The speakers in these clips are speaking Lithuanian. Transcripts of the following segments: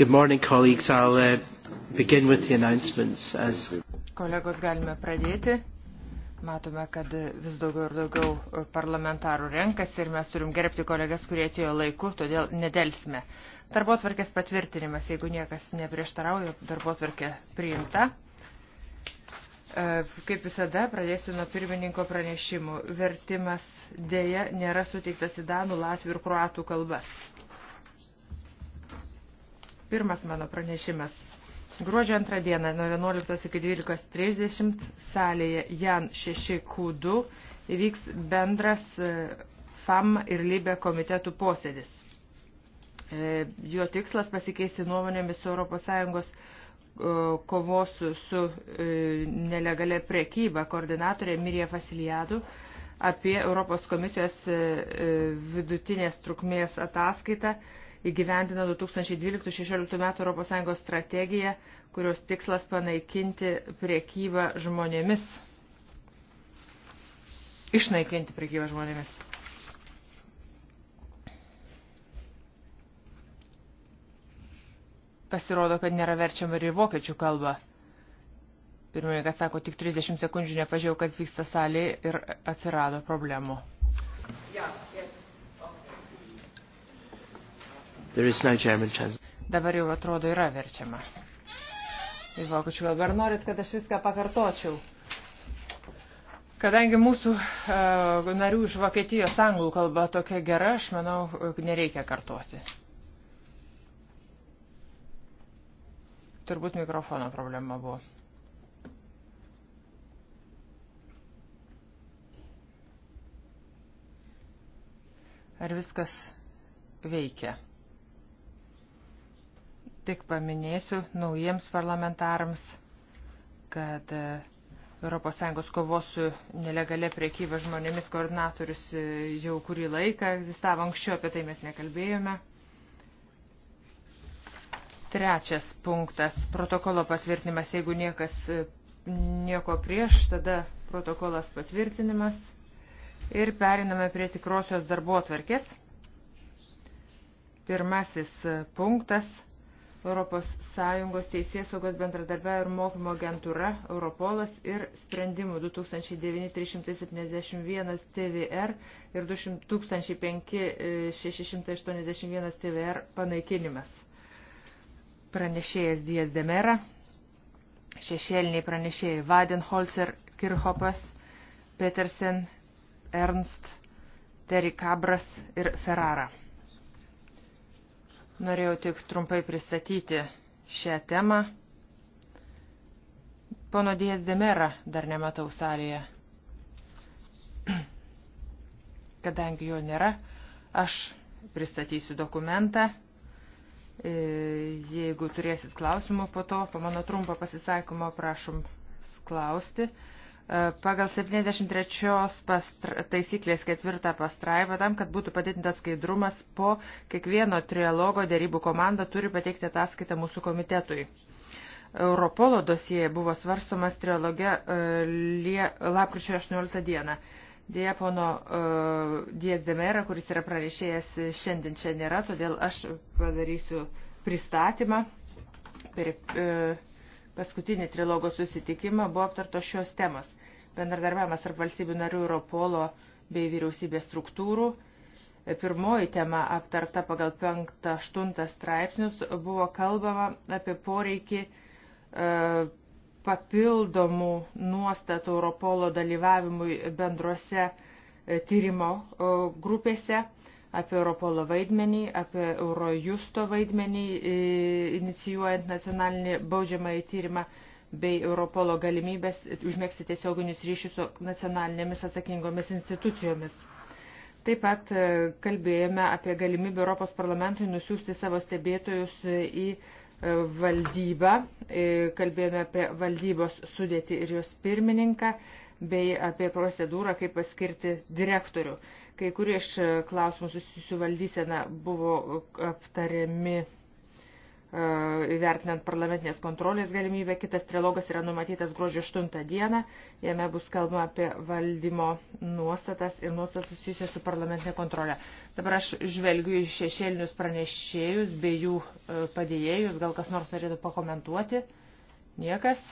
Good morning, colleagues. I'll uh, begin with the announcements. As... Kolegos, galime pradėti. Matome, kad vis daugiau ir daugiau parlamentarų renkasi ir mes turim gerbti kolegas, kurie atėjo laiku, todėl nedelsime. Darbo tvarkės patvirtinimas, jeigu niekas neprieštarauja, darbo tvarkė priimta. E, kaip visada, pradėsiu nuo pirmininko pranešimų. Vertimas dėja nėra suteiktas į danų, latvių ir kruatų kalbas. Pirmas mano pranešimas. Gruodžio antrą dieną nuo 11 iki 12.30 salėje Jan 6Q2 įvyks bendras e, FAM ir Libė komitetų posėdis. E, jo tikslas pasikeisti nuomonėmis su ES e, kovos su nelegalia prekyba koordinatorė Mirija Vasiliadų apie Europos komisijos vidutinės trukmės ataskaitą įgyvendina 2012-2016 metų ES strategiją, kurios tikslas panaikinti priekybą žmonėmis. Išnaikinti priekybą žmonėmis. Pasirodo, kad nėra verčiama ir į vokiečių kalbą. Pirmininkas sako, tik 30 sekundžių nepažiūrėjau, kas vyksta salėje ir atsirado problemų. Yeah. No Dabar jau atrodo yra verčiama. Į tai vokiečių kalbą ar norit, kad aš viską pakartočiau? Kadangi mūsų uh, narių iš Vokietijos anglų kalba tokia gera, aš manau, e, nereikia kartoti. Turbūt mikrofono problema buvo. Ar viskas veikia? tik paminėsiu naujiems parlamentarams, kad ES kovos su nelegalia priekyba žmonėmis koordinatorius e, jau kurį laiką egzistavo, anksčiau apie tai mes nekalbėjome. Trečias punktas – protokolo patvirtinimas. Jeigu niekas e, nieko prieš, tada protokolas patvirtinimas. Ir periname prie tikrosios darbo atvarkės. Pirmasis e, punktas – ES teisėsaugos bendradarbiavimo ir mokymo agentūra Europolas ir sprendimų 2971 TVR ir 2681 TVR panaikinimas. Pranešėjas Dijas Demera, šešėliniai pranešėjai Vadenholzer, Kirchopas, Petersen, Ernst, Terry Cabras ir Ferrara. Norėjau tik trumpai pristatyti šią temą. Pono Dijas Demera dar nematau salėje. Kadangi jo nėra, aš pristatysiu dokumentą. E, jeigu turėsit klausimų po to, po mano trumpo pasisakymo, prašom klausti. Pagal 73 pastra, taisyklės ketvirtą pastraipą, tam, kad būtų padidintas skaidrumas, po kiekvieno trialogo dėrybų komanda turi pateikti ataskaitą mūsų komitetui. Europolo dosijai buvo svarstomas trialoge e, lapkričio 18 dieną. Dėja, pono uh, e, Dies Demera, kuris yra pranešėjęs, šiandien čia nėra, todėl aš padarysiu pristatymą. Per uh, paskutinį trilogo susitikimą buvo aptartos šios temos bendradarbiavimas tarp valstybių narių Europolo bei vyriausybės struktūrų. Pirmoji tema aptarta pagal 5-8 straipsnius buvo kalbama apie poreikį e, papildomų nuostatų Europolo dalyvavimui bendrose e, tyrimo e, grupėse, apie Europolo vaidmenį, apie Eurojusto vaidmenį, inicijuojant nacionalinį baudžiamąjį tyrimą bei Europolo galimybės užmėgsti tiesioginius ryšius su nacionalinėmis atsakingomis institucijomis. Taip pat e, kalbėjome apie galimybę Europos parlamentui nusiųsti savo stebėtojus į e, valdybą, e, kalbėjome apie valdybos sudėtį ir jos pirmininką, bei apie procedūrą, kaip paskirti direktorių. Kai kurie iš klausimų susijusių valdysena buvo aptariami E, įvertinant parlamentinės kontrolės galimybę. Kitas trilogas yra numatytas gruodžio 8 dieną. Jame bus kalbama apie valdymo nuostatas ir nuostatas susijusias su parlamentinė kontrolė. Dabar aš žvelgiu į šešėlinius pranešėjus bei jų e, padėjėjus. Gal kas nors norėtų pakomentuoti? Niekas?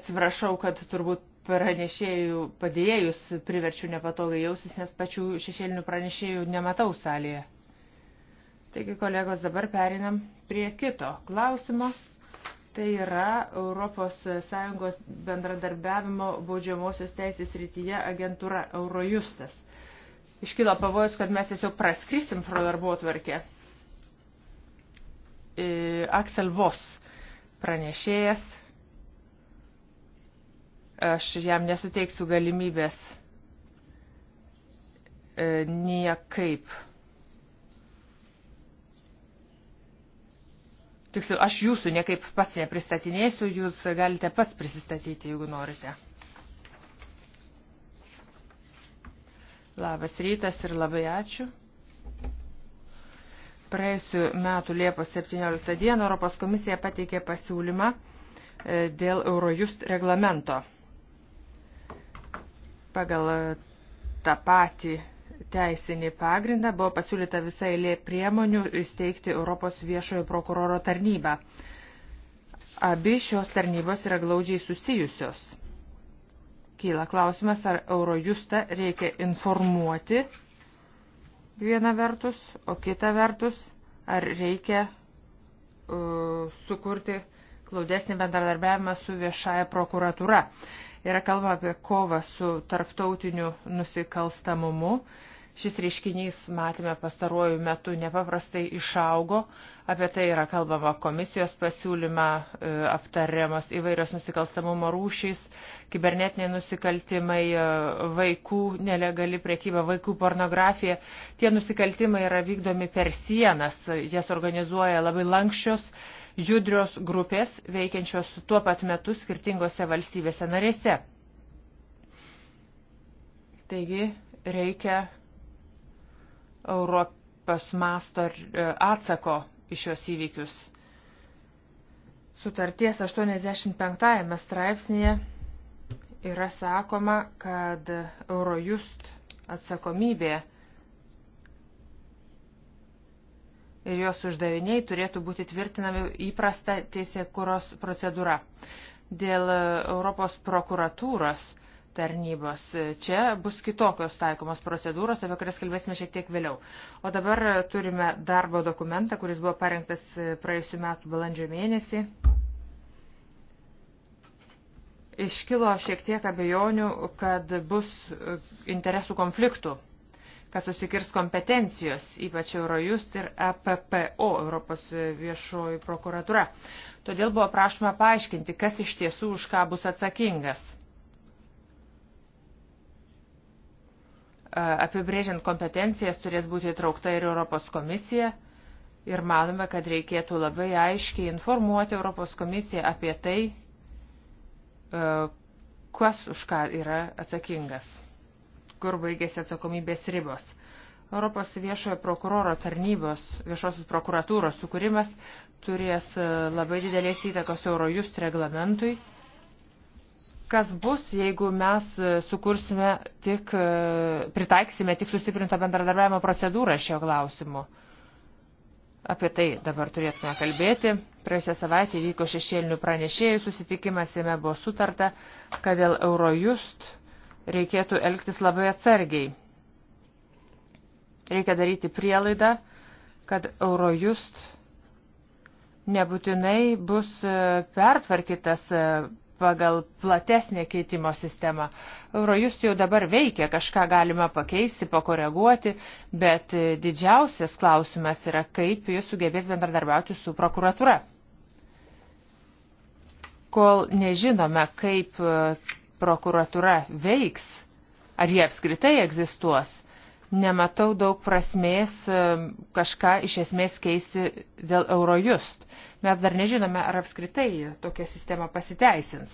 Atsiprašau, kad turbūt pranešėjų padėjėjus priverčiu nepatogai jausis, nes pačių šešėlinių pranešėjų nematau salėje. Taigi, kolegos, dabar perinam prie kito klausimo. Tai yra ES bendradarbiavimo baudžiamosios teisės rytyje agentūra Eurojustas. Iškilo pavojus, kad mes tiesiog praskrisim pro darbo tvarkę. E, Aksel Vos pranešėjas. Aš jam nesuteiksiu galimybės e, niekaip Tiksliau, aš jūsų niekaip pats nepristatinėsiu, jūs galite pats prisistatyti, jeigu norite. Labas rytas ir labai ačiū. Praėjusiu metu Liepos 17 dieną Europos komisija pateikė pasiūlymą e, dėl Eurojust reglamento. Pagal tą patį teisinį pagrindą buvo pasiūlyta visai lė priemonių įsteigti Europos viešojo prokuroro tarnybą. Abi šios tarnybos yra glaudžiai susijusios. Kyla klausimas, ar Eurojustą reikia informuoti vieną vertus, o kitą vertus, ar reikia uh, sukurti glaudesnį bendradarbiavimą su viešaja prokuratūra yra kalba apie kovą su tarptautiniu nusikalstamumu Šis reiškinys, matėme, pastaruoju metu nepaprastai išaugo, apie tai yra kalbama komisijos pasiūlyma, e, aptariamos įvairios nusikalstamumo rūšys, kibernetiniai nusikaltimai, e, vaikų nelegali priekyba, vaikų pornografija. Tie nusikaltimai yra vykdomi per sienas, jas organizuoja labai lankščios judrios grupės veikiančios tuo pat metu skirtingose valstybėse narėse. Taigi reikia Europos masto e, atsako iš šios įvykius. Sutarties 85 straipsnėje yra sakoma, kad Eurojust atsakomybė ir jos uždaviniai turėtų būti tvirtinami įprasta teisėkuros procedūra. Dėl Europos prokuratūros tarnybos. Čia bus kitokios taikomos procedūros, apie kurias kalbėsime šiek tiek vėliau. O dabar turime darbo dokumentą, kuris buvo parengtas praėjusiu metu balandžio mėnesį. Iškilo šiek tiek abejonių, kad bus interesų konfliktų, kad susikirs kompetencijos, ypač Eurojust ir EPPO, Europos viešoji prokuratura. Todėl buvo prašoma paaiškinti, kas iš tiesų už ką bus atsakingas Apibrėžiant kompetencijas turės būti įtraukta ir Europos komisija ir manome, kad reikėtų labai aiškiai informuoti Europos komisiją apie tai, e, kas už ką yra atsakingas, kur baigėsi atsakomybės ribos. Europos viešojo prokuroro tarnybos, viešosios prokuratūros sukūrimas turės e, labai didelės įtakos Eurojust reglamentui kas bus, jeigu mes e, sukursime tik, e, pritaiksime tik sustiprinto bendradarbiavimo procedūrą šio klausimu. Apie tai dabar turėtume kalbėti. Praėjusią savaitę vyko šešėlinių pranešėjų susitikimas, jame buvo sutarta, kad dėl Eurojust reikėtų elgtis labai atsargiai. Reikia daryti prielaidą, kad Eurojust nebūtinai bus e, pertvarkytas pagal platesnę keitimo sistemą. Eurojust jau dabar veikia, kažką galima pakeisti, pakoreguoti, bet didžiausias klausimas yra, kaip jis sugebės bendradarbiauti su prokuratūra. Kol nežinome, kaip prokuratūra veiks, ar jie apskritai egzistuos, nematau daug prasmės e, kažką iš esmės keisti dėl Eurojust. Mes dar nežinome, ar apskritai tokia sistema pasiteisins.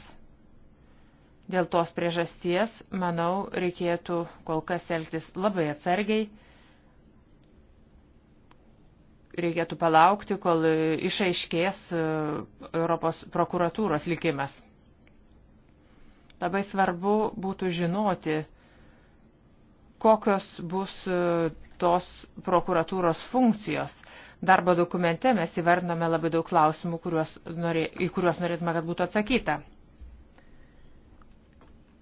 Dėl tos priežasties, manau, reikėtų kol kas elgtis labai atsargiai. Reikėtų palaukti, kol išaiškės e, Europos prokuratūros likimas. Labai svarbu būtų žinoti, kokios bus e, tos prokuratūros funkcijos. Darbo dokumente mes įvardinome labai daug klausimų, kuriuos norė, į kuriuos norėtume, kad būtų atsakyta.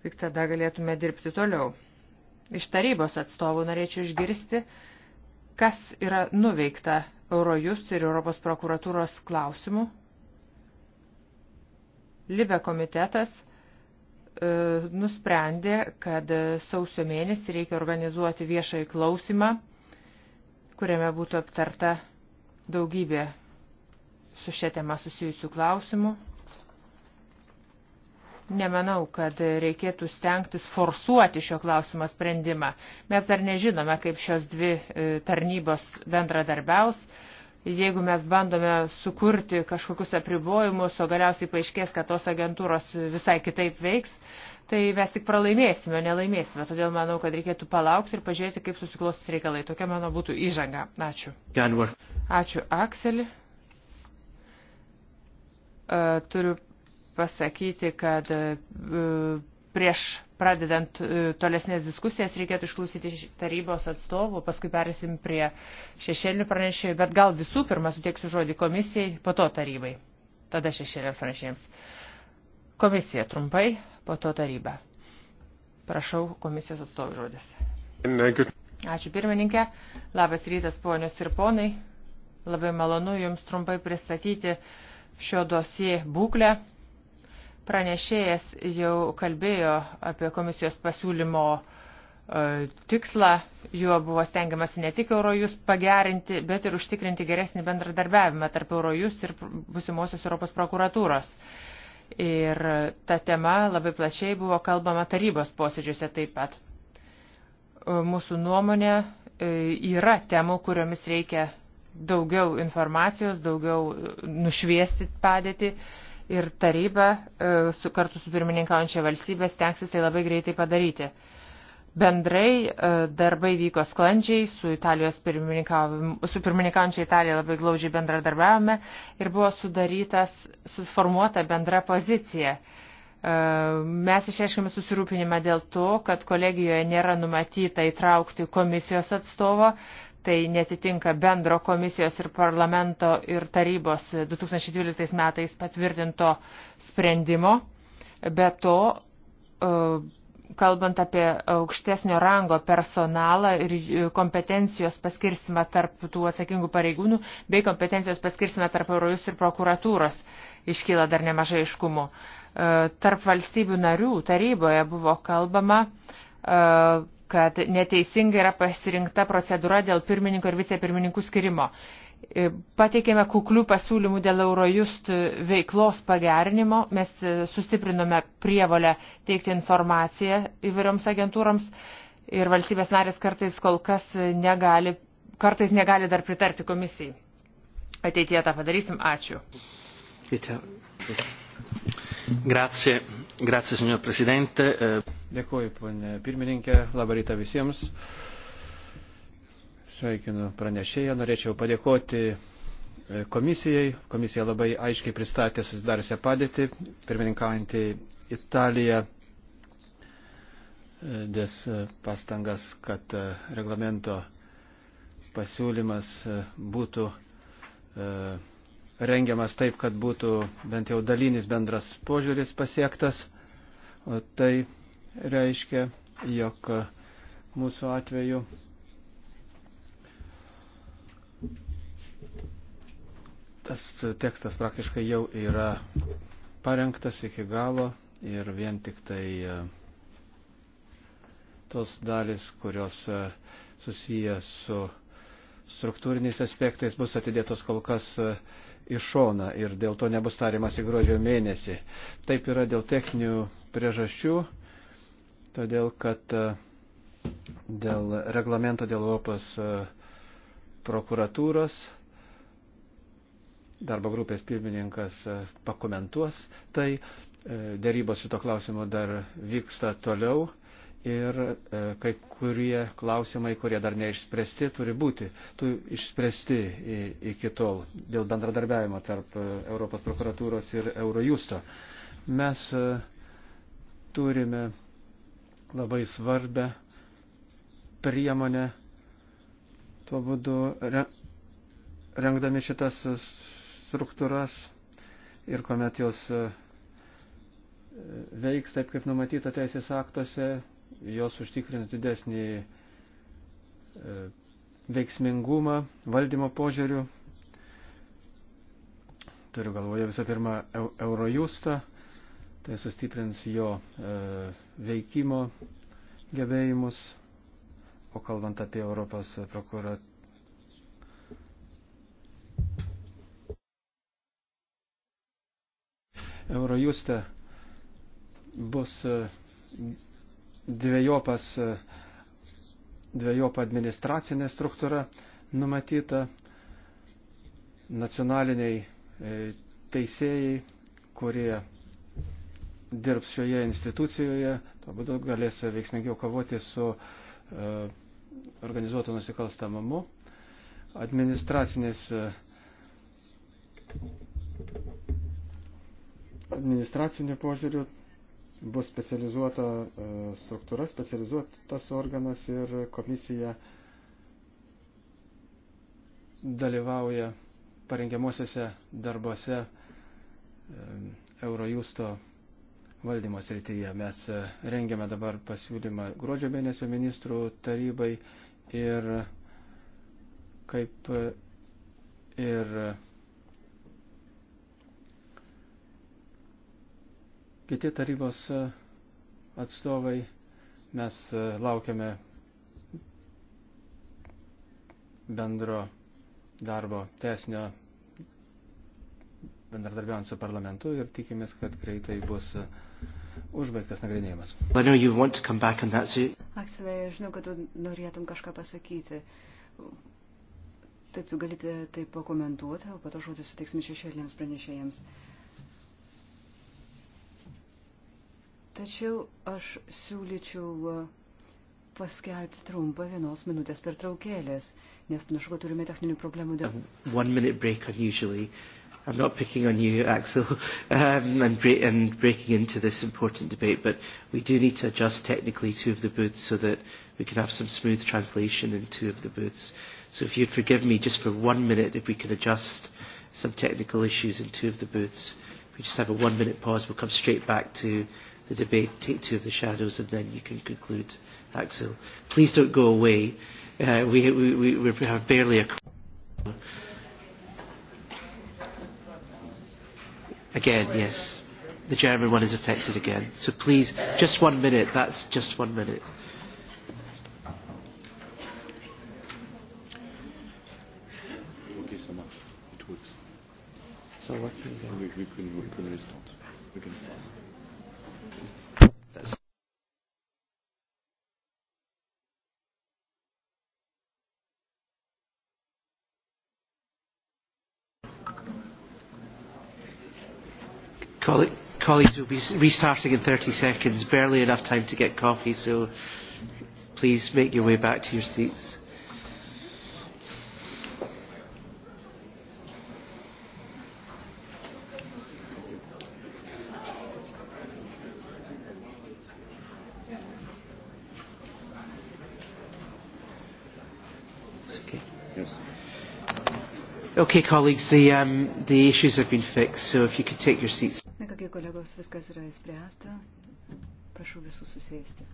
Tik tada galėtume dirbti toliau. Iš tarybos atstovų norėčiau išgirsti, kas yra nuveikta Eurojus ir Europos prokuratūros klausimų. Libe komitetas E, nusprendė, kad sausio mėnesį reikia organizuoti viešai klausimą, kuriame būtų aptarta daugybė su šia tema susijusių klausimų. Nemanau, kad reikėtų stengtis forsuoti šio klausimo sprendimą. Mes dar nežinome, kaip šios dvi e, tarnybos bendradarbiaus Jeigu mes bandome sukurti kažkokius apribojimus, o galiausiai paaiškės, kad tos agentūros visai kitaip veiks, tai mes tik pralaimėsime, nelaimėsime. Todėl manau, kad reikėtų palaukti ir pažiūrėti, kaip susiklostys reikalai. Tokia mano būtų įžanga. Ačiū. Januar. Ačiū, Akseli. E, turiu pasakyti, kad e, prieš pradedant e, tolesnės diskusijas, reikėtų išklausyti tarybos atstovų, paskui perėsim prie šešėlinių pranešėjų, bet gal visų pirma suteiksiu žodį komisijai, po to tarybai, tada šešėliniams pranešėjams. Komisija trumpai, po to taryba. Prašau, komisijos atstovų žodis. Ačiū pirmininkė, labas rytas ponios ir ponai, labai malonu Jums trumpai pristatyti šio dosie būklę Pranešėjas jau kalbėjo apie komisijos pasiūlymo e, tikslą, juo buvo stengiamasi ne tik Eurojus pagerinti, bet ir užtikrinti geresnį bendradarbiavimą tarp Eurojus ir busimosios Europos prokuratūros. Ir ta tema labai plačiai buvo kalbama tarybos posėdžiuose taip pat. E, mūsų nuomonė e, yra temų, kuriomis reikia daugiau informacijos, daugiau nušviesti padėti ir taryba e, su, kartu su pirmininkaujančia valstybė stengsis tai labai greitai padaryti. Bendrai e, darbai vyko sklandžiai, su, su pirmininkaujančia Italija labai glaužiai bendradarbiavome ir buvo sudarytas, suformuota bendra pozicija. E, mes išreiškėme susirūpinimą dėl to, kad kolegijoje nėra numatyta įtraukti komisijos atstovo, tai netitinka bendro komisijos ir parlamento ir tarybos 2012 metais patvirtinto sprendimo. Be to, e, kalbant apie aukštesnio rango personalą ir e, kompetencijos paskirstimą tarp tų atsakingų pareigūnų, bei kompetencijos paskirstimą tarp Eurojus ir prokuratūros, iškyla dar nemažai iškumų. E, tarp valstybių narių taryboje buvo kalbama kad neteisingai yra pasirinkta procedūra dėl pirmininko ir vicepirmininkų skirimo. E, pateikėme kuklių pasiūlymų dėl Eurojust veiklos pagerinimo, mes e, sustiprinome prievalę teikti informaciją įvairioms agentūroms ir valstybės narės kartais kol kas negali, kartais negali dar pritarti komisijai. Ateityje tą padarysim. Ačiū. Grazie. Grazie, signor Presidente. Eh, Dėkuoju, ponė pirmininkė. Labą rytą visiems. Sveikinu pranešėją. Norėčiau padėkoti e, komisijai. Komisija labai aiškiai pristatė susidariusią padėtį. Pirmininkaujantį Italiją e, dės e, pastangas, kad reglamento pasiūlymas būtų rengiamas taip, kad būtų bent jau dalinis bendras požiūris pasiektas. O tai reiškia, jog mūsų atveju tas tekstas praktiškai jau yra parengtas iki galo ir vien tik tai e, tos dalis, kurios e, susijęs su struktūriniais aspektais bus atidėtos kol kas e, į šoną ir dėl to nebus tariamas į gruodžio mėnesį. Taip yra dėl techninių priežasčių, todėl kad e, dėl reglamento dėl Europos e, prokuratūros darbo grupės pirmininkas e, pakomentuos. Tai dėrybos šito klausimo dar vyksta toliau ir e, kai kurie klausimai, kurie dar neišspręsti, turi būti tu išspręsti iki tol dėl bendradarbiavimo tarp e, Europos prokuratūros ir Eurojusto. Mes e, turime labai svarbę priemonę tuo būdu re, rengdami šitas struktūras ir kuomet jos veiks taip, kaip numatyta teisės aktuose, jos užtikrins didesnį e, veiksmingumą valdymo požiūrių. Turiu galvoje visų pirma Eurojustą, tai sustiprins jo e, veikimo gebėjimus, o kalbant apie Europos prokuratūrą. Eurojuste bus e, dviejopas, dviejopą administracinę struktūrą numatyta, nacionaliniai e, teisėjai, kurie dirbs šioje institucijoje, to būdu galės veiksmingiau kovoti su e, organizuotu nusikalstamamu. Administracinės e, administracinių požiūrių bus specializuota e, struktūra, specializuotas organas ir komisija dalyvauja parengiamosiose darbose e, Eurojusto valdymo srityje. Mes e, rengiame dabar pasiūlymą gruodžio mėnesio ministrų tarybai ir kaip ir kiti tarybos e, atstovai. Mes e, laukiame bendro darbo tesnio bendradarbiaujant su parlamentu ir tikimės, kad greitai bus e, užbaigtas nagrinėjimas. Akselė, žinau, kad tu norėtum kažką pasakyti. Taip, tu galite tai, tai pakomentuoti, o po to žodį suteiksim šešėlėms pranešėjams. Uh, Tačiau aš siūlyčiau e, paskelbti trumpą vienos minutės per traukėlės, nes panašu, kad turime techninių problemų dėl. One minute break unusually. I'm not picking on you, Axel, um, and, bre and breaking into this important debate, but we do need to adjust technically two of the booths so that we can have some smooth translation in two of the booths. So if you'd forgive me just for one minute, if we could adjust some technical issues in two of the booths. If we just have a one minute pause, we'll come straight back to the debate, take two of the shadows, and then you can conclude, Axel. Please don't go away. Uh, we, we, we have barely a. Again, yes. The German one is affected again. So please, just one minute. That's just one minute. ça va. We, we, can, we can restart. We can start. Coll colleagues will be restarting in 30 seconds, barely enough time to get coffee, so please make your way back to your seats. Okay, colleagues, the, um, the issues have been fixed, so if you could take your seats. Kolegos, viskas yra įspręsta. Prašau visus susėsti.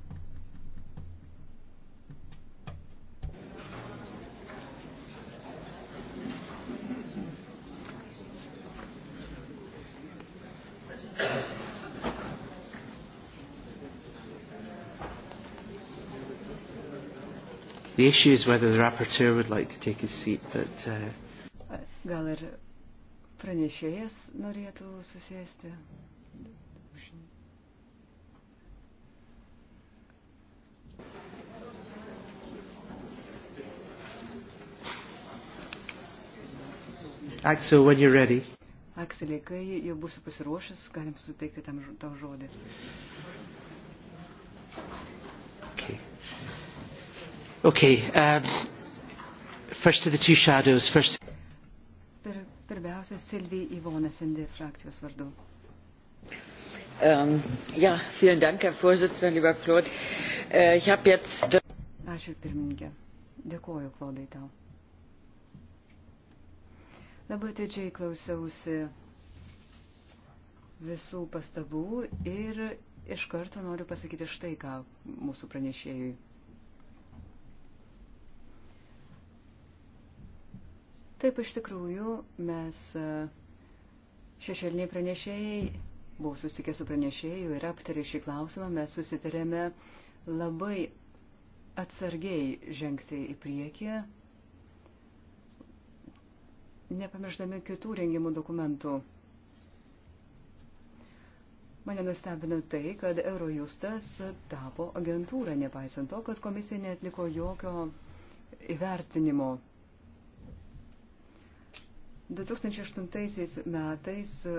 The issue is whether the rapporteur would like to take his seat, but... Uh... Gal ir pranešėjas norėtų susėsti. Axel, when you're ready. Akselė, kai jau būsiu pasiruošęs, galim suteikti tam, tam žodį. Okay. Okay, um, first to the two shadows, first... Per, pirmiausia, Silvi Ivona Sende frakcijos vardu. Um, ja, vielen Dank, Herr Vorsitzender, lieber Claude. Uh, ich habe jetzt... Ačiū pirmininkė. Dėkuoju, Klaudai, tau. Labai tėdžiai klausiausi visų pastabų ir iš karto noriu pasakyti štai ką mūsų pranešėjui. Taip, iš tikrųjų, mes e, šešėliniai pranešėjai, buvau susitikę su pranešėju ir aptarė šį klausimą, mes susitarėme labai atsargiai žengti į priekį nepamiršdami kitų rengimų dokumentų. Mane nustebino tai, kad Eurojustas tapo agentūrą, nepaisant to, kad komisija netliko jokio įvertinimo. 2008 metais e,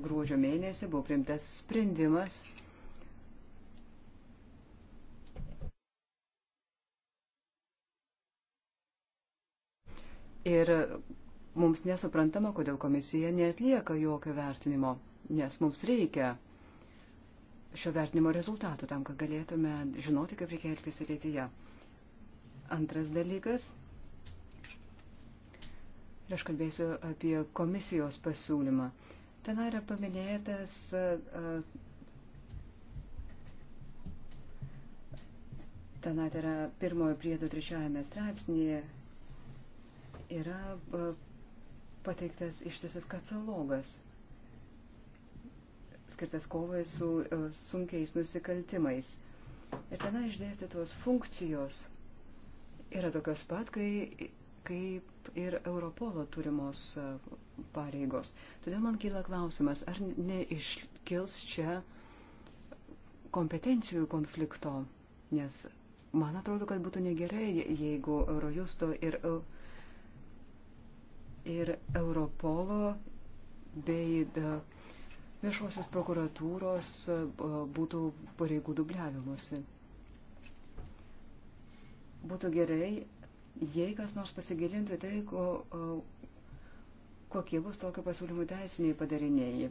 gruodžio mėnesį buvo priimtas sprendimas ir Mums nesuprantama, kodėl komisija neatlieka jokio vertinimo, nes mums reikia šio vertinimo rezultato tam, kad galėtume žinoti, kaip reikia elgtis ateityje. Antras dalykas. Ir aš kalbėsiu apie komisijos pasiūlymą. Ten yra paminėtas e, ten yra pirmojo priedo trečiajame straipsnėje yra e, pateiktas ištisas katalogas, skirtas kovai su e, sunkiais nusikaltimais. Ir ten išdėstytos funkcijos yra tokios pat, kai, kaip ir Europolo turimos e, pareigos. Todėl man kyla klausimas, ar neiškils čia kompetencijų konflikto, nes man atrodo, kad būtų negerai, jeigu Eurojusto ir Europolo ir Europolo bei e, viešosios prokuratūros e, būtų pareigų dubliavimuose. Būtų gerai, jei kas nors pasigilintų tai, ko, e, kokie bus tokio pasiūlymų teisiniai padariniai.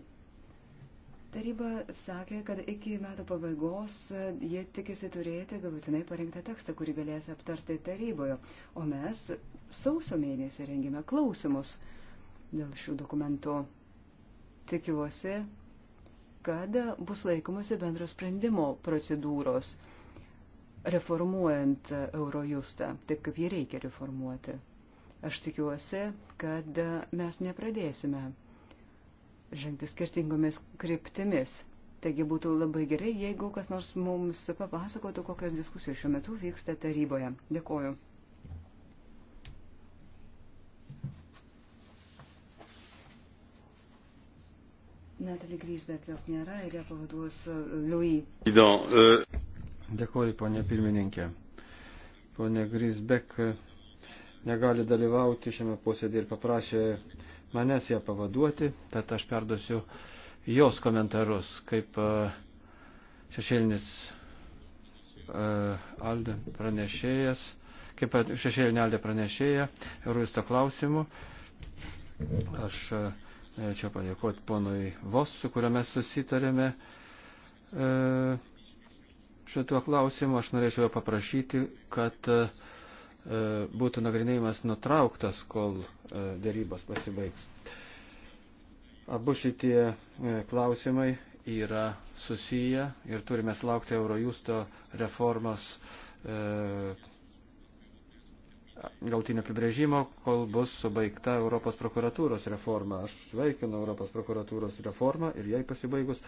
Taryba sakė, kad iki metų pabaigos e, jie tikisi turėti galutinai parengtą tekstą, kurį galės aptarti taryboje. O mes sausio mėnesį rengime klausimus dėl šių dokumentų. Tikiuosi, kad bus laikomasi bendro sprendimo procedūros, reformuojant Eurojustą, taip kaip jį reikia reformuoti. Aš tikiuosi, kad mes nepradėsime žengti skirtingomis kryptimis. Taigi būtų labai gerai, jeigu kas nors mums papasakotų, kokios diskusijos šiuo metu vyksta taryboje. Dėkoju. Natalį Grisbek jos nėra ir ją pavaduos e, Liui. Dėkuoju, ponė pirmininkė. Ponė Grisbek e, negali dalyvauti šiame posėdė ir paprašė manęs ją pavaduoti, tad aš perduosiu jos komentarus kaip e, šešėlinis e, Aldė pranešėjas, kaip šešėlinė Aldė pranešėja, Euroisto klausimų. Aš e, norėčiau padėkoti ponui Vos, su kuriuo mes susitarėme šituo klausimu. Aš norėčiau paprašyti, kad uh, E, būtų nagrinėjimas nutrauktas, kol e, dėrybos pasibaigs. Abu šitie e, klausimai yra susiję ir turime laukti Eurojusto reformos galtinio apibrėžimo, kol bus subaigta Europos prokuratūros reforma. Aš sveikinu Europos prokuratūros reformą ir jai pasibaigus,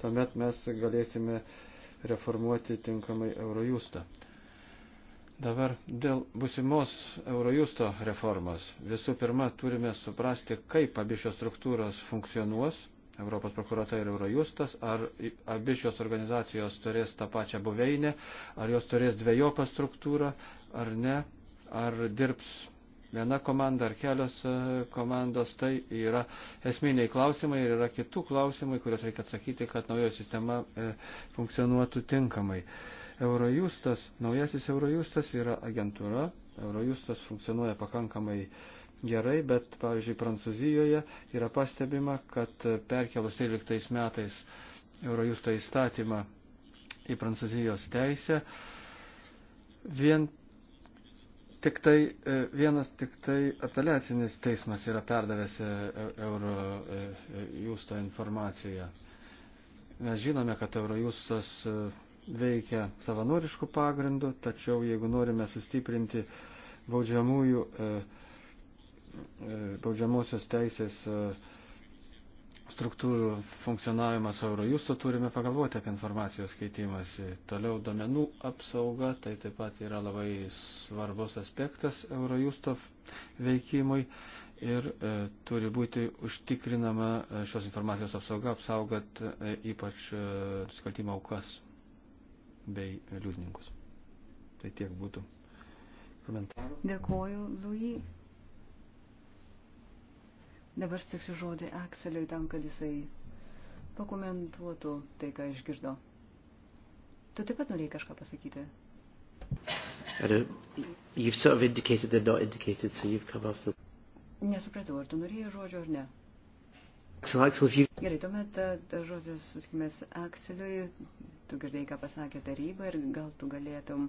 tuomet mes galėsime reformuoti tinkamai Eurojustą. Dabar dėl busimos Eurojusto reformos. Visų pirma, turime suprasti, kaip abi šios struktūros funkcionuos, Europos prokurata ir Eurojustas, ar abi šios organizacijos turės tą pačią buveinę, ar jos turės dviejopą struktūrą, ar ne, ar dirbs viena komanda ar kelios e, komandos, tai yra esminiai klausimai ir yra kitų klausimai, kuriuos reikia atsakyti, kad naujoji sistema e, funkcionuotų tinkamai. E, Eurojustas, naujasis Eurojustas yra agentūra, Eurojustas funkcionuoja pakankamai gerai, bet, pavyzdžiui, Prancūzijoje yra pastebima, kad perkelus 13 metais Eurojusto įstatymą į Prancūzijos teisę, vien tik tai, e, vienas tik tai apeliacinis teismas yra perdavęs e, e, Eurojusto informaciją. Mes žinome, kad Eurojustas veikia savanoriškų pagrindų, tačiau jeigu norime sustiprinti baudžiamųjų, e, e, baudžiamosios teisės e, struktūrų funkcionavimas Eurojusto, turime pagalvoti apie informacijos keitimąsi. Toliau domenų apsauga, tai taip pat yra labai svarbus aspektas Eurojusto veikimui ir e, turi būti užtikrinama šios informacijos apsauga, apsaugat e, ypač e, nusikaltimo aukas bei liudininkus. Tai tiek būtų komentarų. Dėkuoju, Lui. Dabar stiksiu žodį Akseliui tam, kad jisai pakomentuotų tai, ką išgirdo. Tu taip pat norėjai kažką pasakyti. Sort of indicated, indicated, so after... Nesupratau, ar tu norėjai žodžio ar ne. Gerai, tuomet e, žodis sutikimės Akseliui, tu girdėjai, ką pasakė taryba ir gal tu galėtum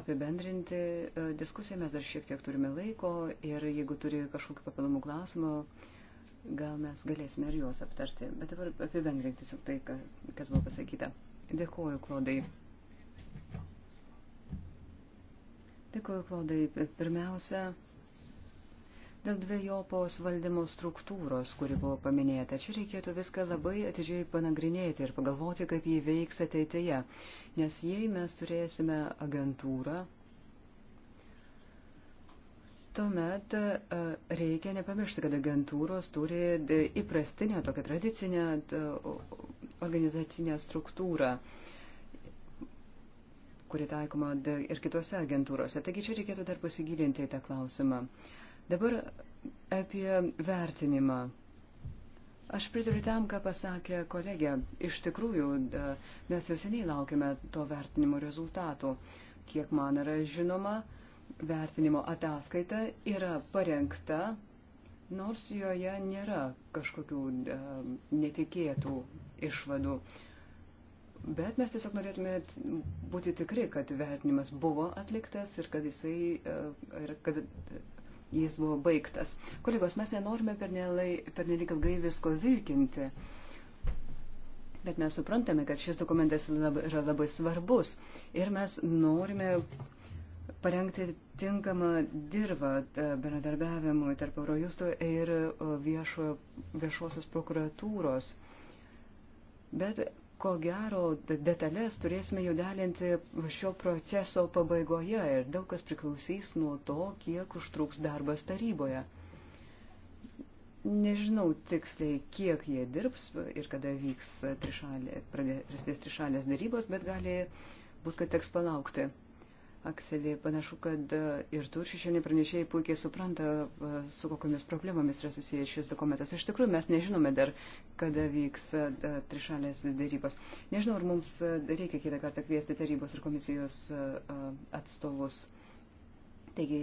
apibendrinti e, diskusiją, mes dar šiek tiek turime laiko ir jeigu turi kažkokį papildomų klausimų, gal mes galėsime ir juos aptarti. Bet dabar apibendrinti tiesiog tai, kas buvo pasakyta. Dėkuoju, Klodai. Dėkuoju, Klodai. Pirmiausia, Dėl dviejopos valdymo struktūros, kuri buvo paminėta, čia reikėtų viską labai atidžiai panagrinėti ir pagalvoti, kaip jį veiks ateityje. Nes jei mes turėsime agentūrą, Tuomet e, reikia nepamiršti, kad agentūros turi e, įprastinę, tokią tradicinę e, organizacinę struktūrą, kuri taikoma ir kitose agentūrose. Taigi čia reikėtų dar pasigilinti į tą klausimą. Dabar apie vertinimą. Aš pritariu tam, ką pasakė kolegė. Iš tikrųjų, mes jau seniai laukiame to vertinimo rezultatų. Kiek man yra žinoma, vertinimo ataskaita yra parengta, nors joje nėra kažkokių netikėtų išvadų. Bet mes tiesiog norėtume būti tikri, kad vertinimas buvo atliktas ir kad, jisai, e, ir kad jis buvo baigtas. Kolegos, mes nenorime pernelyg ilgai visko vilkinti, bet mes suprantame, kad šis dokumentas yra labai svarbus ir mes norime parengti tinkamą dirbą e, bendradarbiavimui tarp Eurojusto ir e, viešo, viešosios prokuratūros. Bet ko gero detalės turėsime jau dalinti šio proceso pabaigoje ir daug kas priklausys nuo to, kiek užtruks darbas taryboje. Nežinau tiksliai, kiek jie dirbs ir kada vyks trišalė, prasidės trišalės darybos, bet gali būt, kad teks palaukti. Akselį. Panašu, kad e, ir tu šešėlį pranešėjai puikiai supranta, e, su kokiamis problemomis yra susijęs šis dokumentas. Iš tikrųjų, mes nežinome dar, kada vyks e, trišalės dėrybos. Nežinau, ar mums reikia kitą kartą kviesti tarybos ir komisijos atstovus. Taigi,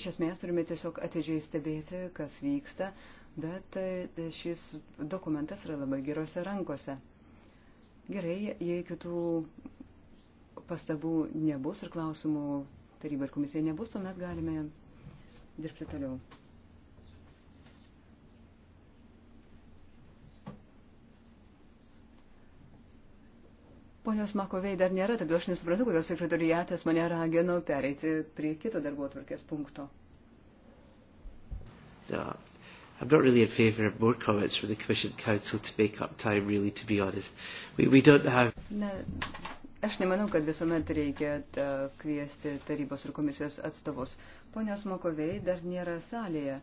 iš esmės turime tiesiog atidžiai stebėti, kas vyksta, bet šis dokumentas yra labai gerose rankose. Gerai, jei kitų pastabų nebus ir klausimų taryba ir komisija nebus, tuomet galime dirbti toliau. Ponios Makovei dar nėra, todėl aš nesuprantu, kodėl sekretoriatas mane ragino pereiti prie kito darbo atvarkės punkto. No, I'm not really in favour of more comments from the Commission Council to make up time, really, to be honest. We, we don't have... Ne, Aš nemanau, kad visuomet reikia e, kviesti tarybos ir komisijos atstovus. Ponios Mokovei dar nėra salėje.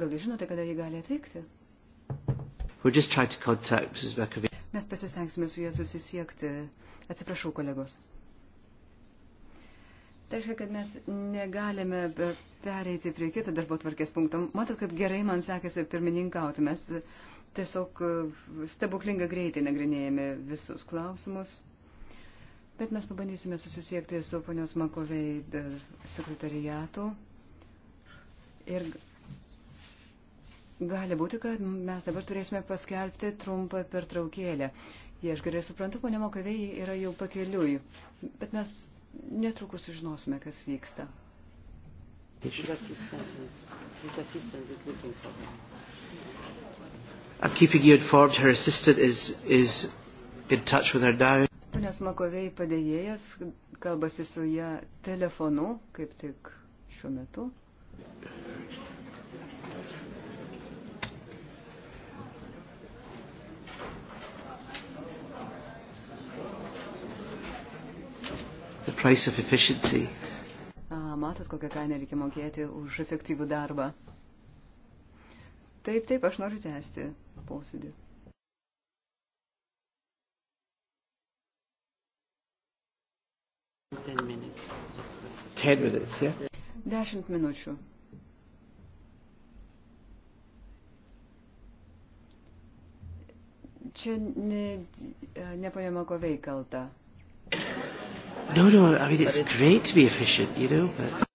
Gal jūs žinote, kada jį gali atvykti? Mes pasistengsime su jie susisiekti. Atsiprašau, kolegos. Tai reiškia, kad mes negalime pereiti prie kito darbo tvarkės punkto. Matot, kad gerai man sekėsi pirmininkauti. Mes tiesiog e, stebuklingą greitį nagrinėjame visus klausimus bet mes pabandysime susisiekti su ponios Makovei sekretariatu. Ir gali būti, kad mes dabar turėsime paskelbti trumpą pertraukėlę. Jei aš gerai suprantu, ponia Makovei yra jau pakeliui, bet mes netrukus sužinosime, kas vyksta. His assistant is, his assistant is looking for him. I'm keeping you informed. Her assistant is, is in touch with her now. Ponios Makovei padėjėjas kalbasi su ją telefonu, kaip tik šiuo metu. The price of efficiency. A, matot, kokią kainą reikia mokėti už efektyvų darbą. Taip, taip, aš noriu tęsti posėdį. Ten minutes, yeah? Dešimt minučių. Čia ne, ne ponia Makovei kalta. No, no, I mean, it's great to be efficient, you know, but...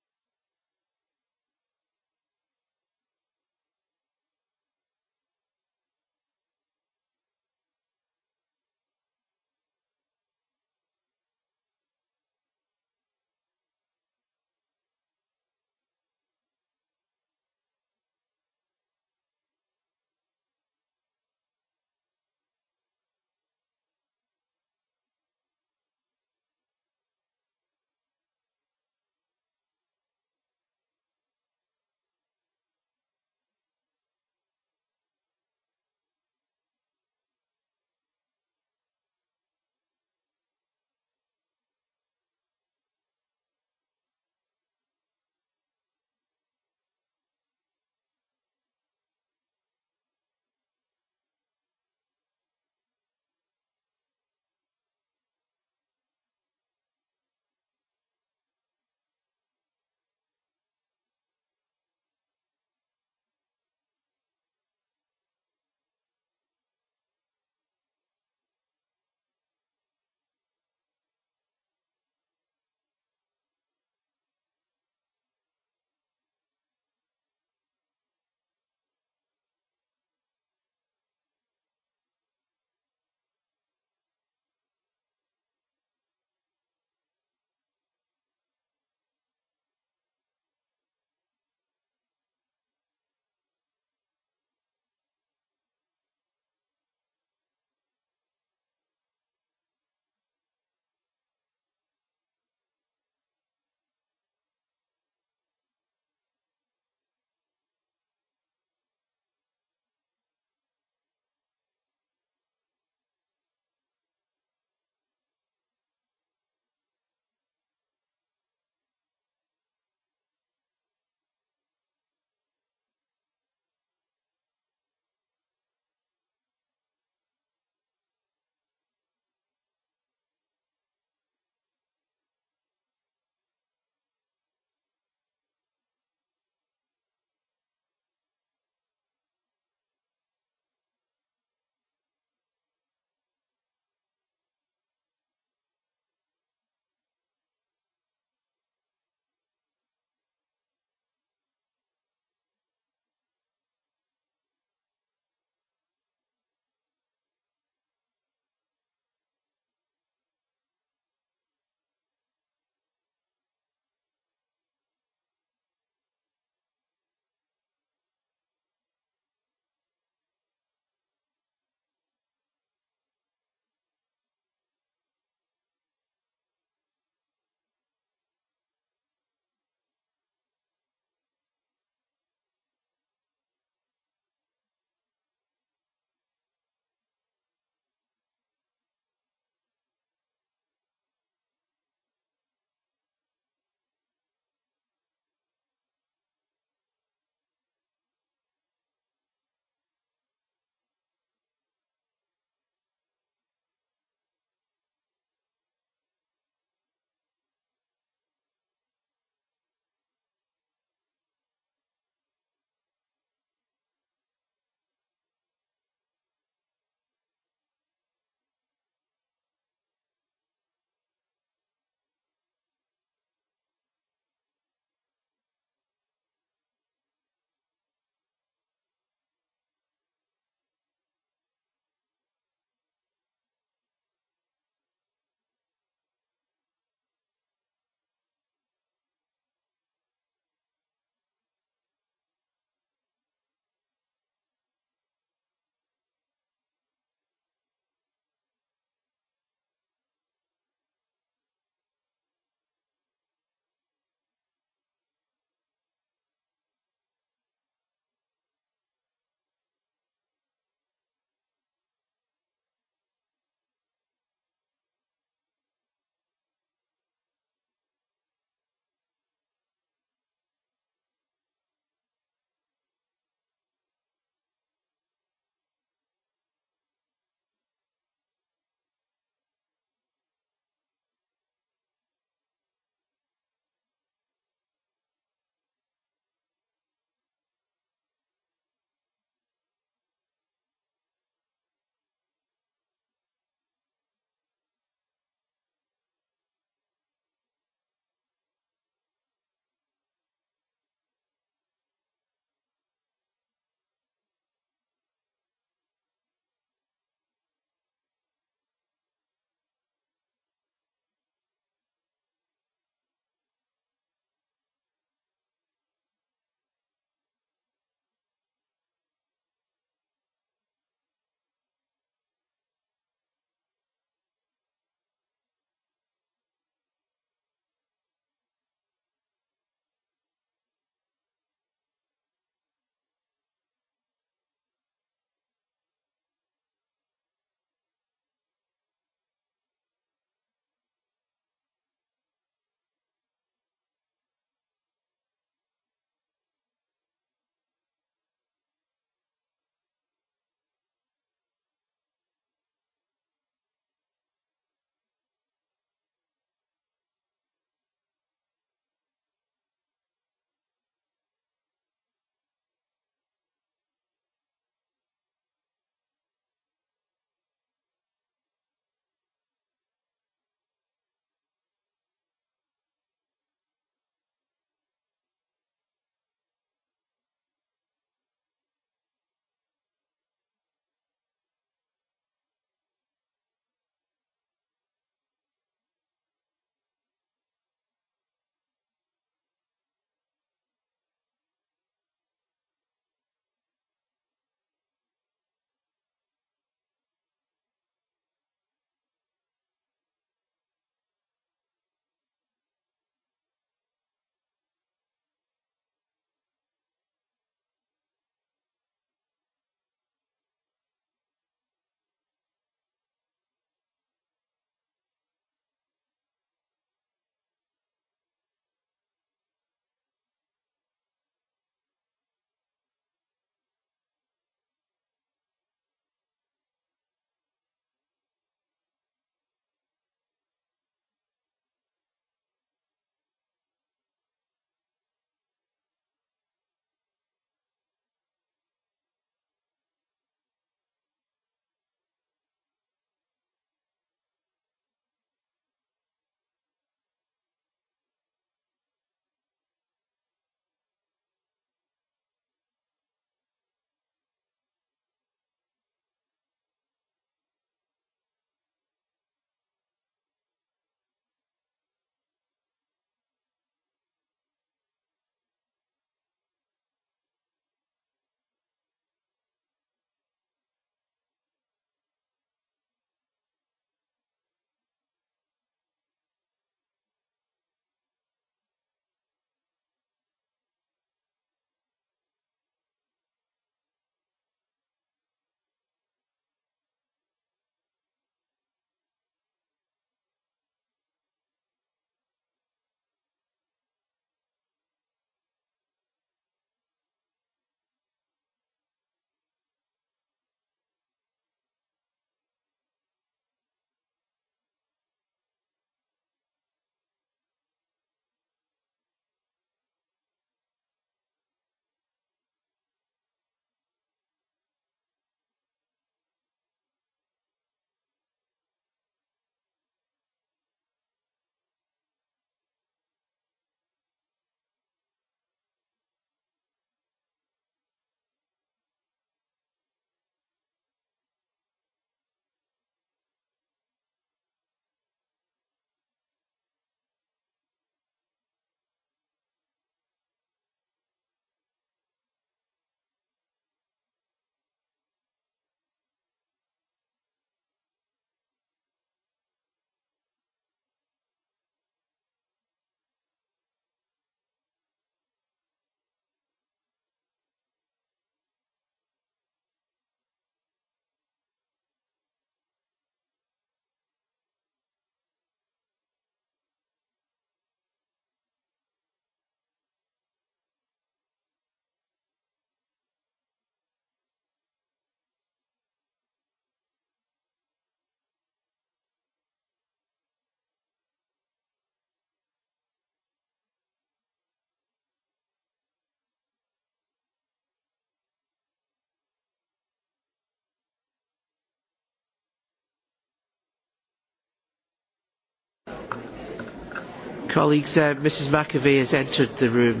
Colleagues, uh, Mrs. McAvey has entered the room.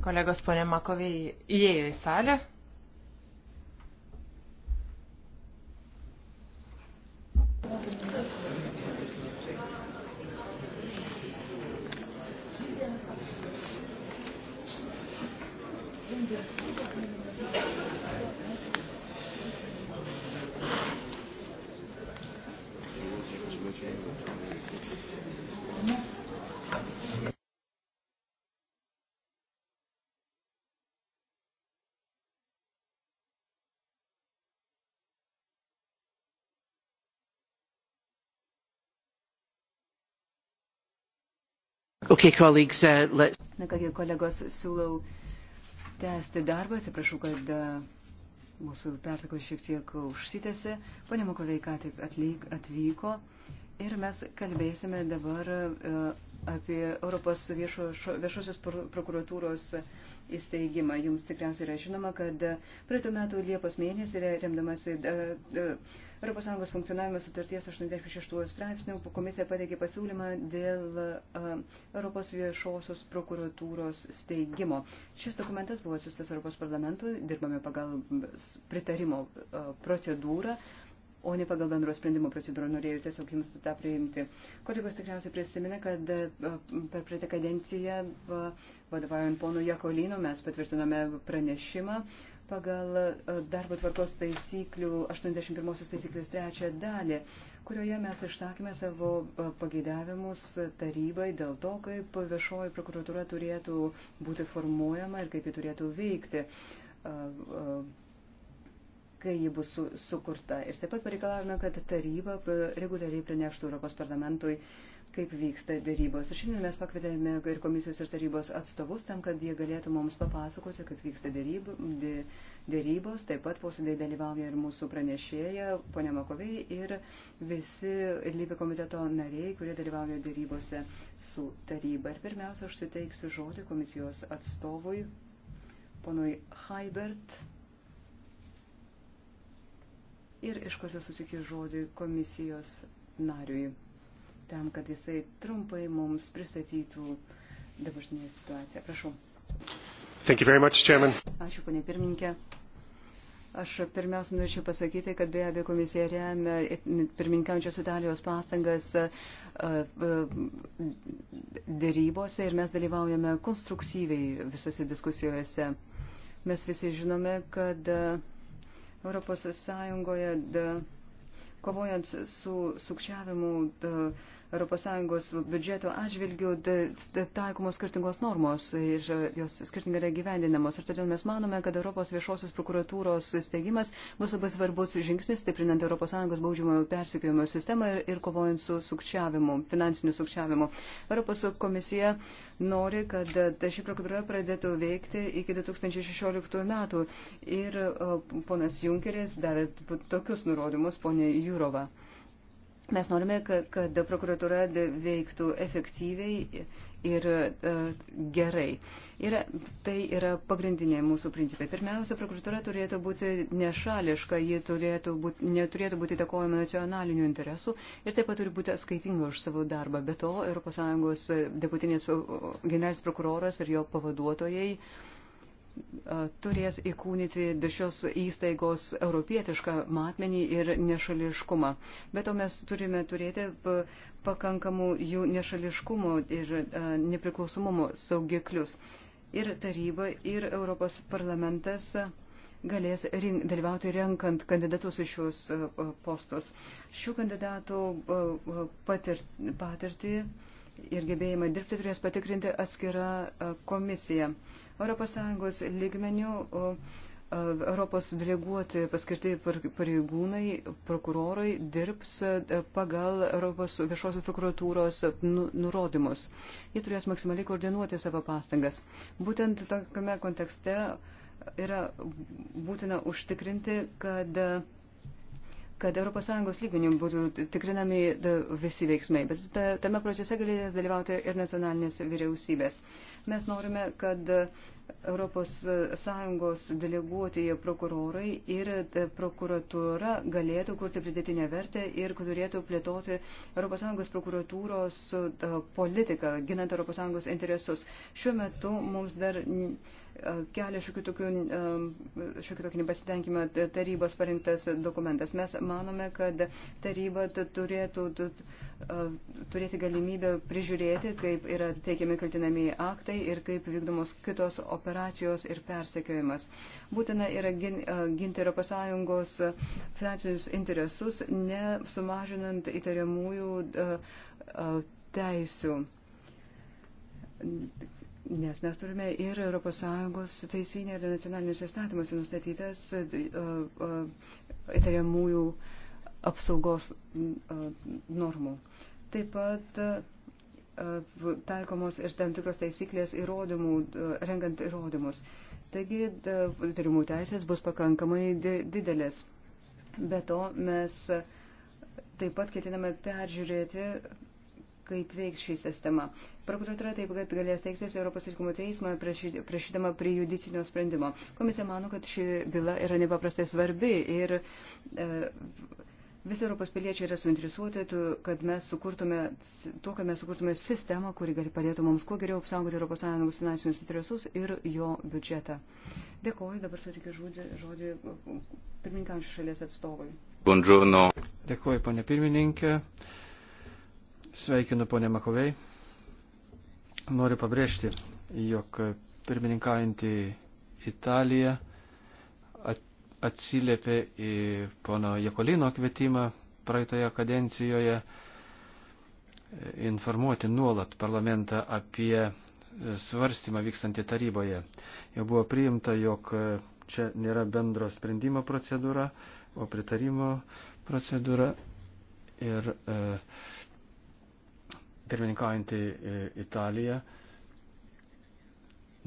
Kolegos, ponė Makovė įėjo į salę. Okay, colleagues, uh, let's... Na kągi, kolegos, siūlau tęsti darbą. Atsiprašau, kad e, mūsų pertakos šiek tiek užsitėsi. Pone Makovei ką tik atlyg, atvyko ir mes kalbėsime dabar uh, apie Europos viešo, viešosios prokuratūros įsteigimą. Jums tikriausiai yra žinoma, kad praeitų metų Liepos mėnesį remdamasi. Uh, uh, ES funkcionavimo sutarties 86 straipsnių komisija pateikė pasiūlymą dėl Europos viešosios prokuratūros steigimo. Šis dokumentas buvo atsiustas Europos parlamentui, dirbame pagal pritarimo procedūrą. O ne pagal bendro sprendimo procedūrą norėjau tiesiog jums tą priimti. Kolegos tikriausiai prisimena, kad per praeitą kadenciją, vadovaujant ponu Jakolino, mes patvirtinome pranešimą, uh, pagal e, darbo tvarkos taisyklių 81 taisyklės trečią dalį, kurioje mes išsakėme savo e, pageidavimus tarybai dėl to, kaip viešoji prokuratūra turėtų būti formuojama ir kaip ji turėtų veikti e, kai ji bus su, sukurta. Ir taip pat pareikalavome, kad taryba reguliariai praneštų Europos parlamentui uh, kaip vyksta dėrybos. Ir šiandien mes pakvietėme ir komisijos ir tarybos atstovus tam, kad jie galėtų mums papasakoti, kaip vyksta dėryb, dė, dėrybos. Taip pat posėdėje dalyvauja ir mūsų pranešėja, ponia Makovei, ir visi lybė komiteto nariai, kurie dalyvauja dėrybose su taryba. Ir pirmiausia, aš suteiksiu žodį komisijos atstovui, ponui Haibert. Ir iš karto susitikiu žodį komisijos nariui tam, kad jisai trumpai mums pristatytų dabartinę situaciją. Prašau. Much, Chairman. Ačiū, ponė pirmininkė. Aš pirmiausia norėčiau pasakyti, kad be abejo komisija remia pirmininkaujančios Italijos pastangas dėrybose ir mes dalyvaujame konstruktyviai visose diskusijose. Mes visi žinome, kad Europos Sąjungoje da, kovojant su sukčiavimu da, ES biudžeto atžvilgių taikomos skirtingos normos ir jos skirtingai yra gyvendinamos. Ir todėl mes manome, kad Europos viešosios prokuratūros steigimas bus labai svarbus žingsnis, stiprinant ES baudžiamojo persikėjimo sistemą ir, ir kovojant su sukčiavimu, finansiniu sukčiavimu. Europos komisija nori, kad ši prokuratūra pradėtų veikti iki 2016 metų. Ir ponas Junkeris davė tokius nurodymus, ponė Jūrova. Mes norime, kad, kad prokuratūra veiktų efektyviai ir uh, gerai. Ir tai yra pagrindinė mūsų principai. Pirmiausia, prokuratūra turėtų būti nešališka, ji turėtų būti, neturėtų būti įtakojama nacionalinių interesų ir taip pat turi būti atskaitinga už savo darbą. Be to, ES e, deputinės generalinis prokuroras ir jo pavaduotojai uh, E, turės įkūnyti šios įstaigos europietišką matmenį ir nešališkumą. Bet to mes turime turėti pakankamų jų nešališkumo ir e, nepriklausomumo saugiklius. Ir taryba, ir Europos parlamentas galės rink, dalyvauti renkant kandidatus į šios e, postus. Šių kandidatų patirtį. patirtį ir gebėjimą dirbti turės patikrinti atskira komisija. ES lygmenių Europos deleguoti paskirtai pareigūnai, prokurorai dirbs pagal Europos viešosios prokuratūros nu-, nurodymus. Jie turės maksimaliai koordinuoti savo pastangas. Būtent tokiame kontekste yra būtina užtikrinti, kad kad ES lygmenių būtų tikrinami visi veiksmai, bet tame procese galės dalyvauti ir nacionalinės vyriausybės. Mes norime, kad ES deleguotieji prokurorai ir e, prokuratūra galėtų kurti pridėtinę vertę ir turėtų plėtoti ES prokuratūros e, politiką, ginant ES interesus. Šiuo metu mums dar E, kelia šiokių tokių e, nepasitenkimą tarybos parinktas dokumentas. Mes manome, kad taryba turėtų e, turėti galimybę prižiūrėti, kaip yra teikiami kaltinamieji aktai ir kaip vykdomos kitos operacijos ir persekiojimas. Būtina yra ginti Europos Sąjungos finansinius interesus, nesumažinant įtariamųjų teisių Nes mes turime ir ES teisinę ir nacionalinius įstatymus nustatytas e, e, e, įtariamųjų apsaugos normų. Taip pat taikomos ir tam tikros taisyklės įrodymų, rengant įrodymus. Taigi tyrimų teisės bus pakankamai didelės. Be to mes taip pat ketiname peržiūrėti kaip veiks šį sistemą. Prokuratūra taip pat galės teiktis Europos teisingumo teismą prašydama prejudicinio sprendimo. Komisija mano, kad ši byla yra nepaprastai svarbi ir e, visi Europos piliečiai yra suinteresuoti, tu, kad mes sukurtume, tuo, kad mes sukurtume sistemą, kuri gali padėti mums kuo geriau apsaugoti ES finansinius interesus ir jo biudžetą. Dėkoju, dabar sutikiu žodį, žodį pirmininkams šalies atstovui. Buongiorno. Dėkoju, ponė pirmininkė. Sveikinu ponę Makovei. Noriu pabrėžti, jog pirmininkaujantį Italiją atsiliepė į pono Jekolino kvietimą praeitoje kadencijoje e, informuoti nuolat parlamentą apie svarstymą vykstantį taryboje. Jau buvo priimta, jog čia nėra bendro sprendimo procedūra, o pritarimo procedūra. Ir e, pirmininkaujantį e, Italiją,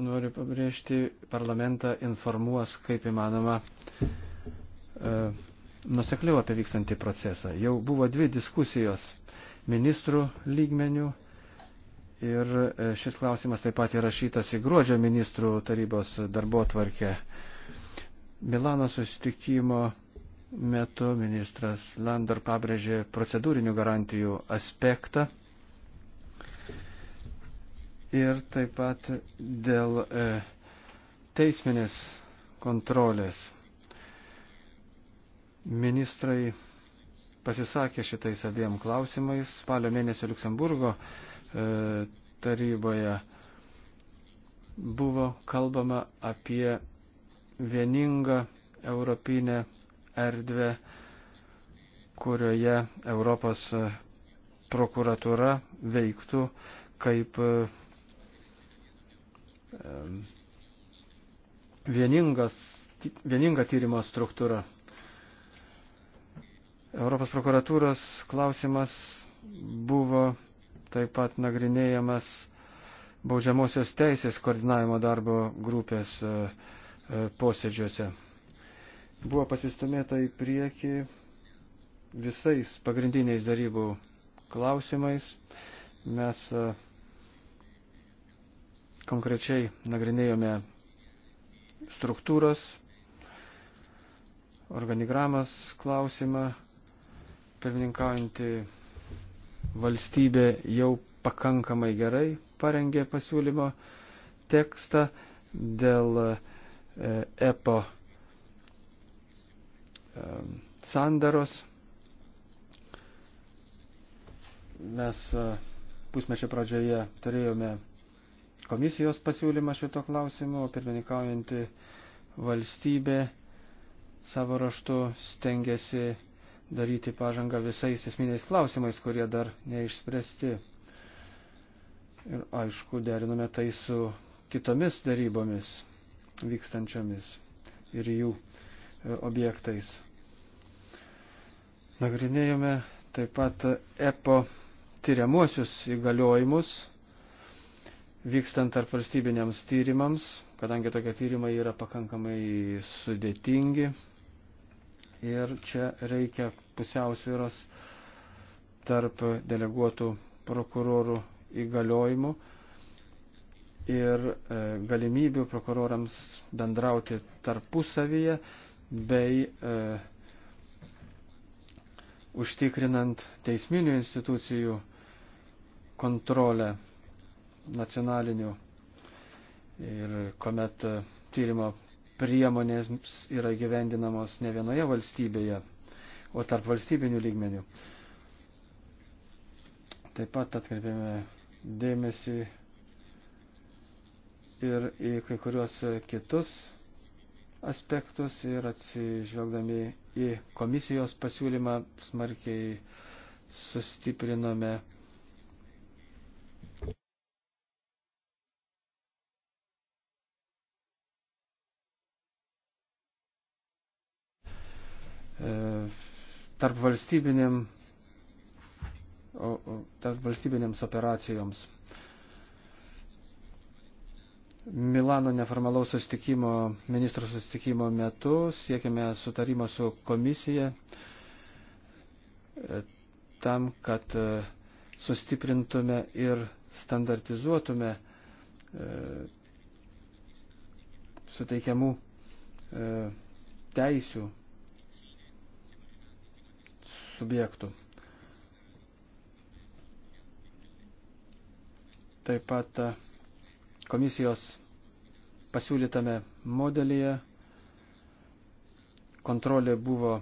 noriu pabrėžti, parlamentą informuos kaip įmanoma e, nusekliau apie vykstantį procesą. Jau buvo dvi diskusijos ministrų lygmenių ir e, šis klausimas taip pat įrašytas į gruodžio ministrų tarybos darbo tvarkę. Milano susitikimo metu ministras Landor pabrėžė procedūrinių garantijų aspektą ir taip pat dėl e, teisminės kontrolės. Ministrai pasisakė šitais abiem klausimais spalio mėnesio Luksemburgo e, taryboje buvo kalbama apie vieningą europinę erdvę, kurioje Europos e, prokuratūra veiktų kaip e, vieningas, vieninga tyrimo struktūra. Europos prokuratūros klausimas buvo taip pat nagrinėjamas baudžiamosios teisės koordinavimo darbo grupės e, e, posėdžiuose. Buvo pasistumėta į priekį visais pagrindiniais darybų klausimais. Mes uh, konkrečiai nagrinėjome struktūros, organigramas klausimą, pirmininkaujantį valstybė jau pakankamai gerai parengė pasiūlymo tekstą dėl e, EPO e, sandaros. Mes e, pusmečio pradžioje turėjome komisijos pasiūlymą šito klausimu, o pirmininkaujanti valstybė savo raštu stengiasi daryti pažangą visais esminiais klausimais, kurie dar neišspręsti. Ir aišku, derinome tai su kitomis darybomis vykstančiomis ir jų e, objektais. Nagrinėjome taip pat EPO tyriamuosius įgaliojimus vykstant tarp valstybiniams tyrimams, kadangi tokie tyrimai yra pakankamai sudėtingi ir čia reikia pusiausvyros tarp deleguotų prokurorų įgaliojimų ir e, galimybių prokurorams bendrauti tarpusavyje bei e, užtikrinant teisminių institucijų kontrolę nacionaliniu ir kuomet e, tyrimo priemonės yra gyvendinamos ne vienoje valstybėje, o tarp valstybinių lygmenių. Taip pat atkreipėme dėmesį ir į kai kuriuos kitus aspektus ir atsižvelgdami į komisijos pasiūlymą smarkiai sustiprinome E, tarp, valstybinėm, tarp valstybinėms operacijoms. Milano neformalaus sustikimo, ministro sustikimo metu siekime sutarimą su komisija e, tam, kad e, sustiprintume ir standartizuotume suteikiamų teisių subjektų. Taip pat e, komisijos pasiūlytame modelyje kontrolė buvo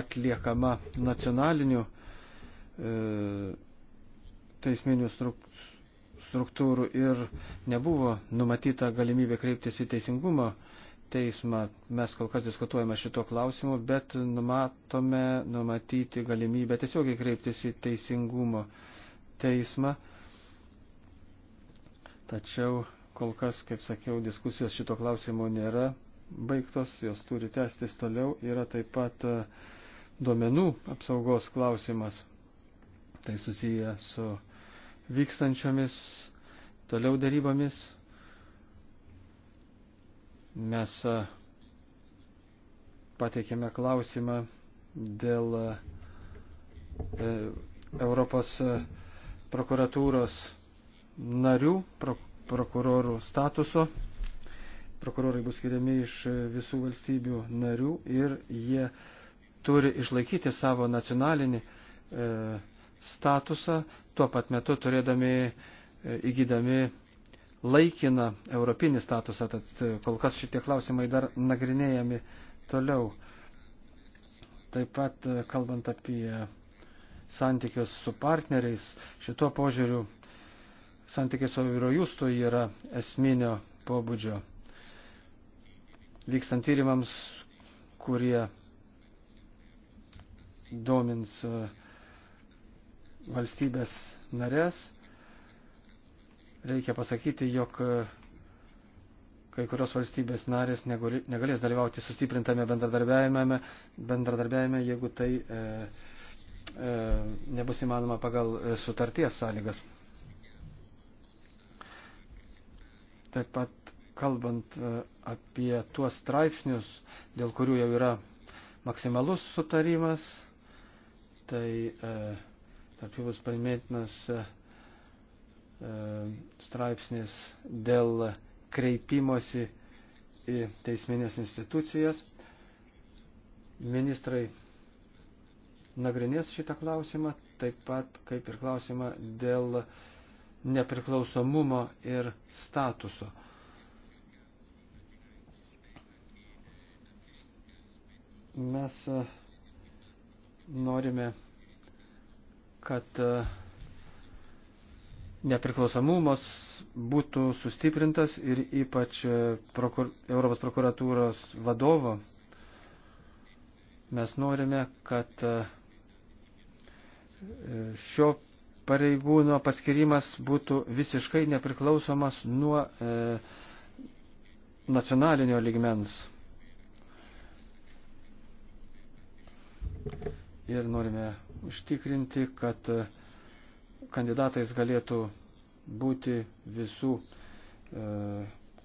atliekama nacionalinių e, teisminių struktūrų ir nebuvo numatyta galimybė kreiptis į teisingumo e, teismą. Mes kol kas diskutuojame šito klausimu, bet numatome numatyti galimybę tiesiogiai kreiptis į teisingumo teismą. Tačiau kol kas, kaip sakiau, diskusijos šito klausimo nėra baigtos, jos turi tęstis toliau. Yra taip pat e, duomenų apsaugos klausimas. Tai susiję su vykstančiomis toliau darybomis Mes e, pateikėme klausimą dėl e, Europos e, prokuratūros narių, pro, prokurorų statuso. Prokurorai bus skiriami iš visų valstybių narių ir jie turi išlaikyti savo nacionalinį e, statusą, tuo pat metu turėdami e, įgydami laikiną europinį statusą, tad e, kol kas šitie klausimai dar nagrinėjami toliau. Taip pat, e, kalbant apie santykius su partneriais, šituo požiūriu santykiai su Eurojustu yra esminio pobūdžio. Vykstant tyrimams, kurie domins e, valstybės narės, reikia pasakyti, jog e, kai kurios valstybės narės negalės dalyvauti sustiprintame bendradarbiavime, bendradarbiavime jeigu tai e, e, nebus įmanoma pagal e, sutarties sąlygas. Taip pat kalbant e, apie tuos straipsnius, dėl kurių jau yra maksimalus sutarimas, tai e, tarp jų bus paminėtinas e, E, straipsnis dėl kreipimosi į teisminės institucijas. Ministrai nagrinės šitą klausimą, taip pat kaip ir klausimą dėl nepriklausomumo ir statuso. Mes e, norime, kad uh, nepriklausomumas būtų sustiprintas ir ypač e, prokur, Europos prokuratūros vadovo. Mes norime, kad e, šio pareigūno paskirimas būtų visiškai nepriklausomas nuo e, nacionalinio ligmens. Ir norime užtikrinti, kad e, kandidatais galėtų būti visų e,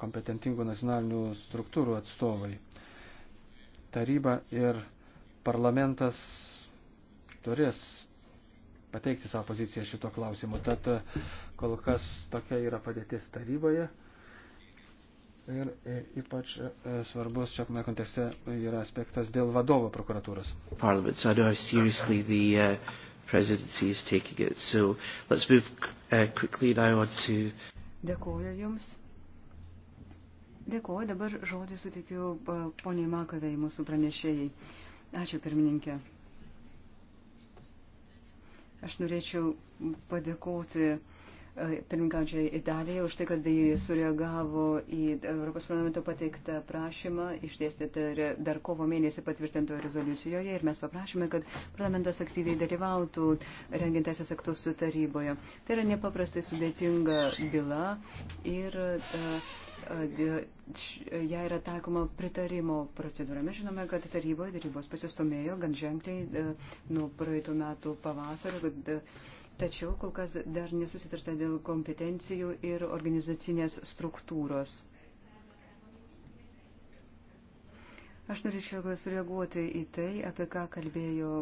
kompetentingų nacionalinių struktūrų atstovai. Taryba ir parlamentas turės pateikti savo poziciją šito klausimu. Tad e, kol kas tokia yra padėtis taryboje. Ir e, ypač e, svarbus šiame kontekste yra aspektas dėl vadovo prokuratūros. Parliament, so I know seriously the uh, presidency is taking it. So let's move uh, quickly now on to. Dėkuoju Jums. Dėkuoju, dabar žodį sutikiu uh, poniai Makavei, mūsų pranešėjai. Ačiū pirmininkė. Aš norėčiau padėkoti uh, pirmininkaučiai Italijai už tai, kad jie sureagavo į Europos parlamento pateiktą prašymą išdėstyti dar kovo mėnesį patvirtintoje rezoliucijoje ir mes paprašėme, kad parlamentas aktyviai dalyvautų rengiant teisės aktus taryboje. Tai yra nepaprastai sudėtinga byla ir ją yra taikoma pritarimo procedūra. Mes žinome, kad taryboje darybos pasistumėjo gan ženkliai nuo praeitų metų pavasario. Kad, Tačiau kol kas dar nesusitarta dėl kompetencijų ir organizacinės struktūros. Aš norėčiau sureaguoti į tai, apie ką kalbėjo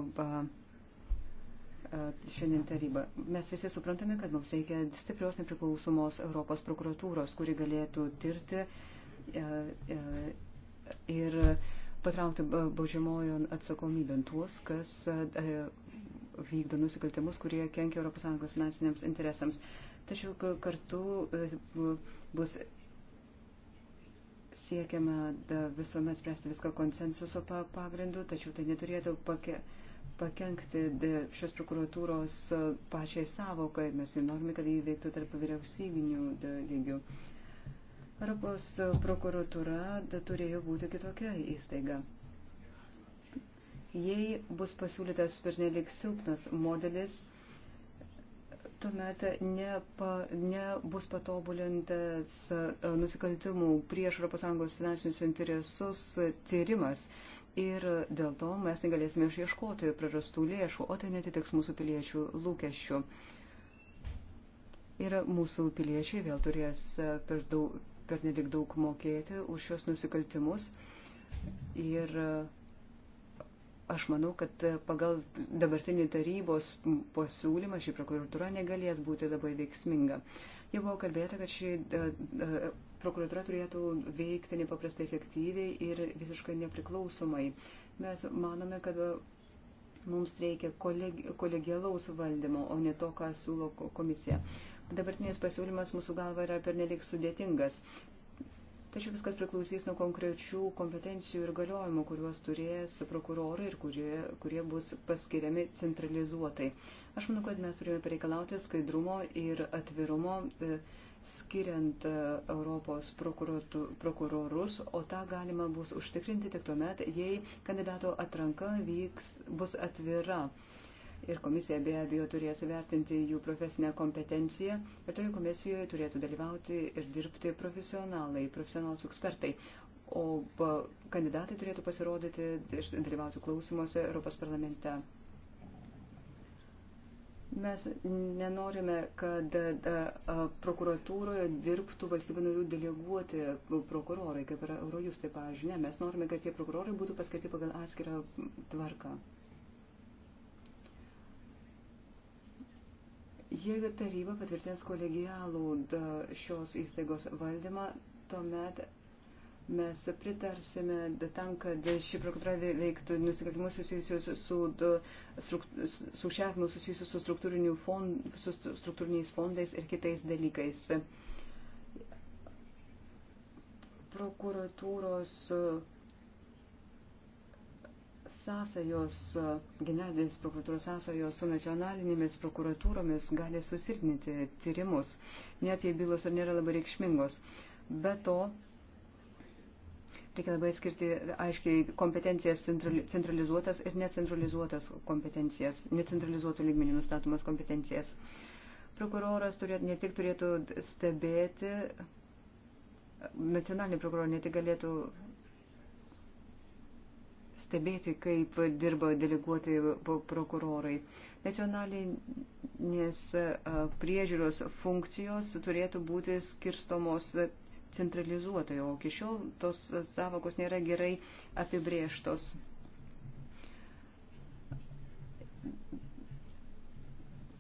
šiandien taryba. Mes visi suprantame, kad mums reikia stiprios nepriklausomos Europos prokuratūros, kuri galėtų tirti ir patraukti baudžiamojon atsakomybėn tuos, kas vykdo nusikaltimus, kurie kenkia ES finansiniams interesams. Tačiau kartu e, bus siekiama visuomet spręsti viską konsensuso pagrindu, tačiau tai neturėtų pake, pakenkti šios prokuratūros e, pačiai savokai. Mes norime, kad jį veiktų tarp vyriausybinių lygių. Europos prokuratūra turėjo būti kitokia įstaiga. Jei bus pasiūlytas pernelik silpnas modelis, tuomet nepa, nebus patobulintas e, nusikaltimų prieš ES finansinius interesus tyrimas. Ir dėl to mes negalėsime išieškoti prarastų lėšų, o tai netitiks mūsų piliečių lūkesčių. Ir mūsų piliečiai vėl turės e, per, daug, per nedik daug mokėti už šios nusikaltimus. Ir uh, Aš manau, kad e, pagal dabartinį tarybos pasiūlymą ši prokuratūra negalės būti labai veiksminga. Jau buvo kalbėta, kad ši e, e, prokuratūra turėtų veikti nepaprastai efektyviai ir visiškai nepriklausomai. Mes manome, kad mums reikia kolegialaus valdymo, o ne to, ką siūlo komisija. Dabartinės pasiūlymas mūsų galva yra pernelik sudėtingas. Tačiau viskas priklausys nuo konkrečių kompetencijų ir galiojimų, kuriuos turės prokurorai ir kurie, kurie bus paskiriami centralizuotai. Aš manau, kad mes turime pareikalauti skaidrumo ir atvirumo e, skiriant e, Europos prokurorus, o tą galima bus užtikrinti tik tuomet, jei kandidato atranka vyks, bus atvira ir komisija be abejo turės įvertinti jų profesinę kompetenciją ir toje komisijoje turėtų dalyvauti ir dirbti profesionalai, profesionalus ekspertai. O kandidatai turėtų pasirodyti ir dalyvauti klausimuose Europos parlamente. Mes nenorime, kad prokuratūroje dirbtų valstybių narių deleguoti prokurorai, kaip yra Eurojus, tai pavyzdžiui, ne, mes norime, kad tie prokurorai būtų paskirti pagal atskirą tvarką. Jeigu taryba patvirtins kolegialų šios įstaigos valdymą, tuomet mes pritarsime tam, kad ši prokuratūra veiktų nusikaltimus susijusius su, su šiavimu susijusius su, fond, su struktūriniais fondais ir kitais dalykais. Prokuratūros uh, sąsajos, e, generalinės prokuratūros sąsajos su nacionalinėmis prokuratūromis gali susirgnyti tyrimus, net jei bylos ir nėra labai reikšmingos. Be to, reikia labai skirti aiškiai kompetencijas centralizuotas ir necentralizuotas kompetencijas, necentralizuotų lygmenių nustatomas kompetencijas. Prokuroras turėtų, ne tik turėtų stebėti, nacionalinė prokurorė ne tik galėtų stebėti, kaip dirba deleguoti prokurorai. Nacionalinės priežiūros funkcijos turėtų būti skirstomos centralizuotai, o iki šiol tos savokos nėra gerai apibrieštos.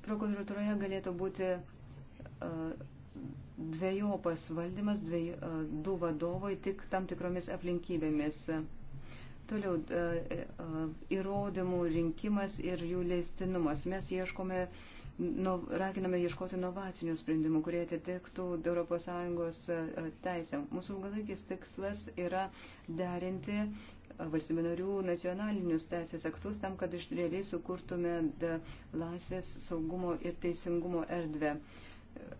Prokuratūroje galėtų būti dviejopas valdymas, dviej, du vadovai tik tam tikromis aplinkybėmis. Toliau e, e, įrodymų rinkimas ir jų leistinumas. Mes ieškome, no, raginame ieškoti inovacinių sprendimų, kurie atitiktų ES e, teisę. Mūsų ilgalaikis tikslas yra derinti valstybių narių nacionalinius teisės aktus tam, kad iš realiai sukurtume laisvės, saugumo ir teisingumo erdvę. Uh,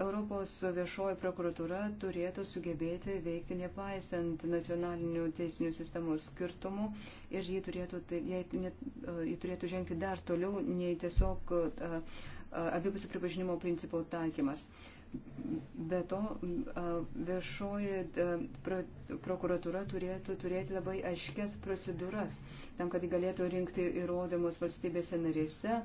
Europos viešoji prokuratūra turėtų sugebėti veikti nepaisant nacionalinių teisinių sistemų skirtumų ir ji turėtų, jai, ji turėtų žengti dar toliau nei tiesiog abipusio pripažinimo principo taikymas. Be to, viešoji prokuratūra turėtų turėti labai aiškias procedūras tam, kad galėtų rinkti įrodymus valstybėse narėse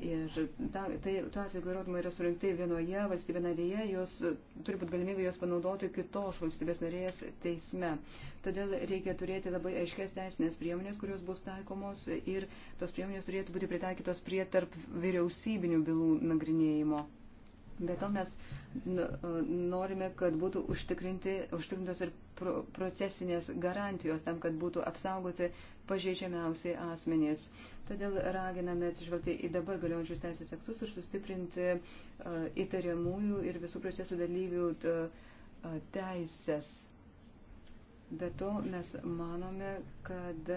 Ir ta, tai, tuo atveju įrodymai yra surinkti vienoje valstybė narėje, jos e, turi būti galimybė jos panaudoti kitos valstybės narės teisme. Todėl reikia turėti labai aiškės teisinės priemonės, kurios bus taikomos ir tos priemonės turėtų būti pritaikytos prie tarp vyriausybinių bylų nagrinėjimo. Be to mes e, norime, kad būtų užtikrintos ir procesinės garantijos tam, kad būtų apsaugoti pažeidžiamiausiai asmenys. Todėl raginame atsižvelgti į dabar galiojančius teisės aktus ir sustiprinti e, įtariamųjų ir visų procesų dalyvių e, e, teisės. Be to mes manome, kad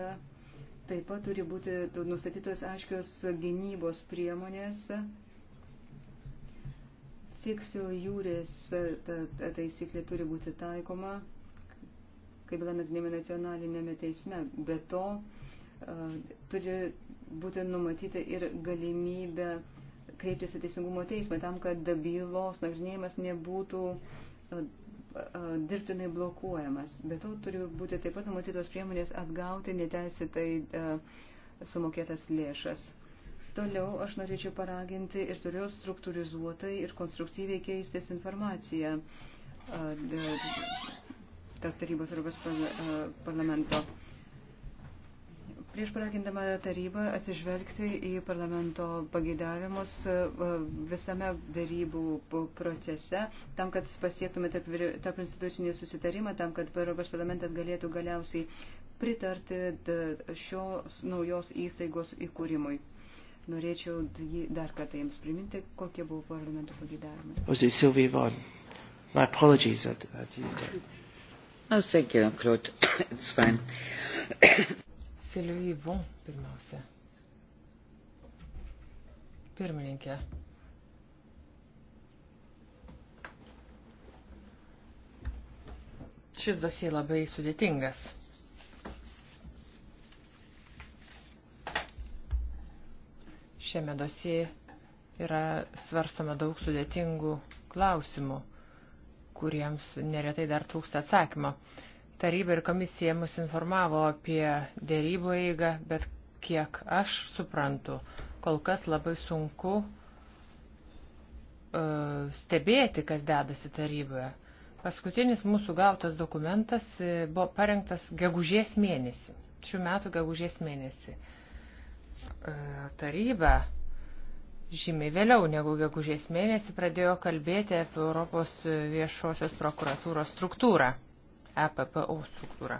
taip pat turi būti nustatytos aiškios gynybos priemonės fiksio jūrės ta, ta, taisyklė turi būti taikoma, kaip byla nagrinėjama nacionalinėme teisme. Be to, E, turi būti numatyta ir galimybė kreiptis į Teisingumo teismą tam, kad bylos nagrinėjimas nebūtų e, e, dirbtinai blokuojamas. Be to turi būti taip pat numatytos priemonės atgauti neteisėtai sumokėtas lėšas. Toliau aš norėčiau paraginti ir turiu struktūrizuotai ir konstruktyviai keistis informaciją tarp tarybos Europos parlamento. Prieš paragindama tarybą atsižvelgti į parlamento pageidavimus e, visame darybų procese, tam, kad pasiektume tarp, tarp institucinį susitarimą, tam, kad Europos parlamentas galėtų galiausiai pritarti šios naujos įstaigos įkūrimui. Norėčiau dar kartą jums priminti, kokie buvo parlamento pagėdavimai. Was it Sylvie Vaughan? My apologies. I, I didn't... No, oh, thank you, Claude. It's fine. Silvijai Vum pirmiausia. Pirmininkė. Šis dosija labai sudėtingas. Šiame dosijai yra svarstama daug sudėtingų klausimų, kuriems neretai dar trūksta atsakymo. Taryba ir komisija mus informavo apie dėrybų eigą, bet kiek aš suprantu, kol kas labai sunku uh, stebėti, kas dedasi taryboje. Paskutinis mūsų gautas dokumentas e, buvo parengtas gegužės mėnesį, šių metų gegužės mėnesį. Uh, taryba žymiai vėliau negu gegužės mėnesį pradėjo kalbėti apie Europos viešosios prokuratūros struktūrą. EPPO struktūra.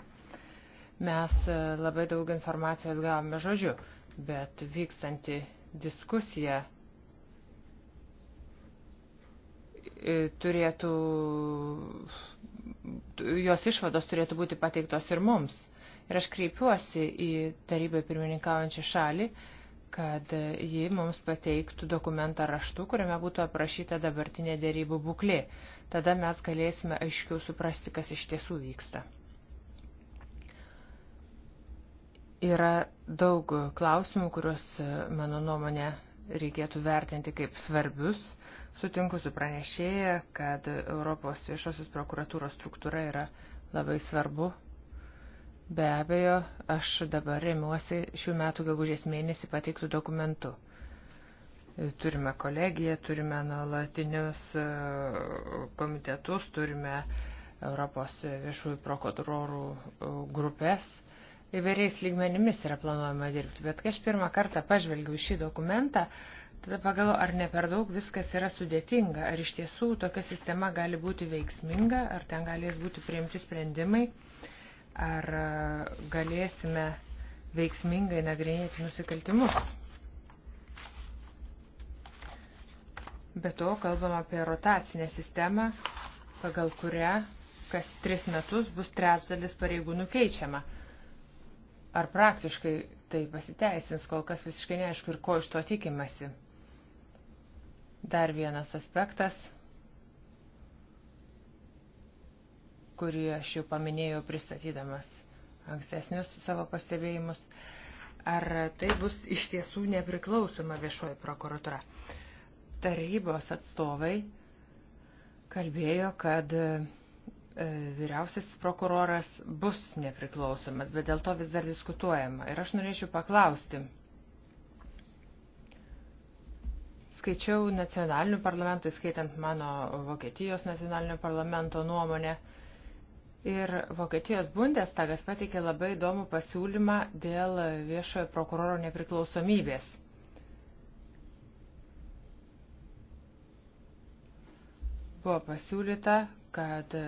Mes e, labai daug informacijos gavome žodžiu, bet vykstanti diskusija e, turėtų, jos išvados turėtų būti pateiktos ir mums. Ir aš kreipiuosi į tarybai pirmininkaujančią šalį, kad ji mums pateiktų dokumentą raštu, kuriame būtų aprašyta dabartinė dėrybų būklė. Tada mes galėsime aiškiau suprasti, kas iš tiesų vyksta. Yra daug klausimų, kuriuos, mano nuomonė, reikėtų vertinti kaip svarbius. Sutinku su pranešėja, kad Europos viešosios prokuratūros struktūra yra labai svarbu Be abejo, aš dabar remiuosi šių metų gegužės mėnesį pateiktų dokumentų. Turime kolegiją, turime nuolatinius e, komitetus, turime Europos viešųjų prokurorų e, grupės. Įvairiais lygmenimis yra planuojama dirbti, bet kai aš pirmą kartą pažvelgiau šį dokumentą, tada pagalvoju, ar ne per daug viskas yra sudėtinga, ar iš tiesų tokia sistema gali būti veiksminga, ar ten galės būti priimti sprendimai, ar e, galėsime veiksmingai nagrinėti nusikaltimus. Be to, kalbam apie rotacinę sistemą, pagal kurią kas tris metus bus trečdalis pareigūnų keičiama. Ar praktiškai tai pasiteisins, kol kas visiškai neaišku ir ko iš to tikimasi. Dar vienas aspektas kurį aš jau paminėjau pristatydamas ankstesnius savo pastebėjimus, ar tai bus iš tiesų nepriklausoma viešoji prokuratura. Tarybos atstovai kalbėjo, kad e, vyriausiasis prokuroras bus nepriklausomas, bet dėl to vis dar diskutuojama. Ir aš norėčiau paklausti. Skaičiau nacionalinių parlamentų, skaitant mano Vokietijos nacionalinio parlamento nuomonę, Ir Vokietijos Bundestagas pateikė labai įdomų pasiūlymą dėl viešojo prokuroro nepriklausomybės. Buvo pasiūlyta, kad e,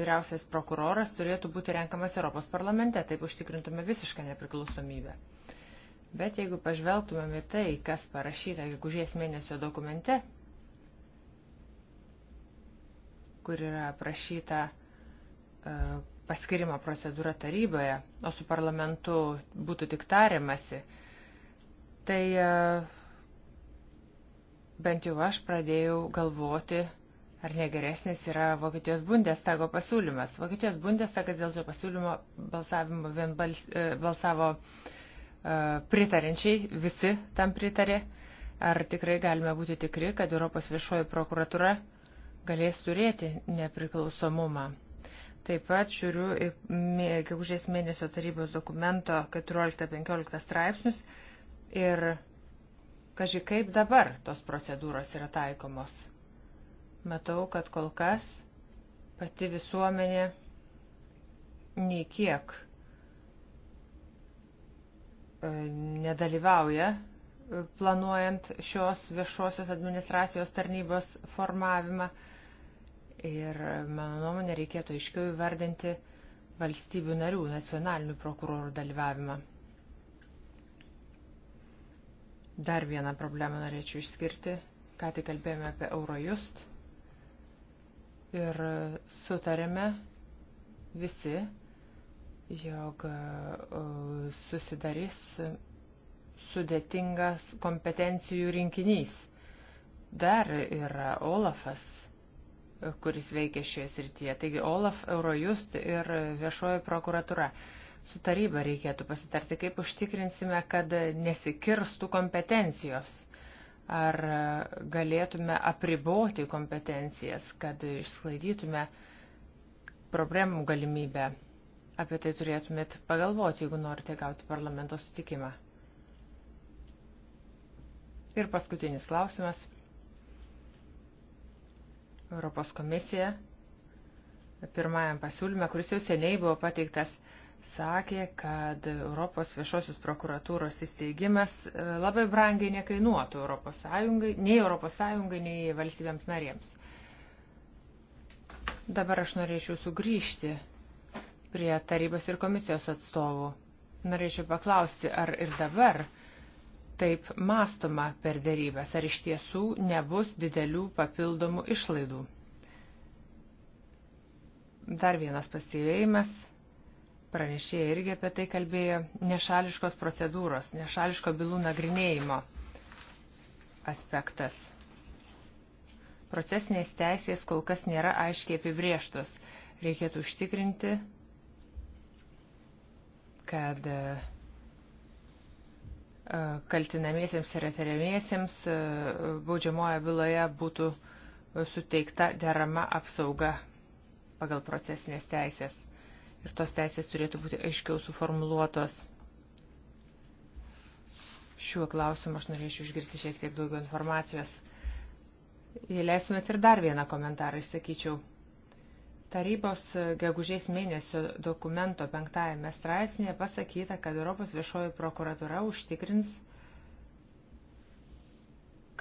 vyriausias prokuroras turėtų būti renkamas Europos parlamente, taip užtikrintume visišką nepriklausomybę. Bet jeigu pažvelgtumėm į tai, kas parašyta gegužės mėnesio dokumente, kur yra aprašyta E, paskirimo procedūra taryboje, o su parlamentu būtų tik tariamasi, tai e, bent jau aš pradėjau galvoti, ar negeresnis yra Vokietijos Bundestago pasiūlymas. Vokietijos Bundestagas dėl šio pasiūlymo balsavimo vien bals, e, balsavo pritarinčiai, visi tam pritarė. Ar tikrai galime būti tikri, kad Europos viešoji prokuratura galės turėti nepriklausomumą? Taip pat žiūriu į gegužės mėnesio tarybos dokumento 14-15 straipsnius ir kaži kaip dabar tos procedūros yra taikomos. Matau, kad kol kas pati visuomenė nei kiek e, nedalyvauja e, planuojant šios viešosios administracijos tarnybos formavimą Ir mano nuomonė reikėtų aiškiau įvardinti valstybių narių nacionalinių prokurorų dalyvavimą. Dar vieną problemą norėčiau išskirti. Ką tik kalbėjome apie Eurojust ir sutarėme visi, jog e, susidarys sudėtingas kompetencijų rinkinys. Dar yra Olafas kuris veikia šioje srityje. Taigi Olaf, Eurojust ir viešoji prokuratura. Su taryba reikėtų pasitarti, kaip užtikrinsime, kad nesikirstų kompetencijos. Ar galėtume apriboti kompetencijas, kad išsklaidytume problemų galimybę. Apie tai turėtumėt pagalvoti, jeigu norite gauti parlamento sutikimą. Ir paskutinis klausimas. Europos komisija pirmajam pasiūlyme, kuris jau seniai buvo pateiktas, sakė, kad Europos viešosios prokuratūros įsteigimas e, labai brangiai nekainuotų Europos Sąjungai, nei Europos Sąjungai, nei valstybėms narėms. Dabar aš norėčiau sugrįžti prie tarybos ir komisijos atstovų. Norėčiau paklausti, ar ir dabar taip mastoma per dėrybęs, ar iš tiesų nebus didelių papildomų išlaidų. Dar vienas pasivėjimas. Pranešėjai irgi apie tai kalbėjo nešališkos procedūros, nešališko bylų nagrinėjimo aspektas. Procesinės teisės kol kas nėra aiškiai apibrieštos. Reikėtų užtikrinti, kad uh, kaltinamiesiems ir atariamiesiems e, baudžiamoje byloje būtų suteikta derama apsauga pagal procesinės teisės. Ir tos teisės turėtų būti aiškiau suformuluotos. Šiuo klausimu aš norėčiau išgirsti šiek tiek daugiau informacijos. Jei leisumėt ir dar vieną komentarą išsakyčiau. Tarybos e, gegužės mėnesio dokumento penktajame straipsnėje pasakyta, kad Europos viešoji prokuratura užtikrins,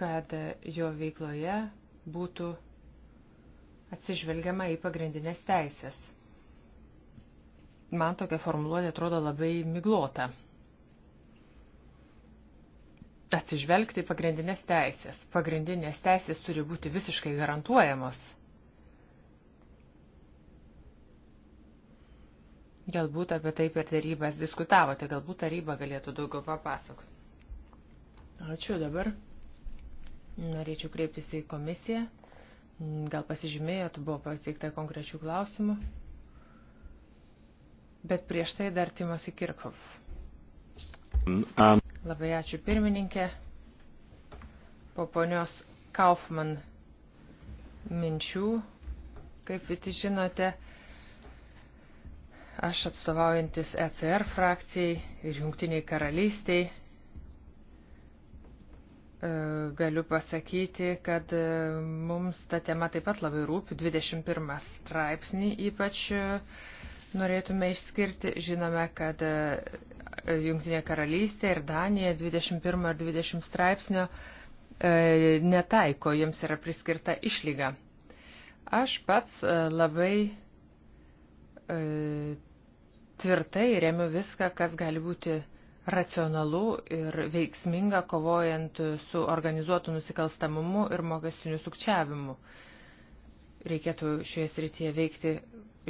kad jo veikloje būtų atsižvelgiama į pagrindinės teisės. Man tokia formuluotė atrodo labai miglota. Atsižvelgti į pagrindinės teisės. Pagrindinės teisės turi būti visiškai garantuojamos – Galbūt apie tai per tarybas diskutavote, galbūt taryba galėtų daugiau papasakoti. Ačiū dabar. Norėčiau kreiptis į komisiją. Gal pasižymėjot, buvo pateikta konkrečių klausimų. Bet prieš tai dar Timosi Kirkov. Labai ačiū pirmininkė. Po ponios Kaufman minčių, kaip visi žinote, Aš atstovaujantis ECR frakcijai ir Junktiniai karalystiai e, galiu pasakyti, kad e, mums ta tema taip pat labai rūpi. 21 straipsnį ypač e, norėtume išskirti. Žinome, kad Junktinė karalystė ir Danija 21 ar 20 straipsnio netaiko, jiems yra priskirta išlyga. Aš pats labai tvirtai remiu viską, kas gali būti racionalu ir veiksminga kovojant su organizuotu nusikalstamumu ir mokestiniu sukčiavimu. Reikėtų šioje srityje veikti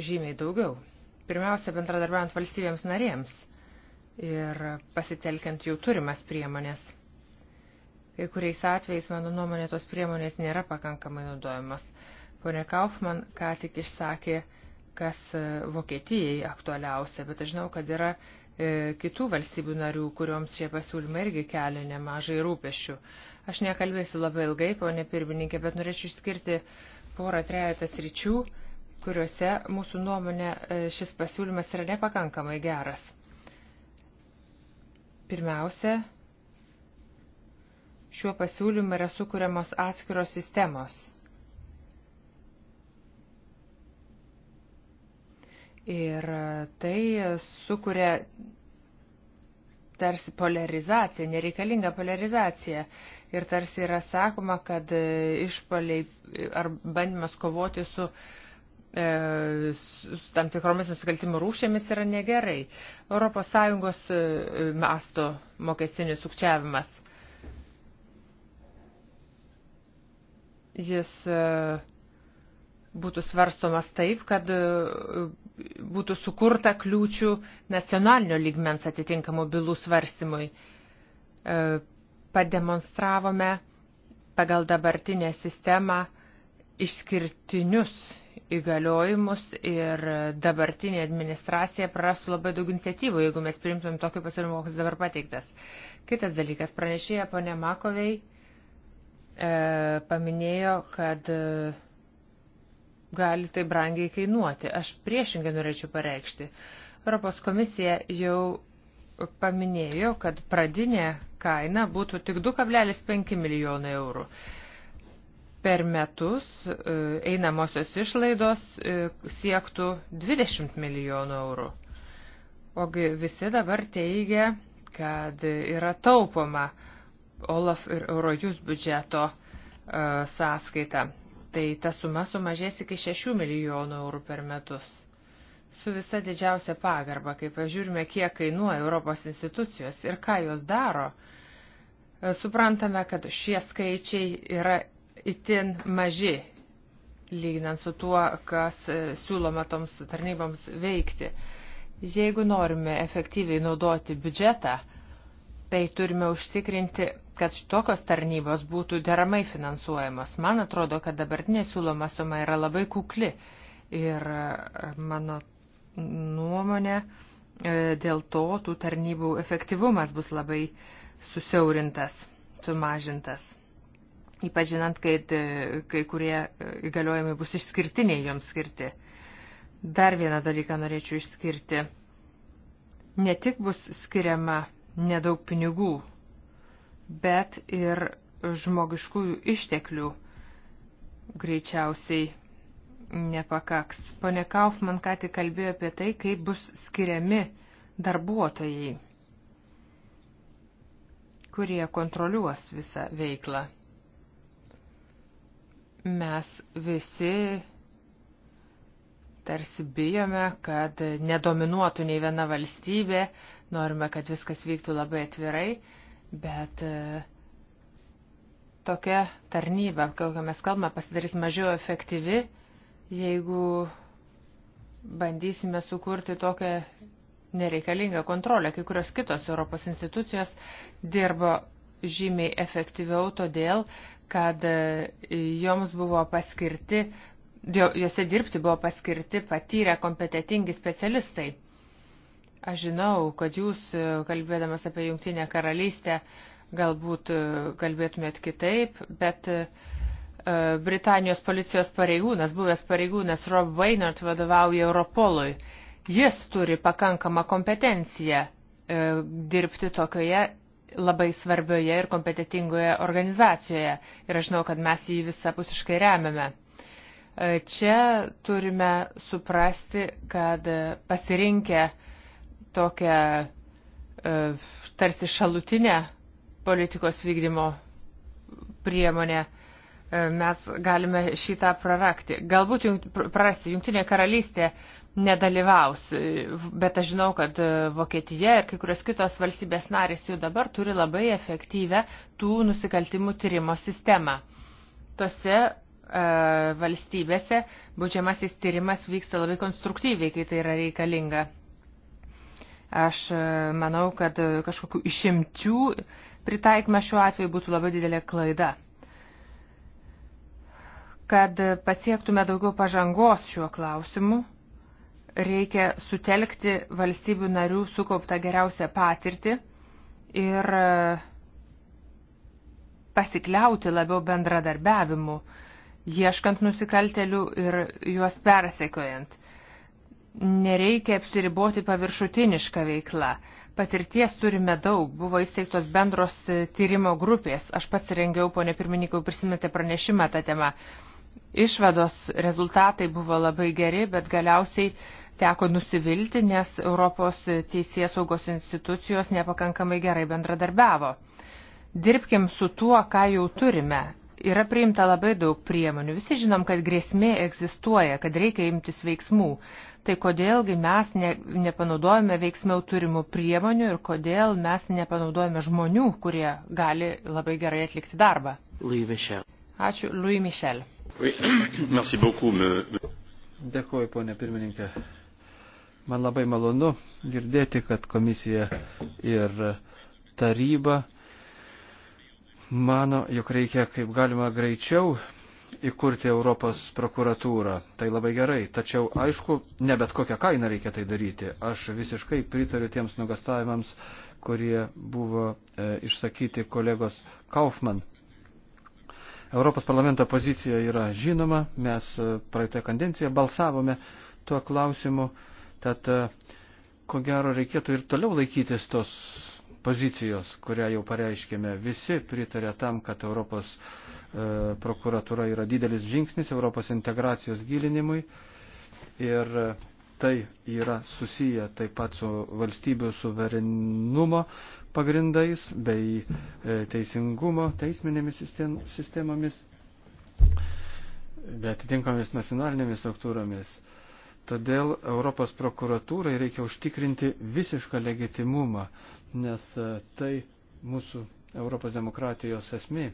žymiai daugiau. Pirmiausia, bendradarbiaujant valstybėms narėms ir pasitelkiant jau turimas priemonės. Kai kuriais atvejais, mano nuomonė, tos priemonės nėra pakankamai naudojamos. Pone Kaufman ką tik išsakė kas e, Vokietijai aktualiausia, bet aš žinau, kad yra e, kitų valstybių narių, kurioms šie pasiūlymai irgi kelia nemažai rūpešių. Aš nekalbėsiu labai ilgai, ponė pirmininkė, bet norėčiau išskirti porą trejatas ryčių, kuriuose mūsų nuomonė e, šis pasiūlymas yra nepakankamai geras. Pirmiausia, šiuo pasiūlymu yra sukūriamos atskiros sistemos – Ir tai sukuria tarsi polarizacija, nereikalinga polarizacija. Ir tarsi yra sakoma, kad išpoliai ar bandymas kovoti su, e, su tam tikromis nusikaltimų rūšėmis yra negerai. ES e, masto mokestinis sukčiavimas. Jis e, būtų svarstomas taip, kad e, būtų sukurta kliūčių nacionalinio lygmens atitinkamų bylų svarstymui. E, pademonstravome pagal dabartinę sistemą išskirtinius įgaliojimus ir dabartinė administracija praras labai daug iniciatyvų, jeigu mes priimtumėm tokį pasiūlymą, koks dabar pateiktas. Kitas dalykas, pranešėja ponė Makovei e, paminėjo, kad e, gali tai brangiai kainuoti. Aš priešingai norėčiau pareikšti. Europos komisija jau paminėjo, kad pradinė kaina būtų tik 2,5 milijonai eurų. Per metus e, einamosios išlaidos e, siektų 20 milijonų eurų. Ogi visi dabar teigia, kad yra taupoma Olaf ir Eurojus biudžeto e, sąskaita tai ta suma sumažės iki 6 milijonų eurų per metus. Su visa didžiausia pagarba, kai pažiūrime, kiek kainuoja Europos institucijos ir ką jos daro, e, suprantame, kad šie skaičiai yra itin maži, lyginant su tuo, kas e, siūloma toms tarnyboms veikti. Jeigu norime efektyviai naudoti biudžetą, tai turime užtikrinti kad tokios tarnybos būtų deramai finansuojamos. Man atrodo, kad dabartinė siūloma suma yra labai kukli ir e, mano nuomonė e, dėl to tų tarnybų efektyvumas bus labai susiaurintas, sumažintas. Ypač žinant, kad e, kai kurie įgaliojimai bus išskirtiniai joms skirti. Dar vieną dalyką norėčiau išskirti. Ne tik bus skiriama nedaug pinigų bet ir žmogiškųjų išteklių greičiausiai nepakaks. Pone Kaufman ką tik kalbėjo apie tai, kaip bus skiriami darbuotojai, kurie kontroliuos visą veiklą. Mes visi tarsi bijome, kad nedominuotų nei viena valstybė, norime, kad viskas vyktų labai atvirai bet e, tokia tarnyba, kokią mes kalbame, pasidarys mažiau efektyvi, jeigu bandysime sukurti tokią nereikalingą kontrolę. Kai kurios kitos Europos institucijos dirbo žymiai efektyviau todėl, kad e, joms buvo paskirti, jose dirbti buvo paskirti patyrę kompetitingi specialistai. Aš žinau, kad jūs, e, kalbėdamas apie Jungtinę karalystę, galbūt e, kalbėtumėt kitaip, bet e, Britanijos policijos pareigūnas, buvęs pareigūnas Rob Wainert vadovauja Europolui. Jis turi pakankamą kompetenciją dirbti tokioje labai svarbioje ir kompetitingoje organizacijoje. Ir aš žinau, kad mes jį visapusiškai remiame. Čia turime suprasti, kad pasirinkę uh, tokią e, tarsi šalutinę politikos vykdymo priemonę, e, mes galime šitą prarakti. Galbūt prarasti Junktinė karalystė nedalyvaus, e, bet aš žinau, kad Vokietija ir kai kurios kitos valstybės narės jau dabar turi labai efektyvę tų nusikaltimų tyrimo sistemą. Tose valstybėse būdžiamasis tyrimas vyksta labai konstruktyviai, kai tai yra reikalinga. Aš e, manau, kad e, kažkokių išimčių pritaikymas šiuo atveju būtų labai didelė klaida. Kad e, pasiektume daugiau pažangos šiuo klausimu, reikia sutelkti valstybių narių sukauptą geriausią patirtį ir pasikliauti labiau bendradarbiavimu, ieškant nusikaltelių ir juos persekiojant nereikia apsiriboti paviršutinišką veiklą. Patirties turime daug, buvo įsteigtos bendros e, tyrimo grupės, aš pats rengiau, ponė pirmininkau, prisimėte pranešimą tą temą. Išvados rezultatai buvo labai geri, bet galiausiai teko nusivilti, nes Europos teisės saugos institucijos nepakankamai gerai bendradarbiavo. Dirbkim su tuo, ką jau turime yra priimta labai daug priemonių. Visi žinom, kad grėsmė egzistuoja, kad reikia imtis veiksmų. Tai kodėlgi mes ne, nepanaudojame veiksmiau turimų priemonių ir kodėl mes nepanaudojame žmonių, kurie gali labai gerai atlikti darbą. Louis Michel. Ačiū, Louis Michel. Oui. Merci beaucoup, me... Dėkuoju, ponė pirmininkė. Man labai malonu girdėti, kad komisija ir taryba uh, mano, jog reikia kaip galima greičiau įkurti Europos prokuratūrą. Tai labai gerai, tačiau aišku, ne bet kokią kainą reikia tai daryti. Aš visiškai pritariu tiems nugastavimams, kurie buvo e, išsakyti kolegos Kaufman. Europos parlamento pozicija yra žinoma, mes e, praeitą kandenciją balsavome tuo klausimu, tad e, ko gero reikėtų ir toliau laikytis tos pozicijos, kurią jau pareiškėme. Visi pritarė tam, kad Europos e, prokuratura yra didelis žingsnis Europos integracijos gilinimui ir e, tai yra susiję taip pat su valstybių suverenumo pagrindais bei e, teisingumo teisminėmis sistem, sistemomis, bet atitinkomis nacionalinėmis struktūromis. Todėl Europos prokuratūrai reikia užtikrinti visišką legitimumą nes e, tai mūsų Europos demokratijos esmė.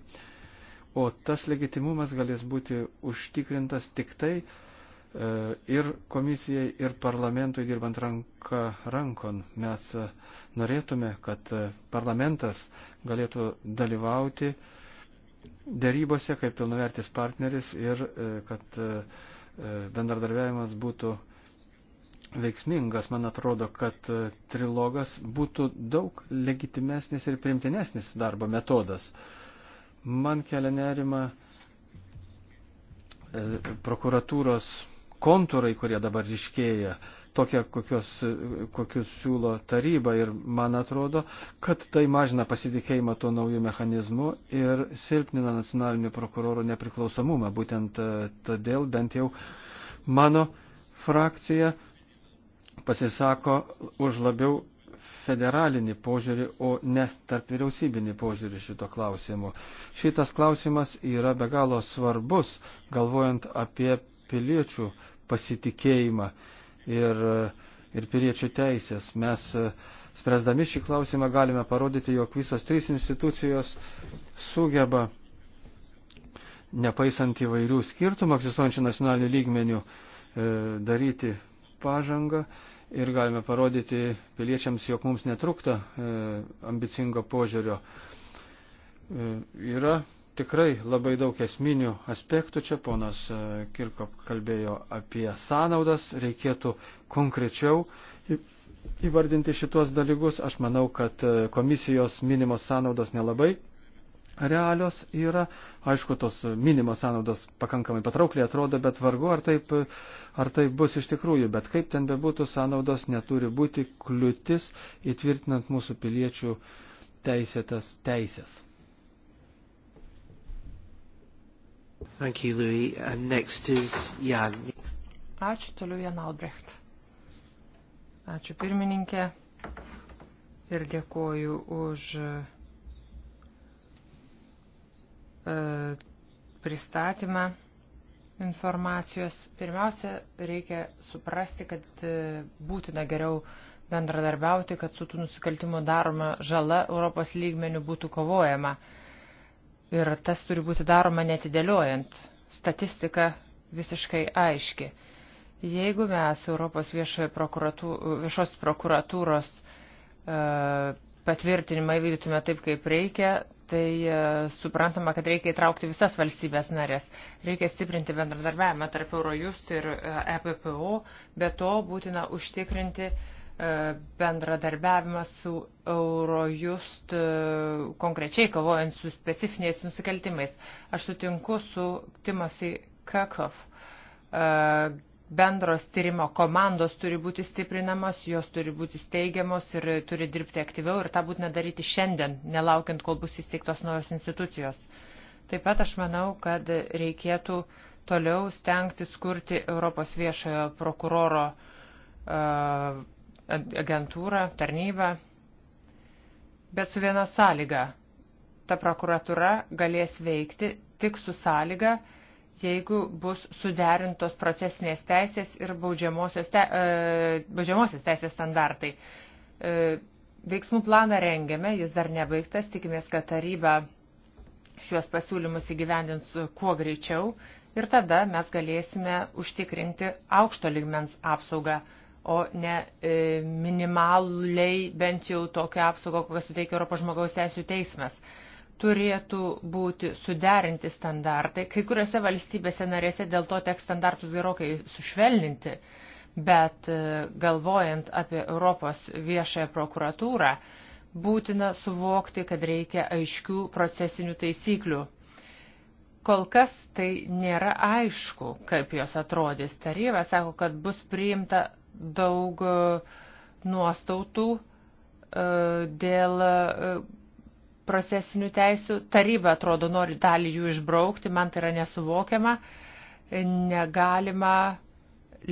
O tas legitimumas galės būti užtikrintas tik tai e, ir komisijai, ir parlamentui dirbant ranką rankon. Mes e, norėtume, kad e, parlamentas galėtų dalyvauti dėrybose kaip pilnavertis partneris ir e, kad e, bendradarbiavimas būtų e, veiksmingas, man atrodo, kad e, trilogas būtų daug legitimesnis ir primtinesnis darbo metodas. Man kelia nerima e, prokuratūros kontūrai, kurie dabar ryškėja, tokie, kokios, e, kokius siūlo taryba ir man atrodo, kad tai mažina pasitikėjimą tuo naujų mechanizmų ir silpnina nacionalinių prokurorų nepriklausomumą. Būtent todėl bent jau mano frakcija pasisako už labiau federalinį požiūrį, o ne tarp vyriausybinį požiūrį šito klausimu. Šitas klausimas yra be galo svarbus, galvojant apie piliečių pasitikėjimą ir, ir piliečių teisės. Mes spręsdami šį klausimą galime parodyti, jog visos trys institucijos sugeba, nepaisant įvairių skirtumų egzistuojančių nacionalinių lygmenių, e, daryti pažangą ir galime parodyti piliečiams, jog mums netrukta e, ambicingo požiūrio. E, yra tikrai labai daug esminių aspektų. Čia ponas e, Kirko kalbėjo apie sąnaudas, reikėtų konkrečiau įvardinti šitos dalykus. Aš manau, kad e, komisijos minimos sąnaudos nelabai realios yra. Aišku, tos minimos sąnaudos pakankamai patraukliai atrodo, bet vargu ar taip, ar taip bus iš tikrųjų. Bet kaip ten bebūtų, sąnaudos neturi būti kliūtis įtvirtinant mūsų piliečių teisėtas teisės. Thank you, Louis. And next is Jan. Ačiū toliau Jan Albrecht. Ačiū pirmininkė ir dėkoju už uh, E, pristatymą informacijos. Pirmiausia, reikia suprasti, kad e, būtina geriau bendradarbiauti, kad su tų nusikaltimų daroma žala Europos lygmenių būtų kovojama. Ir tas turi būti daroma netidėliojant. Statistika visiškai aiški. Jeigu mes Europos prokuratū, viešos prokuratūros e, patvirtinimą įvykdytume taip, kaip reikia, tai e, suprantama, kad reikia įtraukti visas valstybės narės. Reikia stiprinti bendradarbiavimą tarp Eurojust ir EPPO, e bet to būtina užtikrinti e, bendradarbiavimą su Eurojust konkrečiai kovojant su specifiniais nusikaltimais. Aš sutinku su Timasi Kakov bendros tyrimo komandos turi būti stiprinamos, jos turi būti steigiamos ir turi dirbti aktyviau ir tą būtina daryti šiandien, nelaukiant, kol bus įsteigtos naujos institucijos. Taip pat aš manau, kad reikėtų toliau stengtis kurti Europos viešojo prokuroro uh, agentūrą, tarnybą, bet su viena sąlyga. Ta prokuratura galės veikti tik su sąlyga, uh, jeigu bus suderintos procesinės teisės ir baudžiamosios, te, e, baudžiamosios teisės standartai. E, veiksmų planą rengiame, jis dar nebaigtas, tikimės, kad taryba šiuos pasiūlymus įgyvendins kuo greičiau ir tada mes galėsime užtikrinti aukšto ligmens apsaugą, o ne e, minimaliai bent jau tokią apsaugą, kokią suteikia Europos žmogaus teisų teismas. E, turėtų būti suderinti standartai. Kai kuriuose valstybėse narėse dėl to teks standartus gerokai sušvelninti, bet e, galvojant apie Europos viešąją prokuratūrą, būtina suvokti, kad reikia aiškių procesinių taisyklių. Kol kas tai nėra aišku, kaip jos atrodys. Taryba sako, kad bus priimta daug e, nuostautų e, dėl procesinių teisių. Taryba, atrodo, nori dalį jų išbraukti, man tai yra nesuvokiama. Negalima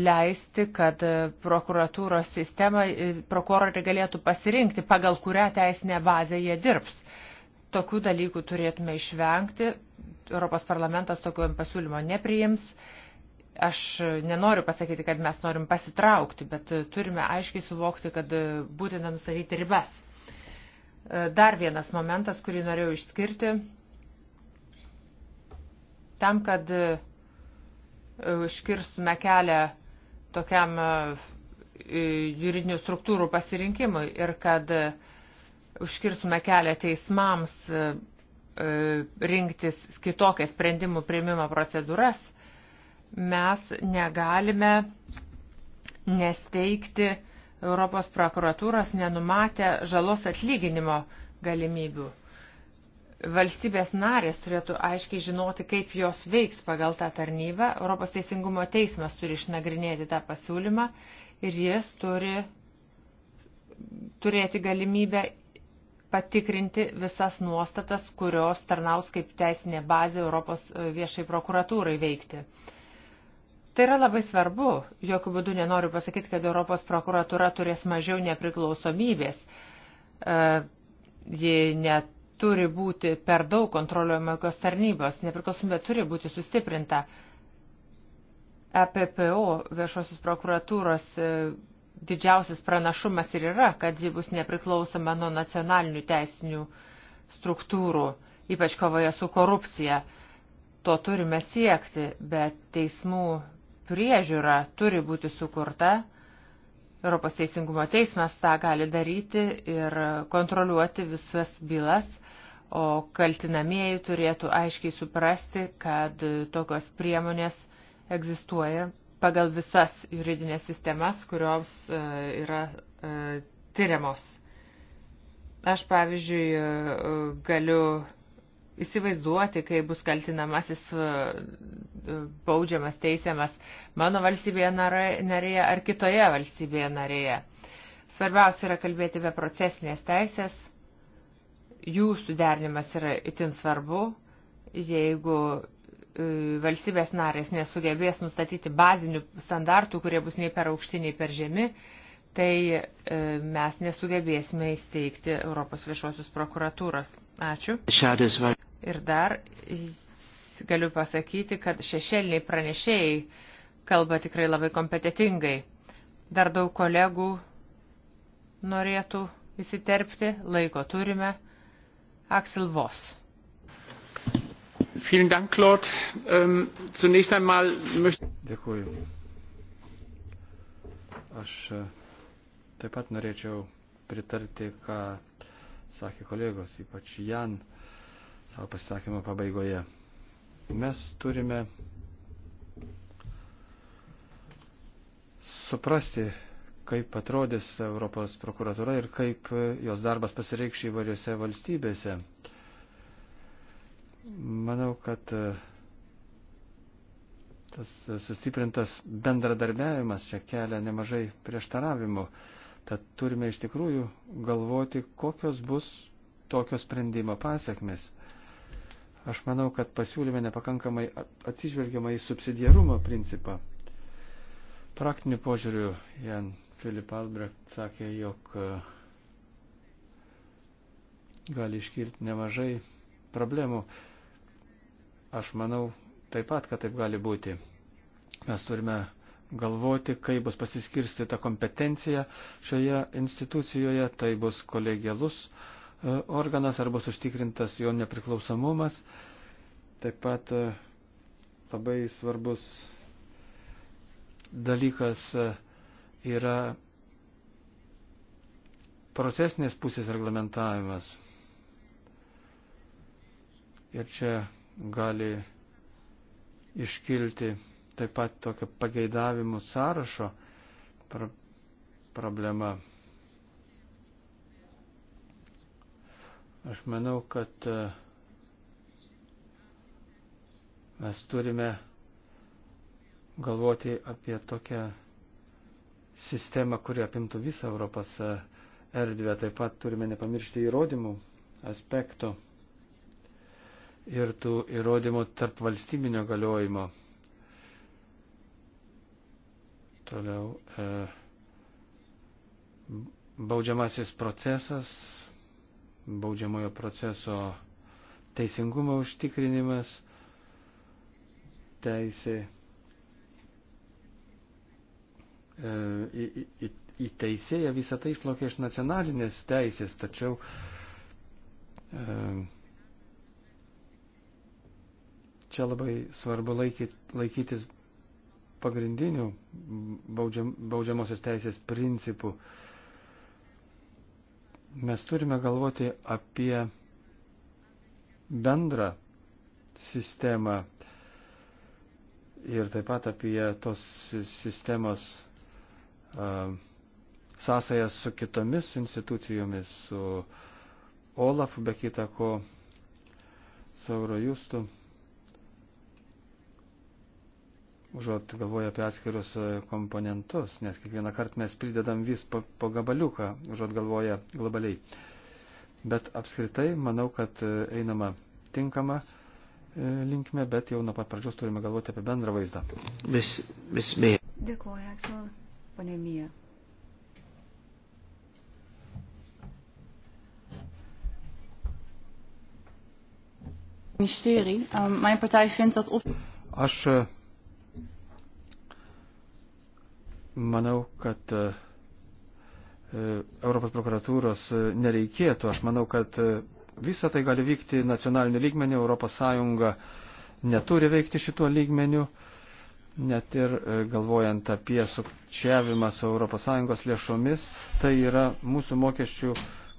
leisti, kad prokuratūros sistema, prokurorai galėtų pasirinkti, pagal kurią teisinę bazę jie dirbs. Tokių dalykų turėtume išvengti. Europos parlamentas tokio pasiūlymo nepriims. Aš nenoriu pasakyti, kad mes norim pasitraukti, bet turime aiškiai suvokti, kad būtina nustatyti ribas. Dar vienas momentas, kurį norėjau išskirti. Tam, kad iškirstume e, kelią tokiam e, juridinių struktūrų pasirinkimui ir kad e, užkirstume kelią teismams rinktis kitokią sprendimų prieimimo procedūras, mes negalime nesteigti uh, Europos prokuratūros nenumatė žalos atlyginimo galimybių. Valstybės narės turėtų aiškiai žinoti, kaip jos veiks pagal tą tarnybą. Europos teisingumo teismas turi išnagrinėti tą pasiūlymą ir jis turi turėti galimybę patikrinti visas nuostatas, kurios tarnaus kaip teisinė bazė Europos viešai prokuratūrai veikti. Tai yra labai svarbu. Jokių būdų nenoriu pasakyti, kad Europos prokuratura turės mažiau nepriklausomybės. E, ji neturi būti per daug kontroliuojama jokios tarnybos. Nepriklausomybė turi būti sustiprinta. EPPO viešosios prokuratūros e, didžiausias pranašumas ir yra, kad ji bus nepriklausoma nuo nacionalinių teisinių struktūrų, ypač kovoje su korupcija to turime siekti, bet teismų priežiūra turi būti sukurta. Europos Teisingumo teismas tą gali daryti ir kontroliuoti visas bylas, o kaltinamieji turėtų aiškiai suprasti, kad tokios priemonės egzistuoja pagal visas juridinės sistemas, kurioms e, yra e, tyriamos. Aš, pavyzdžiui, e, galiu įsivaizduoti, kai bus kaltinamasis e, e, baudžiamas, teisiamas mano valstybėje narėje ar kitoje valstybėje narėje. Svarbiausia yra kalbėti apie procesinės teisės, jų sudernimas yra itin svarbu, jeigu e, valstybės narės nesugebės nustatyti bazinių standartų, kurie bus nei per aukšti, nei per žemi, tai e, mes nesugebėsime įsteigti Europos viešosios prokuratūros. Ačiū. Ir dar galiu pasakyti, kad šešėliniai pranešėjai kalba tikrai labai kompetitingai. Dar daug kolegų norėtų įsiterpti, laiko turime. Aksel Voss. Vielen Dank, Claude. Ähm, zunächst einmal möchte ich. Aš äh, Taip pat norėčiau pritarti, ką sakė kolegos, ypač Jan savo pasisakymo pabaigoje. Mes turime suprasti, kaip atrodys Europos prokuratura ir kaip jos darbas pasireikš įvairiose valstybėse. Manau, kad tas sustiprintas bendradarbiavimas čia kelia nemažai prieštaravimų. Tad turime iš tikrųjų galvoti, kokios bus tokio sprendimo pasiekmes. Aš manau, kad pasiūlyme nepakankamai atsižvelgiama į subsidiarumo principą. Praktiniu požiūriu Jan Filip Albrecht sakė, jog e, gali iškilti nemažai problemų. Aš manau taip pat, kad taip gali būti. Mes turime galvoti, kaip bus pasiskirstyta kompetencija šioje institucijoje, tai bus kolegialus e, organas ar bus užtikrintas jo nepriklausomumas. Taip pat e, labai svarbus dalykas e, yra procesinės pusės reglamentavimas. Ir čia gali iškilti taip pat tokio pageidavimų sąrašo pro problema. Aš manau, kad e, mes turime galvoti apie tokią sistemą, kuri apimtų visą Europos e, erdvę. Taip pat turime nepamiršti įrodymų aspekto ir tų įrodymų tarp valstybinio galiojimo Toliau e, baudžiamasis procesas, baudžiamojo proceso teisingumo užtikrinimas, teisė e, į, į, į teisėją visą tai išplaukia iš nacionalinės teisės, tačiau e, čia labai svarbu laikyt, laikytis pagrindinių baudžiam, baudžiamosios teisės principų. Mes turime galvoti apie bendrą sistemą ir taip pat apie tos sistemos uh, sąsajas su kitomis institucijomis, su Olafu be kitako, su Eurojustu. užuot galvoję apie atskirus e, komponentus, nes kiekvieną kartą mes pridedam vis po, po gabaliuką, užuot galvoję globaliai. Bet apskritai manau, kad e, einama tinkama e, linkme, bet jau nuo pat pradžios turime galvoti apie bendrą vaizdą. Vis, vis mėg. Dėkuoju, Aksel, ponė Mija. Ministerie. Uh, mijn partij vindt dat op. Als uh, manau, kad e, Europos prokuratūros e, nereikėtų. Aš manau, kad e, visa tai gali vykti nacionaliniu lygmeniu. Europos Sąjunga neturi veikti šituo lygmeniu. Net ir galvojant apie sukčiavimą su ES lėšomis, tai yra mūsų mokesčių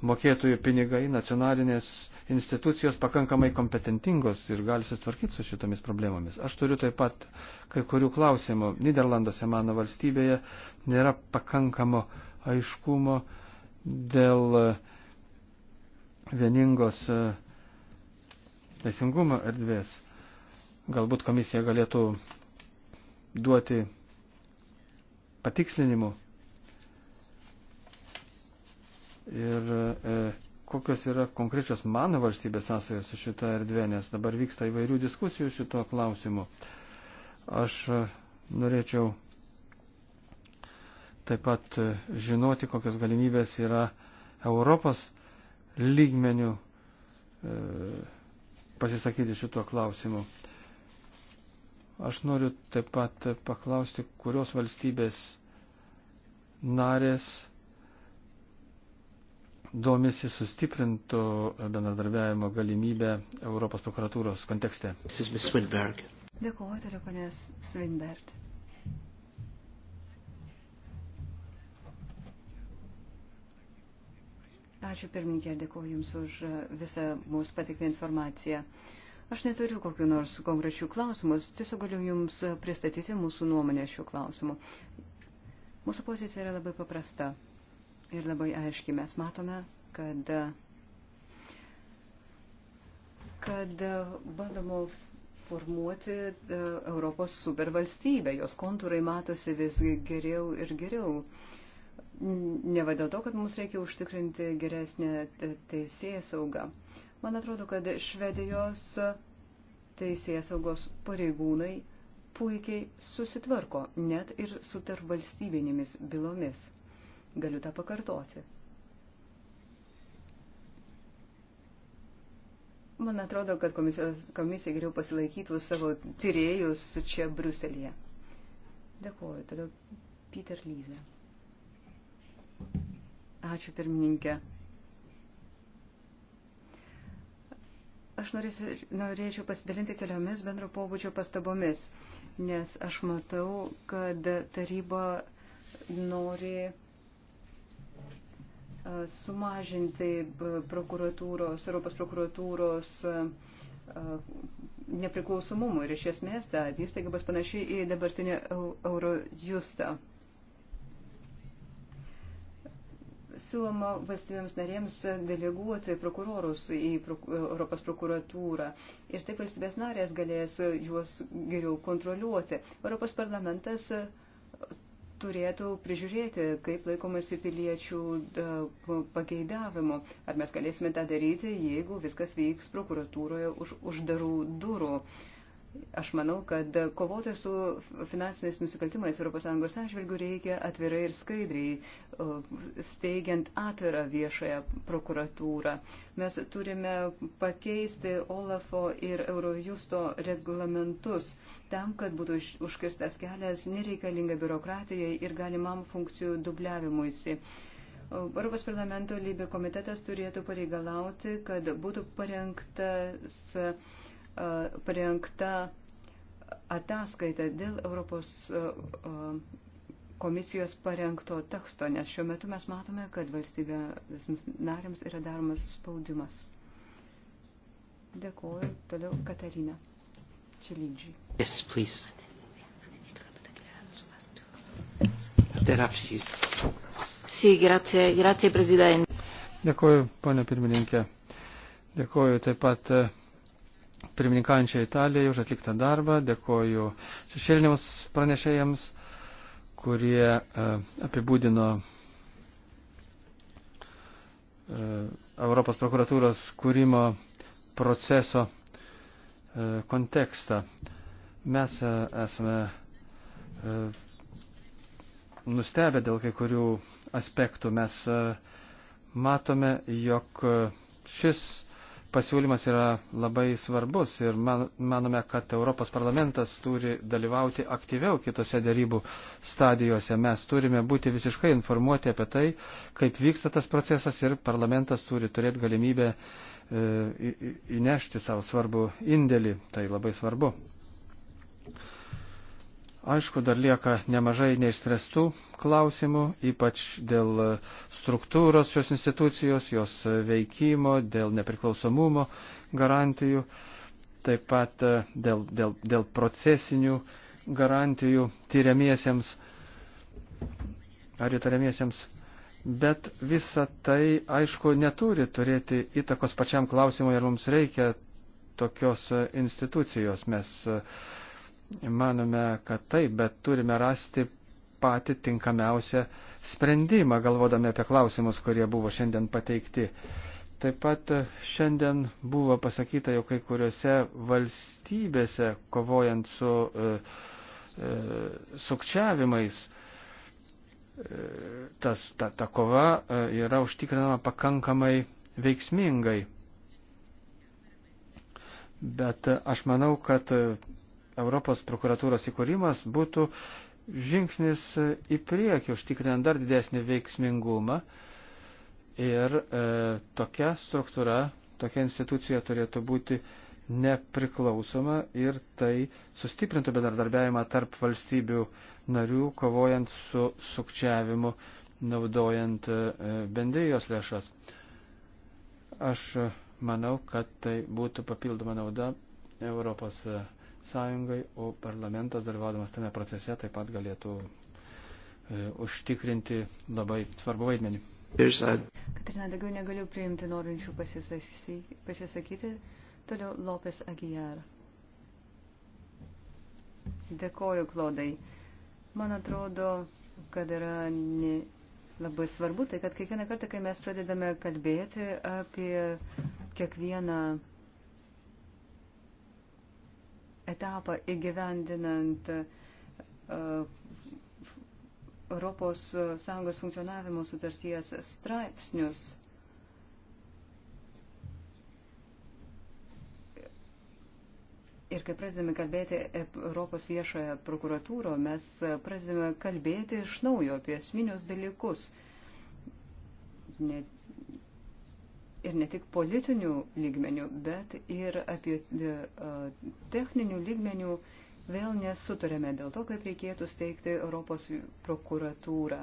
mokėtojų pinigai, nacionalinės institucijos pakankamai kompetentingos ir gali sutvarkyti su šitomis problemomis. Aš turiu taip pat kai kurių klausimų. Niderlanduose mano valstybėje nėra pakankamo aiškumo dėl vieningos e, teisingumo erdvės. Galbūt komisija galėtų duoti patikslinimų ir e, kokios yra konkrečios mano valstybės sąsajos su šita erdvė, nes dabar vyksta įvairių diskusijų šituo klausimu. Aš e, norėčiau taip pat e, žinoti, kokios galimybės yra Europos lygmenių e, pasisakyti šituo klausimu. Aš noriu taip pat e, paklausti, kurios valstybės narės domisi sustiprintų bendradarbiavimo galimybę Europos prokuratūros kontekste. Dėkuoju, turiu ponės Svinbert. Ačiū pirmininkė ir dėkuoju Jums už visą mūsų patiktą informaciją. Aš neturiu kokiu nors konkrečių klausimus, tiesiog galiu Jums pristatyti mūsų nuomonę šiuo klausimu. Mūsų pozicija yra labai paprasta ir labai aiškiai mes matome, kad, kad bandoma formuoti e, Europos supervalstybę, jos kontūrai matosi vis geriau ir geriau. Neva dėl to, kad mums reikia užtikrinti geresnę teisėją saugą. Man atrodo, kad Švedijos teisėją saugos pareigūnai puikiai susitvarko net ir su tarvalstybinėmis bylomis. Galiu tą pakartoti. Man atrodo, kad komisija geriau pasilaikytų savo tyrėjus čia Bruselėje. Dėkuoju. Toliau Peter Lyze. Ačiū pirmininkė. Aš norėsiu, norėčiau pasidalinti keliomis bendro pobūdžio pastabomis, nes aš matau, kad taryba nori sumažinti e, prokuratūros, Europos prokuratūros e, e, nepriklausomumų ir iš esmės ta įstaiga bus panaši į dabartinį Eurojustą. Siūloma valstybėms narėms deleguoti prokurorus į Europos prokuratūrą ir taip valstybės narės galės juos geriau kontroliuoti. Europos parlamentas uh, turėtų prižiūrėti, kaip laikomasi piliečių pageidavimo. Ar mes galėsime tą daryti, jeigu viskas vyks prokuratūroje už uždarų durų. Uh, Aš manau, kad kovoti su finansiniais nusikaltimais ES atžvilgių reikia atvirai ir skaidriai, steigiant atvirą viešąją prokuratūrą. Mes turime pakeisti Olafo ir Eurojusto reglamentus tam, kad būtų užkirstas kelias nereikalinga biurokratijai ir galimam funkcijų dubliavimuisi. Europos parlamento lybė komitetas turėtų pareigalauti, kad būtų parengtas parengta ataskaita dėl Europos komisijos parengto teksto, nes šiuo metu mes matome, kad valstybės nariams yra daromas spaudimas. Dėkuoju. Toliau Katarina Čilindžiai. Yes, please. Sì, grazie, grazie Presidente. Dėkuoju, ponia pirmininkė. Dėkuoju taip pat uh, pirmininkaujančiai Italijai už atliktą darbą, dėkoju šešėliniams pranešėjams, kurie e, apibūdino e, Europos prokuratūros kūrimo proceso e, kontekstą. Mes esame nustebę dėl kai kurių aspektų. Mes matome, jog šis pasiūlymas yra labai svarbus ir man, manome, kad Europos parlamentas turi dalyvauti aktyviau kitose dėrybų stadijose. Mes turime būti visiškai informuoti apie tai, kaip vyksta tas procesas ir parlamentas turi turėti galimybę e, įnešti savo svarbų indėlį. Tai labai svarbu. Aišku, dar lieka nemažai neišspręstų klausimų, ypač dėl struktūros šios institucijos, jos veikimo, dėl nepriklausomumo garantijų, taip pat e, dėl, dėl, dėl procesinių garantijų tyriamiesiems ar įtariamiesiems. Bet visa tai, aišku, neturi turėti įtakos pačiam klausimui ir mums reikia tokios institucijos. Mes uh, Manome, kad taip, bet turime rasti patį tinkamiausią sprendimą, galvodami apie klausimus, kurie buvo šiandien pateikti. Taip pat šiandien buvo pasakyta, jog kai kuriuose valstybėse, kovojant su e, e, sukčiavimais, e, tas, ta, ta kova e, yra užtikrinama pakankamai veiksmingai. Bet aš manau, kad Europos prokuratūros įkūrimas būtų žingsnis į priekį, užtikrinant dar didesnį veiksmingumą ir e, tokia struktūra, tokia institucija turėtų būti nepriklausoma ir tai sustiprintų bendradarbiavimą tarp valstybių narių, kovojant su sukčiavimu, naudojant e, bendrijos lėšas. Aš e, manau, kad tai būtų papildoma nauda Europos e, Sąjungai, o parlamentas dalyvaudamas tame procese taip pat galėtų e, užtikrinti labai svarbu vaidmenį. Katrina, daugiau negaliu priimti norinčių pasisakyti. Toliau Lopes Agijar. Dėkoju, Klodai. Man atrodo, kad yra ne, labai svarbu tai, kad kiekvieną kartą, kai mes pradedame kalbėti apie kiekvieną etapą įgyvendinant ES funkcionavimo sutarties straipsnius. Ir kai pradedame kalbėti Europos viešoje prokuratūro, mes pradedame kalbėti iš naujo apie esminius dalykus. Net ir ne tik politinių lygmenių, bet ir apie e, e, techninių lygmenių vėl nesutarėme dėl to, kaip reikėtų steigti Europos prokuratūrą.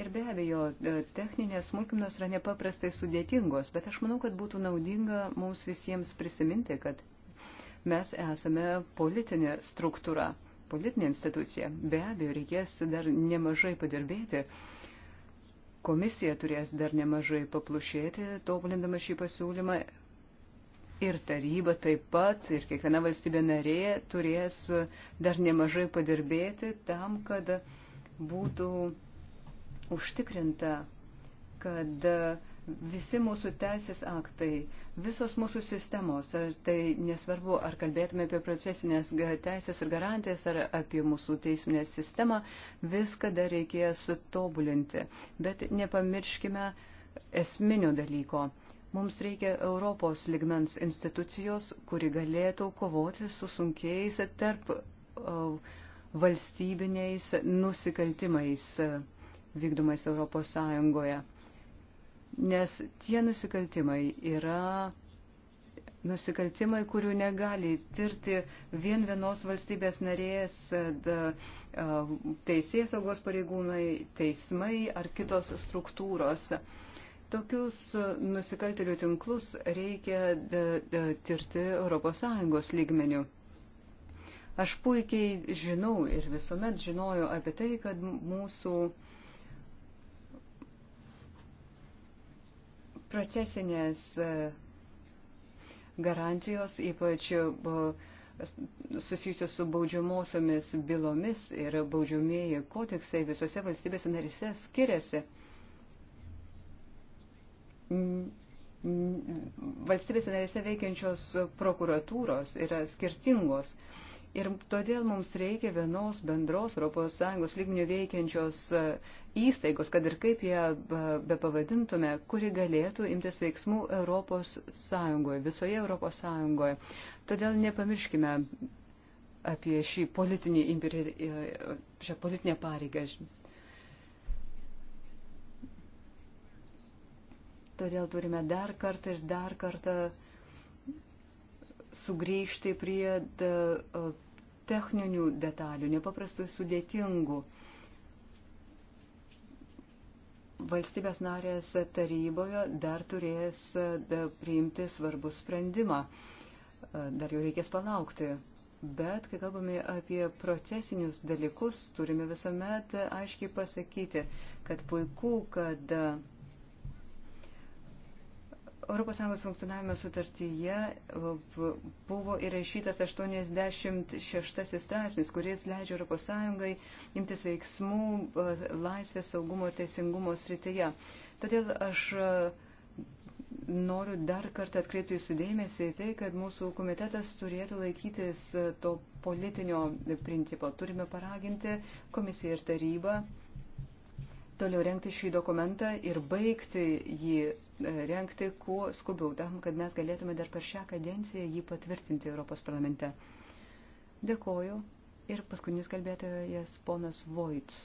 Ir be abejo, e, techninės smulkmenos yra nepaprastai sudėtingos, bet aš manau, kad būtų naudinga mums visiems prisiminti, kad mes esame politinė struktūra, politinė institucija. Be abejo, reikės dar nemažai padirbėti Komisija turės dar nemažai paplušėti, tobulindama šį pasiūlymą. Ir taryba taip pat, ir kiekviena valstybė narė turės dar nemažai padirbėti tam, kad būtų užtikrinta, kad Visi mūsų teisės aktai, visos mūsų sistemos, ar tai nesvarbu, ar kalbėtume apie procesinės teisės ir garantijas, ar apie mūsų teisminę sistemą, viską dar reikės tobulinti. Bet nepamirškime esminio dalyko. Mums reikia Europos ligmens institucijos, kuri galėtų kovoti su sunkiais tarp valstybiniais nusikaltimais vykdomais Europos Sąjungoje nes tie nusikaltimai yra nusikaltimai, kurių negali tirti vien vienos valstybės narės teisės saugos pareigūnai, teismai ar kitos struktūros. Tokius nusikaltelių tinklus reikia tirti ES lygmenių. Aš puikiai žinau ir visuomet žinojau apie tai, kad mūsų uh, Procesinės e, garantijos, ypač e, susijusios su baudžiamosiomis bylomis ir baudžiamieji kodeksai visose valstybėse narise skiriasi. Valstybėse narise veikiančios prokuratūros yra skirtingos. Ir todėl mums reikia vienos bendros ES lygmenių veikiančios e, įstaigos, kad ir kaip ją e, be pavadintume, kuri galėtų imtis veiksmų ES, visoje ES. Todėl nepamirškime apie šį politinį, e, šią politinę pareigą. Todėl turime dar kartą ir dar kartą uh, sugrįžti prie e, e, techninių detalių, nepaprastai sudėtingų. Valstybės narės taryboje dar turės e, priimti svarbų sprendimą. Dar jau reikės palaukti. Bet, kai kalbame apie procesinius dalykus, turime visuomet aiškiai pasakyti, kad puiku, kad ES funkcionavimo sutartyje buvo įrašytas 86 straipsnis, kuris leidžia ES imtis veiksmų laisvės, saugumo ir teisingumo srityje. Todėl aš e, noriu dar kartą atkreipti jūsų dėmesį į tai, kad mūsų komitetas turėtų laikytis e, to politinio principo. Turime paraginti komisiją ir tarybą toliau renkti šį dokumentą ir baigti jį e, renkti kuo skubiau, tam, kad mes galėtume dar per šią kadenciją jį patvirtinti Europos parlamente. Dėkoju. Ir paskutinis kalbėtojas ponas Voits.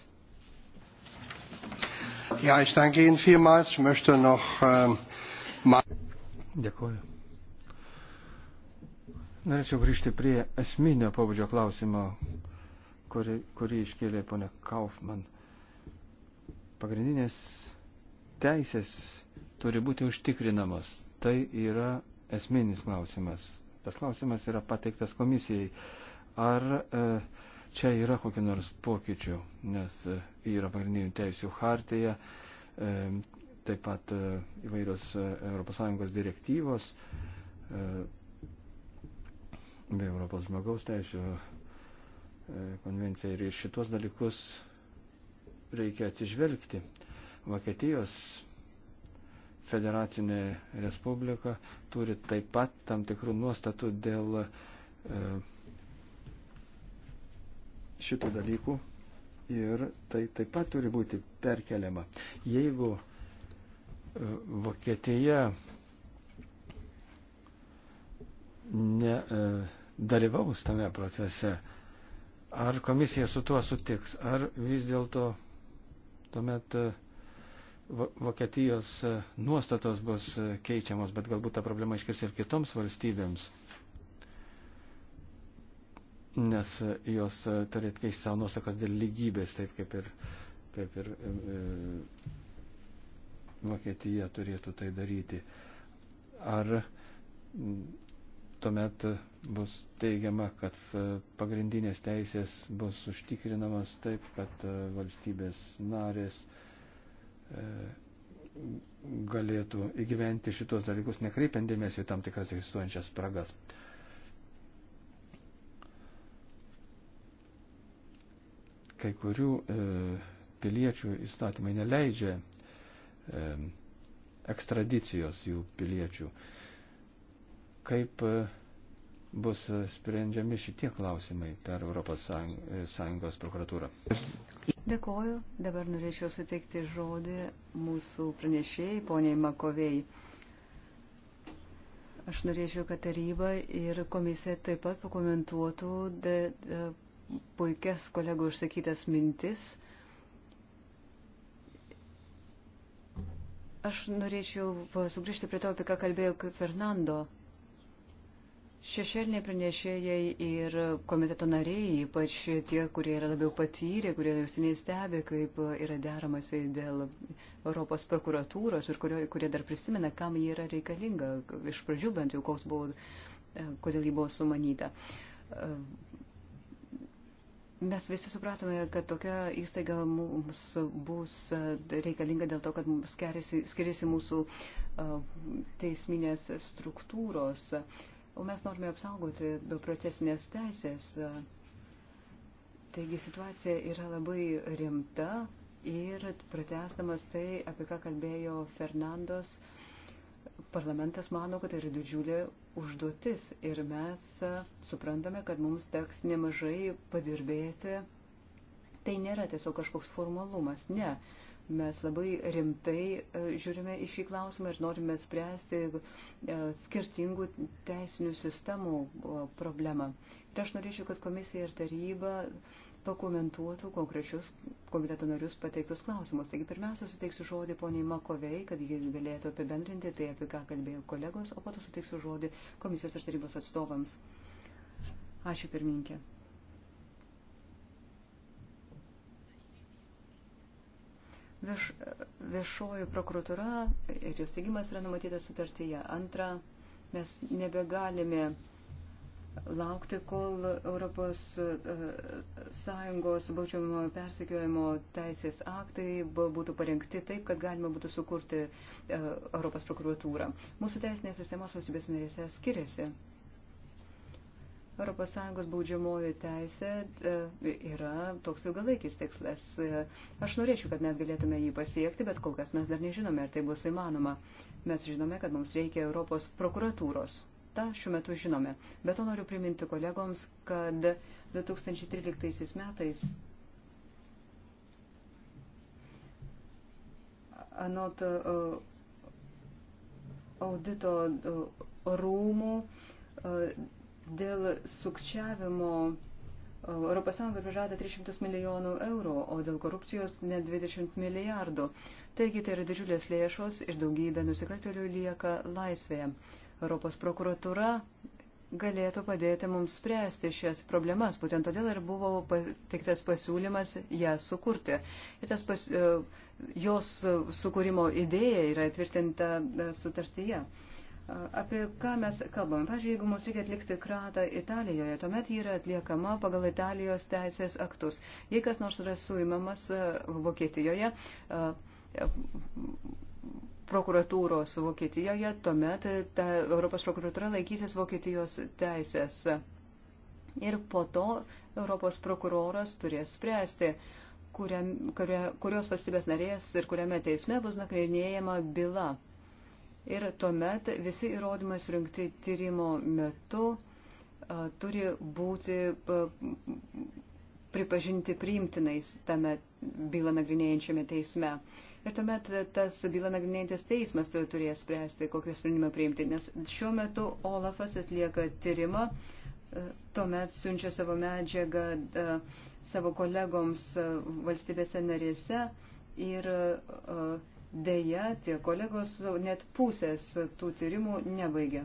Ja, ich danke Ihnen vielmals. Ich möchte noch ähm, mal. Dėkoju. Norėčiau grįžti prie esminio pabudžio klausimo, kurį, kurį iškėlė ponia Kaufmann pagrindinės teisės turi būti užtikrinamos. Tai yra esminis klausimas. Tas klausimas yra pateiktas komisijai. Ar e, čia yra kokiu nors pokyčiu, nes e, yra pagrindinių teisių hartija, e, taip pat e, įvairios ES direktyvos e, bei Europos žmogaus teisų e, konvencija ir šitos dalykus reikia atsižvelgti. Vokietijos federacinė respublika turi taip pat tam tikrų nuostatų dėl e, šitų dalykų ir tai taip pat turi būti perkeliama. Jeigu e, Vokietija nedalyvaus e, tame procese, ar komisija su tuo sutiks, ar vis dėlto tuomet e, Vokietijos e, nuostatos bus e, keičiamos, bet galbūt ta problema iškirs ir kitoms valstybėms, nes jos turėtų keisti savo nuostatas dėl lygybės, taip kaip ir, kaip ir e, Vokietija turėtų tai daryti. Ar tuomet bus teigiama, kad e, pagrindinės teisės bus užtikrinamas taip, kad e, valstybės narės e, galėtų įgyventi šitos dalykus, nekreipiant dėmesio į tam tikras egzistuojančias spragas. Kai kurių e, piliečių įstatymai neleidžia e, ekstradicijos jų piliečių. Kaip e, bus sprendžiami šitie klausimai per Europos Sąjungos prokuratūrą. Dėkoju. Dabar norėčiau suteikti žodį mūsų pranešėjai, poniai Makovei. Aš norėčiau, kad taryba ir komisija taip pat pakomentuotų de, de, puikias kolegų išsakytas mintis. Aš norėčiau sugrįžti prie to, apie ką kalbėjo Fernando. Šešėliniai pranešėjai ir komiteto nariai, ypač tie, kurie yra labiau patyrę, kurie jau seniai stebi, kaip yra deramasi dėl Europos prokuratūros ir kurio, kurie dar prisimena, kam jie yra reikalinga, iš pradžių bent jau, koks buvo, e, kodėl jį buvo sumanyta. E, mes visi supratome, kad tokia įstaiga mums bus e, reikalinga dėl to, kad skiriasi, skiriasi mūsų teisminės struktūros. Uh, o mes norime apsaugoti procesinės teisės. Taigi situacija yra labai rimta ir pratestamas tai, apie ką kalbėjo Fernandos, parlamentas mano, kad tai yra didžiulė užduotis ir mes suprantame, kad mums teks nemažai padirbėti. Tai nėra tiesiog kažkoks formalumas, ne. Mes labai rimtai e, žiūrime į šį klausimą ir norime spręsti e, skirtingų teisinių sistemų problemą. Ir aš norėčiau, kad komisija ir taryba pakomentuotų konkrečius komiteto narius pateiktus klausimus. Taigi pirmiausia, suteiksiu žodį poniai Makovei, kad ji galėtų apibendrinti tai, apie ką kalbėjo kolegos, o po to suteiksiu žodį komisijos ir tarybos atstovams. Ačiū pirminkė. Vieš, viešoji prokuratura ir jos teigimas yra numatytas sutartyje. Antra, mes nebegalime laukti, kol Europos e, Sąjungos baudžiamojo persekiojimo teisės aktai būtų parengti taip, kad galima būtų sukurti e, Europos prokuratūrą. Mūsų teisinės sistemos valstybės narėse skiriasi. ES baudžiamoji teisė e, yra toks ilgalaikis tikslas. E, aš norėčiau, kad mes galėtume jį pasiekti, bet kol kas mes dar nežinome, ar tai bus įmanoma. Mes žinome, kad mums reikia Europos prokuratūros. Ta šiuo metu žinome. Bet to noriu priminti kolegoms, kad 2013 metais anot e, audito rūmų Dėl sukčiavimo ES prižada 300 milijonų eurų, o dėl korupcijos net 20 milijardų. Taigi tai yra didžiulės lėšos ir daugybė nusikaltelių lieka laisvėje. Europos prokuratura galėtų padėti mums spręsti šias problemas. Būtent todėl ir buvo pateiktas pasiūlymas ją sukurti. Ir tas pas, e, jos sukūrimo idėja yra įtvirtinta e, sutartyje. Apie ką mes kalbame? Pavyzdžiui, jeigu mums reikia atlikti kratą Italijoje, tuomet ji yra atliekama pagal Italijos teisės aktus. Jei kas nors yra suimamas e, Vokietijoje, e, prokuratūros Vokietijoje, tuomet e, ta Europos prokuratūra laikysis Vokietijos teisės. Ir po to Europos prokuroras turės spręsti, kuriam, kuria, kurios valstybės narės ir kuriame teisme bus nagrinėjama byla. Ir tuomet visi įrodymai surinkti tyrimo metu turi būti pripažinti priimtinais tame bylą nagrinėjančiame teisme. Ir tuomet tas bylą nagrinėjantis teismas turės spręsti, kokią sprendimą priimti, nes šiuo metu Olafas atlieka tyrimą, tuomet siunčia savo medžiagą savo kolegoms valstybėse narėse ir uh, Deja, tie kolegos net pusės tų tyrimų nebaigia.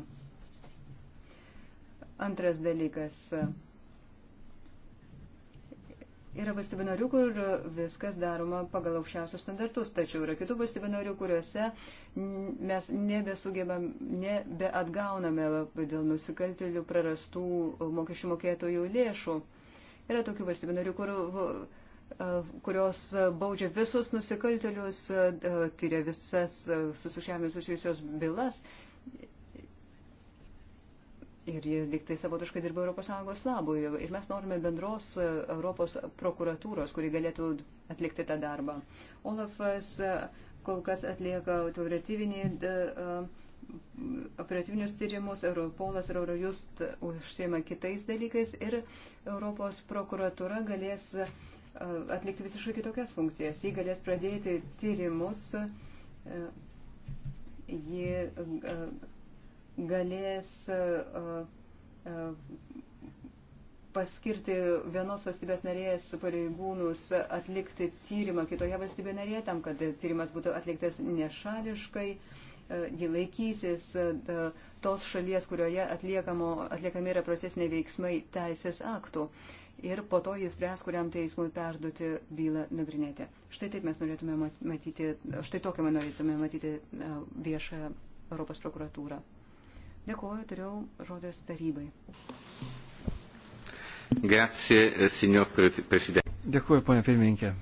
Antras dalykas. Yra valstybių narių, kur viskas daroma pagal aukščiausius standartus, tačiau yra kitų valstybių narių, kuriuose mes nebesugebam, nebeatgauname dėl nusikaltėlių prarastų mokesčių mokėtojų lėšų. Yra tokių valstybių narių, kur E, kurios baudžia visus nusikaltelius, e, e, tyria visas susušiamis susijusios bylas. Ir jie tik tai savotiškai dirba ES labui. Ir mes norime bendros Europos prokuratūros, kuri galėtų atlikti tą darbą. Olafas kol kas atlieka autorityvinį operatyvinius tyrimus, Europolas ir Eurojust užsiema kitais dalykais ir Europos prokuratura galės uh, atlikti visiškai kitokias funkcijas. Jį galės pradėti tyrimus, ji galės paskirti vienos valstybės narės pareigūnus atlikti tyrimą kitoje valstybėje narėje, tam, kad tyrimas būtų atliktas nešališkai, ji laikysis tos šalies, kurioje atliekami yra procesiniai veiksmai teisės aktų ir po to jis spręs, kuriam teismui perduoti bylą nagrinėti. Štai taip mes norėtume matyti, štai tokią mes norėtume matyti e, viešą Europos prokuratūrą. Dėkuoju, turiu žodės tarybai. Grazie, e, signor Presidente. Dėkuoju, ponia pirmininkė.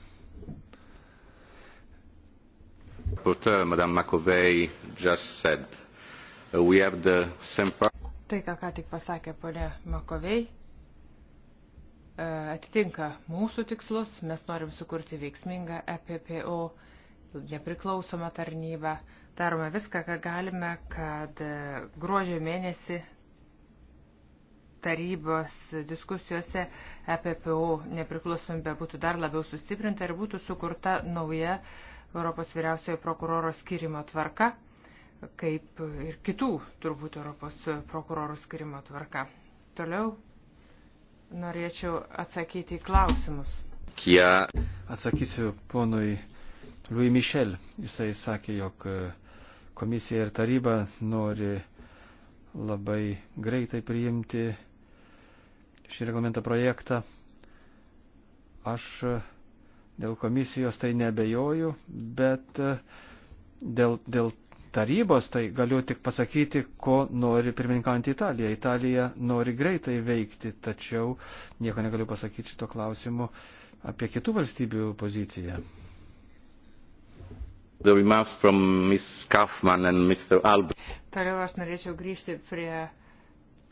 Porteur, Madame McAvey just said, uh, we have the same problem. Tai, ką ką tik pasakė ponia McAvey, E, atitinka mūsų tikslus, mes norim sukurti veiksmingą EPPO nepriklausomą tarnybą, darome viską, ką galime, kad e, gruožio mėnesį tarybos diskusijose EPPO nepriklausomybė būtų dar labiau sustiprinta ir būtų sukurta nauja Europos vyriausiojo prokuroro skirimo tvarka, kaip ir kitų turbūt Europos prokurorų skirimo tvarka. Toliau Norėčiau atsakyti į klausimus. Kia. Atsakysiu ponui Louis Michel. Jisai sakė, jog e, komisija ir taryba nori labai greitai priimti šį reglamento projektą. Aš e, dėl komisijos tai nebejoju, bet e, dėl, dėl tarybos, tai galiu tik pasakyti, ko nori pirmininkaujant Italija. Italija nori greitai veikti, tačiau nieko negaliu pasakyti šito klausimu apie kitų valstybių poziciją. Toliau aš norėčiau grįžti prie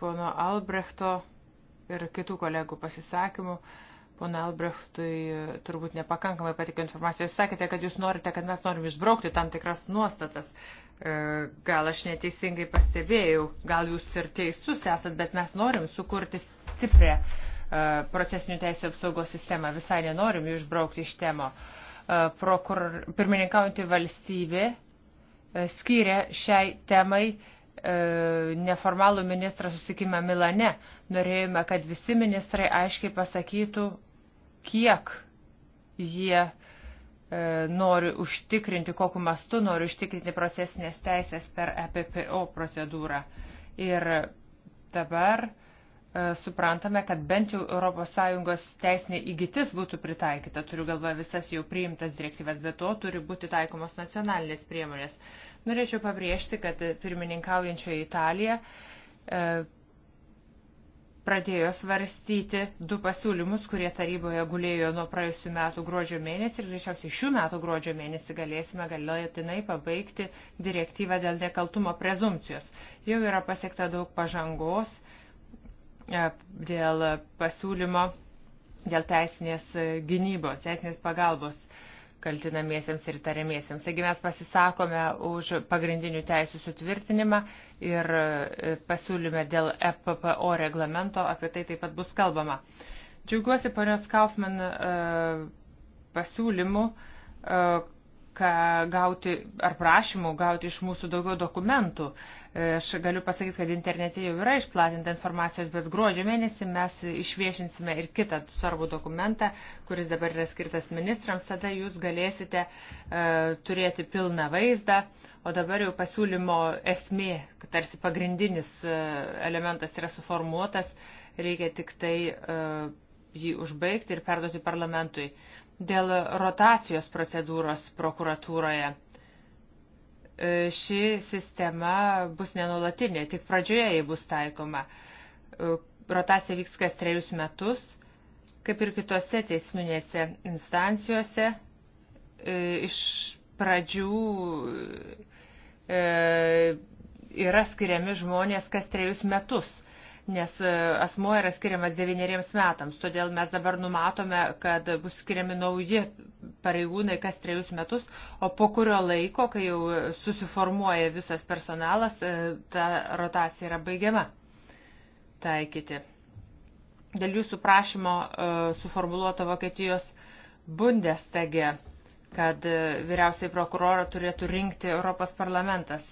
pono Albrechto ir kitų kolegų pasisakymų. Uh, Pona Albrechtui e, turbūt nepakankamai patikė informaciją. Jūs sakėte, kad jūs norite, kad mes norim išbraukti tam tikras nuostatas. E, gal aš neteisingai pastebėjau, gal jūs ir teisus esat, bet mes norim sukurti stiprią e, procesinių teisų apsaugos sistemą. Visai nenorim jų išbraukti iš temo. Prokur... Pirmininkaujantį valstybė skyrė šiai temai neformalų ministrą susikimą Milane. Norėjome, kad visi ministrai aiškiai pasakytų, kiek jie e, nori užtikrinti, kokiu mastu nori užtikrinti procesinės teisės per EPPO procedūrą. Ir dabar e, suprantame, kad bent jau ES teisinė įgytis būtų pritaikyta. Turiu galvoje visas jau priimtas direktyvas, bet to turi būti taikomos nacionalinės priemonės. Norėčiau pabrėžti, kad pirmininkaujančioje Italija e, pradėjo svarstyti du pasiūlymus, kurie taryboje gulėjo nuo praėjusių metų gruodžio mėnesį ir greičiausiai šių metų gruodžio mėnesį galėsime galėtinai pabaigti direktyvą dėl nekaltumo prezumcijos. Jau yra pasiekta daug pažangos e, dėl pasiūlymo dėl teisinės e, gynybos, teisinės pagalbos kaltinamiesiems ir tariamiesiems. Taigi mes pasisakome už pagrindinių teisų sutvirtinimą ir e, pasiūlyme dėl EPPO reglamento, apie tai taip pat bus kalbama. Džiaugiuosi ponios Kaufman e, pasiūlymu e, gauti, ar prašymų gauti iš mūsų daugiau dokumentų. E, aš galiu pasakyti, kad internete jau yra išplatinta informacijos, bet gruodžio mėnesį mes išviešinsime ir kitą svarbų dokumentą, kuris dabar yra skirtas ministrams, tada jūs galėsite uh, turėti pilną vaizdą, o dabar jau pasiūlymo esmė, tarsi pagrindinis uh, elementas yra suformuotas, reikia tik tai uh, jį užbaigti ir perduoti parlamentui. Uh, dėl rotacijos procedūros prokuratūroje. E, ši sistema bus nenulatinė, tik pradžioje jai bus taikoma. E, rotacija vyks kas trejus metus, kaip ir kitose teisminėse instancijose. E, iš pradžių yra skiriami žmonės kas trejus metus nes e, asmuo yra skiriamas devyneriems metams. Todėl mes dabar numatome, kad bus skiriami nauji pareigūnai kas trejus metus, o po kurio laiko, kai jau susiformuoja visas personalas, e, ta rotacija yra baigiama taikyti. Dėl jūsų prašymo e, suformuluoto Vokietijos Bundestage, kad vyriausiai prokurorą turėtų rinkti Europos parlamentas.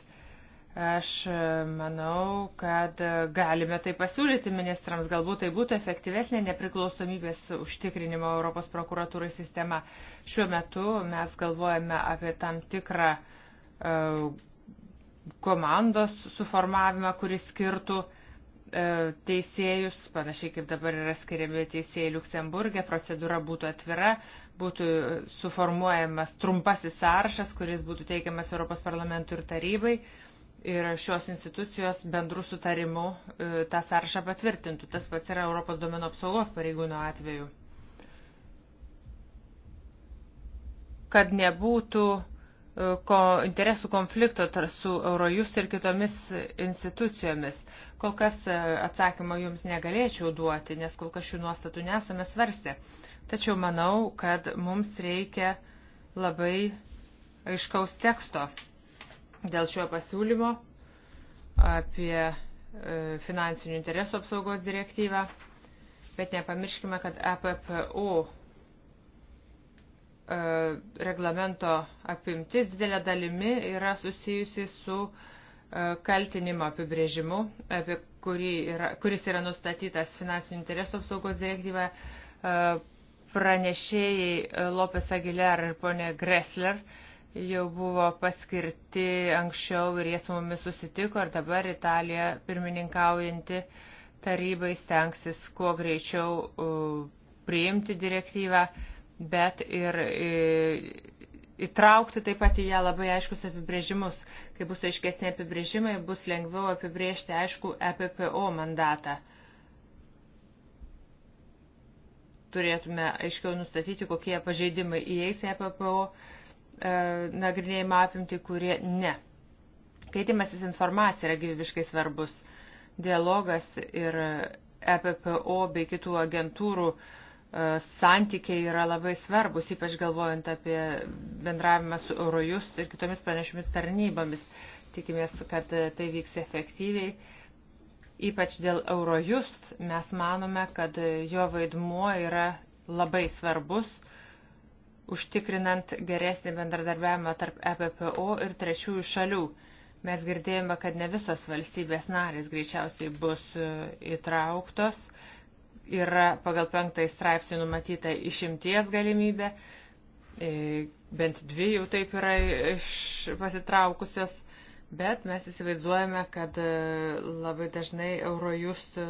Aš e, manau, kad e, galime tai pasiūlyti ministrams, galbūt tai būtų efektyvesnė nepriklausomybės užtikrinimo Europos prokuratūrai sistema. Šiuo metu mes galvojame apie tam tikrą e, komandos suformavimą, kuris skirtų teisėjus, panašiai kaip dabar yra skiriami teisėjai Luksemburgė, procedūra būtų atvira, būtų suformuojamas trumpasis sąrašas, kuris būtų teikiamas Europos parlamentui ir tarybai ir šios institucijos bendrų sutarimų e, tą sąrašą patvirtintų. Tas pats yra Europos domino apsaugos pareigūno atveju. Kad nebūtų e, ko, interesų konflikto tarp su Eurojus ir kitomis institucijomis. Kol kas e, atsakymą jums negalėčiau duoti, nes kol kas šių nuostatų nesame svarstę. Tačiau manau, kad mums reikia labai aiškaus teksto dėl šio pasiūlymo apie e, finansinių interesų apsaugos direktyvą, bet nepamirškime, kad EPPO e, reglamento apimtis didelė dalimi yra susijusi su e, kaltinimo apibrėžimu, apie kurį yra, kuris yra nustatytas finansinių interesų apsaugos direktyva pranešėjai Lopes Aguilar ir ponė Gressler uh, jau buvo paskirti anksčiau ir jie su mumis susitiko ir dabar Italija pirmininkaujanti tarybai stengsis kuo greičiau priimti direktyvą, bet ir įtraukti taip pat į ją labai aiškus apibrėžimus. Kai bus aiškesnė apibrėžimai, bus lengviau apibrėžti aišku EPPO mandatą. Turėtume aiškiau nustatyti, kokie pažeidimai įeis EPPO E, nagrinėjimą apimti, kurie ne. Keitimasis informacija yra gyvybiškai svarbus. Dialogas ir EPPO bei kitų agentūrų e, santykiai yra labai svarbus, ypač galvojant apie bendravimą su Eurojus ir kitomis pranešiomis tarnybomis. Tikimės, kad tai vyks efektyviai. Ypač dėl Eurojus mes manome, kad jo vaidmuo yra labai svarbus užtikrinant geresnį bendradarbiavimą tarp EPPO ir trečiųjų šalių. Mes girdėjome, kad ne visos valstybės narės greičiausiai bus e, įtrauktos. Yra pagal penktąjį straipsnį numatyta išimties galimybė. E, bent dvi jau taip yra pasitraukusios. Bet mes įsivaizduojame, kad e, labai dažnai Eurojust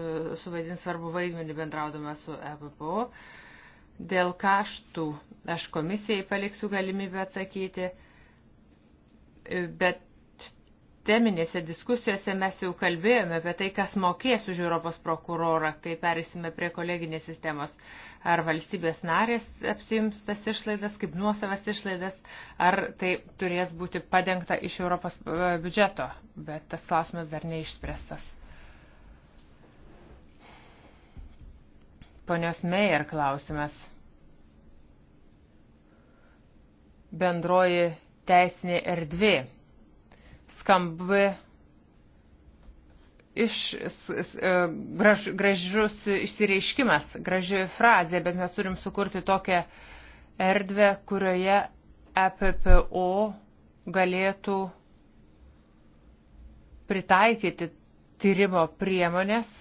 suvaidins svarbu vaidmenį bendraudama su EPPO. Dėl kaštų aš komisijai paliksiu galimybę atsakyti, bet teminėse diskusijose mes jau kalbėjome apie tai, kas mokės už Europos prokurorą, kai perėsime prie koleginės sistemos. Ar valstybės narės apsims tas išlaidas kaip nuosavas išlaidas, ar tai turės būti padengta iš Europos e, biudžeto, bet tas klausimas dar neišspręstas. Ponios Meijer klausimas. Bendroji teisinė erdvė. Skambi iš e, graž, gražus išsireiškimas, graži frazė, bet mes turim sukurti tokią erdvę, kurioje EPPO galėtų pritaikyti tyrimo priemonės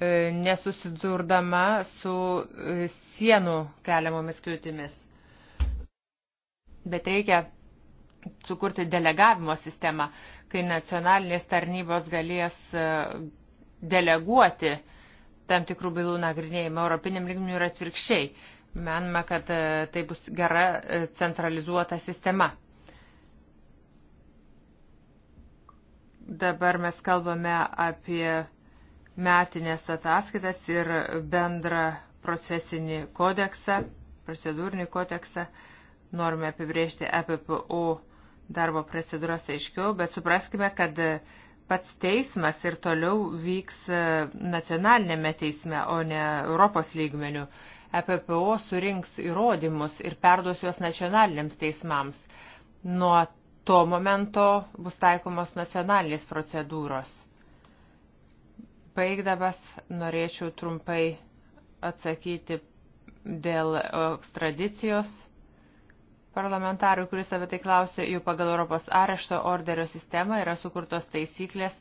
E, nesusidurdama su e, sienų keliamomis kliūtimis. Bet reikia sukurti delegavimo sistemą, kai nacionalinės tarnybos galės e, deleguoti tam tikrų bylų nagrinėjimą europiniam lygmeniu ir atvirkščiai. Manome, kad tai bus gera centralizuota sistema. Dabar mes kalbame apie metinės ataskaitas ir bendrą procesinį kodeksą, procedūrinį kodeksą. Norime apibrėžti EPPO darbo procedūras aiškiau, bet supraskime, kad pats teismas ir toliau vyks nacionalinėme teisme, o ne Europos lygmeniu. EPPO surinks įrodymus ir perduos juos nacionaliniams teismams. Nuo to momento bus taikomos nacionalinės procedūros. Baigdamas norėčiau trumpai atsakyti dėl e, ekstradicijos parlamentarui, kuris apie tai klausė, jų pagal Europos arešto orderio sistemą yra sukurtos taisyklės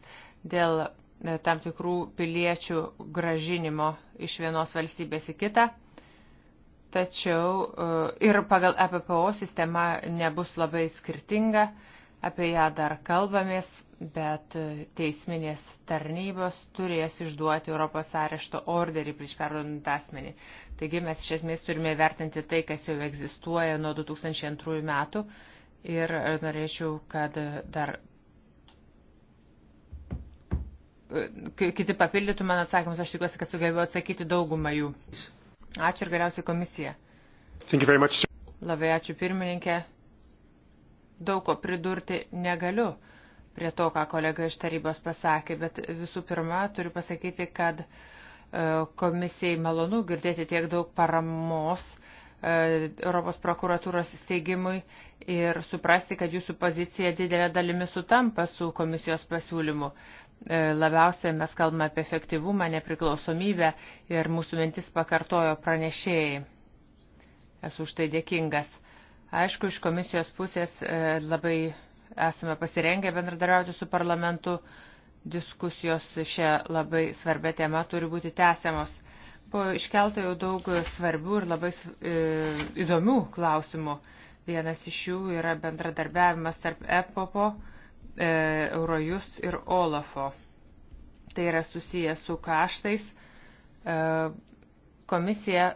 dėl e, tam tikrų piliečių gražinimo iš vienos valstybės į kitą. Tačiau e, ir pagal EPPO sistema nebus labai skirtinga apie ją dar kalbamės, bet e, teisminės tarnybos turės išduoti Europos arešto orderį prieš perdodant asmenį. Taigi mes iš esmės turime vertinti tai, kas jau egzistuoja nuo 2002 metų ir e, norėčiau, kad e, dar kiti papildytų mano atsakymus, aš tikiuosi, kad sugebėjau atsakyti daugumą jų. Ačiū ir galiausiai komisija. Labai ačiū pirmininkė daug ko pridurti negaliu prie to, ką kolega iš tarybos pasakė, bet visų pirma turiu pasakyti, kad e, komisijai malonu girdėti tiek daug paramos e, Europos prokuratūros steigimui ir suprasti, kad jūsų pozicija didelė dalimi sutampa su komisijos pasiūlymu. E, labiausiai mes kalbame apie efektyvumą, nepriklausomybę ir mūsų mintis pakartojo pranešėjai. Esu už tai dėkingas. Aišku, iš komisijos pusės e, labai esame pasirengę bendradarbiauti su parlamentu. Diskusijos šią labai svarbę temą turi būti tęsiamos. Buvo iškelta jau daug svarbių ir labai e, įdomių klausimų. Vienas iš jų yra bendradarbiavimas tarp EPOPO, e, Eurojus ir OLAFO. Tai yra susijęs su kaštais. Komisija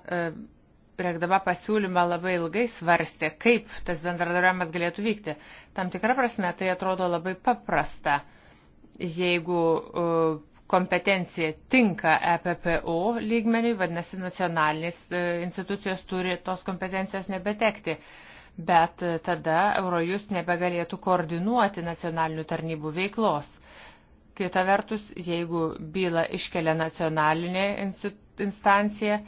rengdama pasiūlymą labai ilgai svarstė, kaip tas bendradarbiavimas galėtų vykti. Tam tikrą prasme tai atrodo labai paprasta, jeigu uh, kompetencija tinka EPPO lygmeniui, vadinasi, nacionalinės uh, institucijos turi tos kompetencijos nebetekti. Bet uh, tada Eurojus nebegalėtų koordinuoti nacionalinių tarnybų veiklos. Kita vertus, jeigu bylą iškelia nacionalinė institucija, instancija,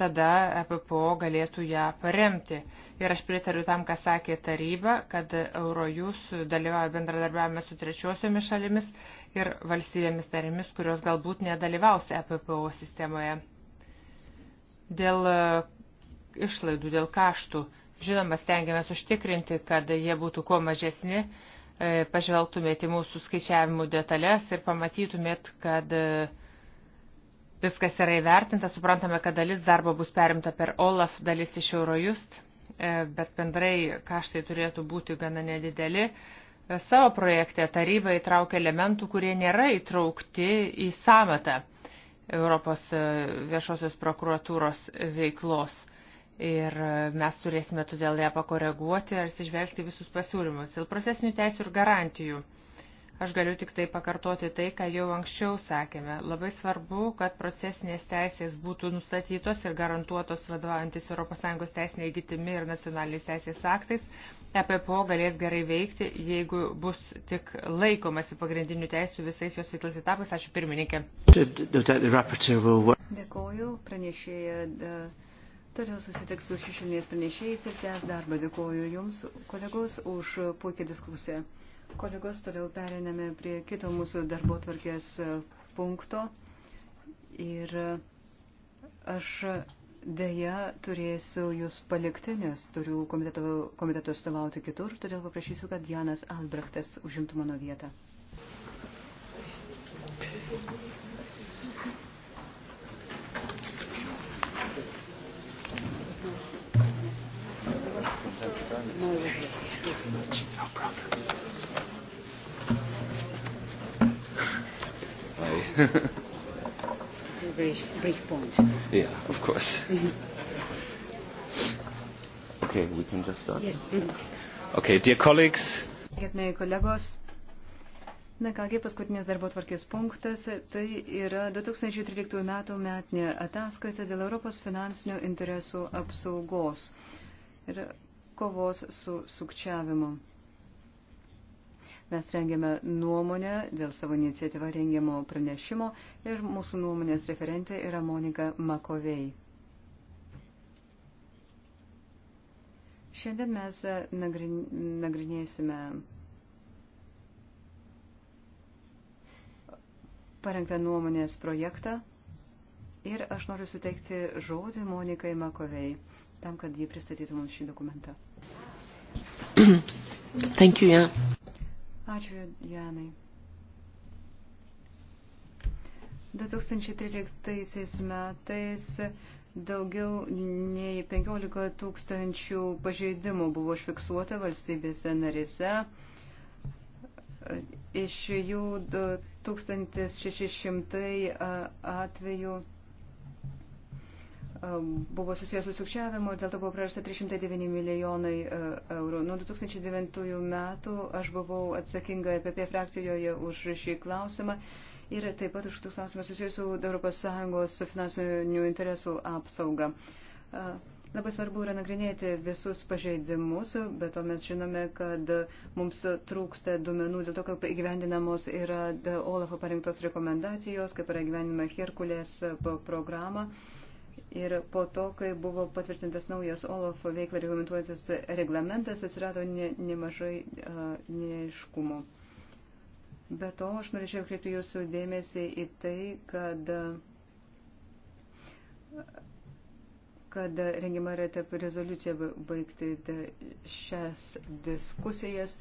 tada EPPO galėtų ją paremti. Ir aš pritariu tam, ką sakė taryba, kad Eurojus dalyvauja bendradarbiavime su trečiosiomis šalimis ir valstybėmis tarimis, kurios galbūt nedalyvaus EPPO sistemoje. Dėl e, išlaidų, dėl kaštų, žinoma, stengiamės užtikrinti, kad jie būtų kuo mažesni, e, pažvelgtumėte mūsų skaičiavimų detalės ir pamatytumėt, kad uh, Viskas yra įvertinta, suprantame, kad dalis darbo bus perimta per OLAF, dalis iš Eurojust, e, bet bendrai kaštai turėtų būti gana nedideli. E, savo projekte taryba įtraukia elementų, kurie nėra įtraukti į sametą Europos e, viešosios prokuratūros veiklos. Ir mes turėsime todėl ją pakoreguoti ir atsižvelgti visus pasiūlymus dėl procesinių teisų ir garantijų. Aš galiu tik tai pakartoti tai, ką jau anksčiau sakėme. Labai svarbu, kad procesinės teisės būtų nustatytos ir garantuotos vadovaujantis ES teisinė įgytimi ir nacionaliniais teisės aktais. EPPO galės gerai veikti, jeigu bus tik laikomasi pagrindinių teisų visais jos veiklos etapais. Ačiū pirmininkė. Dėkoju, pranešėja. Toliau susitiks su šešimės pranešėjais ir tęs darbą. Dėkoju Jums, kolegos, už puikią diskusiją. Kolegos, toliau periname prie kito mūsų darbo tvarkės e, punkto. Ir e, aš dėja turėsiu jūs palikti, nes turiu komiteto, komiteto stovauti kitur, todėl paprašysiu, kad Janas Albrechtas užimtų mano vietą. it's a very brief point. Yeah, of course. Mm-hmm. okay, we can just start. Yes. Mm-hmm. Okay, dear colleagues. Gerbėjai kolegos. Na kągi, paskutinis darbo tvarkės punktas tai yra 2013 metų metinė ataskaita dėl Europos finansinių interesų apsaugos ir kovos su sukčiavimu. Mes rengėme nuomonę dėl savo iniciatyvą rengiamo pranešimo ir mūsų nuomonės referentė yra Monika Makovei. Šiandien mes e, nagrinėsime parengtą nuomonės projektą ir aš noriu suteikti žodį Monikai Makovei, tam, kad jį pristatytų mums šį dokumentą. Thank you, yeah. Ačiū, Janai. 2013 metais daugiau nei 15 tūkstančių pažeidimų buvo užfiksuota valstybėse narise. Iš jų 1600 atvejų buvo susijęs su sukčiavimu ir dėl to buvo prarasta 309 milijonai e, eurų. Nuo 2009 metų aš buvau atsakinga PP e frakcijoje už šį klausimą ir taip pat už šitus klausimus susijusiu ES finansinių interesų apsaugą. Labai svarbu yra nagrinėti visus pažeidimus, bet to mes žinome, kad mums trūksta duomenų dėl to, kaip įgyvendinamos yra Olafo parinktos rekomendacijos, kaip yra gyvenime Herkulės programą. Ir po to, kai buvo patvirtintas naujas OLAF veiklą reglamentuojantis reglamentas, atsirado ne, nemažai uh, neaiškumų. Be to, aš norėčiau kreipti jūsų dėmesį į tai, kad, kad rengima yra taip rezoliucija baigti šias diskusijas,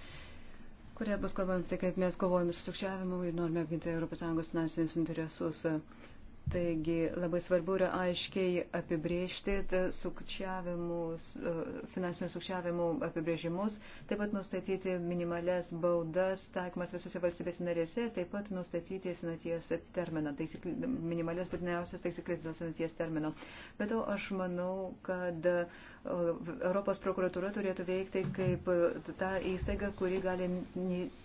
kurie bus kalbant apie tai, kaip mes kovojame su sukčiavimu ir norime apginti ES finansinius interesus. Uh, Taigi labai svarbu yra aiškiai apibriežti e, finansinių sukčiavimų apibrėžimus, taip pat nustatyti minimales baudas taikomas visose valstybės narėse ir taip pat nustatyti senaties terminą, taisik, minimales būtiniausias taisyklės dėl senaties termino. Bet to aš manau, kad uh, Europos prokuratūra turėtų veikti kaip e, ta įstaiga, kuri gali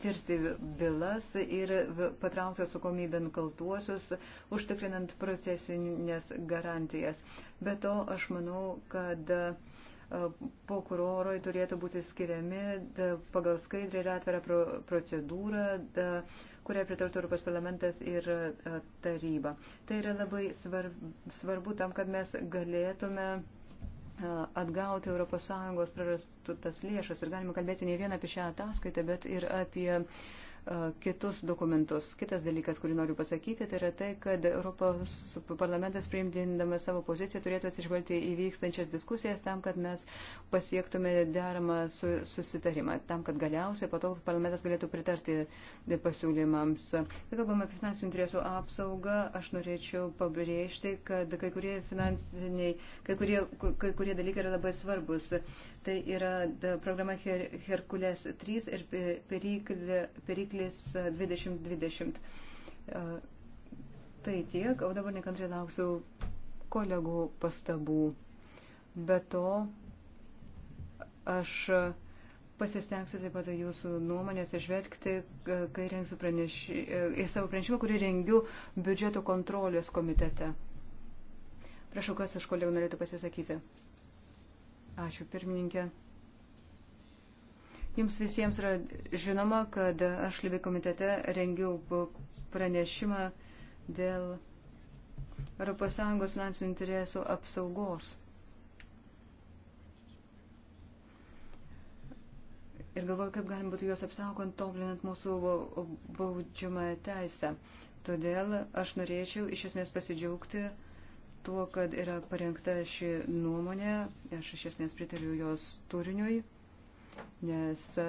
tirti bylas ir patraukti atsakomybę nukaltuosius, užtikrinant procesinės garantijas. Be to, aš manau, kad e, prokurorai turėtų būti skiriami pagal skaidrį ir atvirą procedūrą, kurią pritartų Europos parlamentas ir e, taryba. Tai yra labai svarbu tam, kad mes galėtume E, atgauti ES prarastas lėšas. Ir galime kalbėti ne vien apie šią ataskaitą, bet ir apie uh, E, kitus dokumentus. Kitas dalykas, kurį noriu pasakyti, tai yra tai, kad Europos parlamentas priimdindamas savo poziciją turėtų atsižvelgti į vykstančias diskusijas tam, kad mes pasiektume deramą su, susitarimą, tam, kad galiausiai patol parlamentas galėtų pritarti pasiūlymams. Kai kalbame apie finansinių interesų apsaugą, aš norėčiau pabrėžti, kad kai kurie finansiniai, kai kurie, kai kurie dalykai yra labai svarbus. Tai yra programa Her Herkules 3 ir Periklė. Periklė variklis 2020. E, e, tai tiek, o dabar nekantriai lauksiu kolegų pastabų. Be to, aš pasistengsiu taip pat jūsų nuomonės išvelgti, e, kai rengsiu pranešį, į savo pranešimą, kurį rengiu biudžeto kontrolės komitete. Prašau, kas iš kolegų norėtų pasisakyti. Ačiū, pirmininkė. Jums visiems yra žinoma, kad aš Libė komitete rengiau pranešimą dėl ES finansinių interesų apsaugos. Ir galvoju, kaip galim būtų juos apsaugant, tobulinant mūsų baudžiamą teisę. Todėl aš norėčiau iš esmės pasidžiaugti tuo, kad yra parengta ši nuomonė. Aš iš esmės pritariu jos turiniui nes e,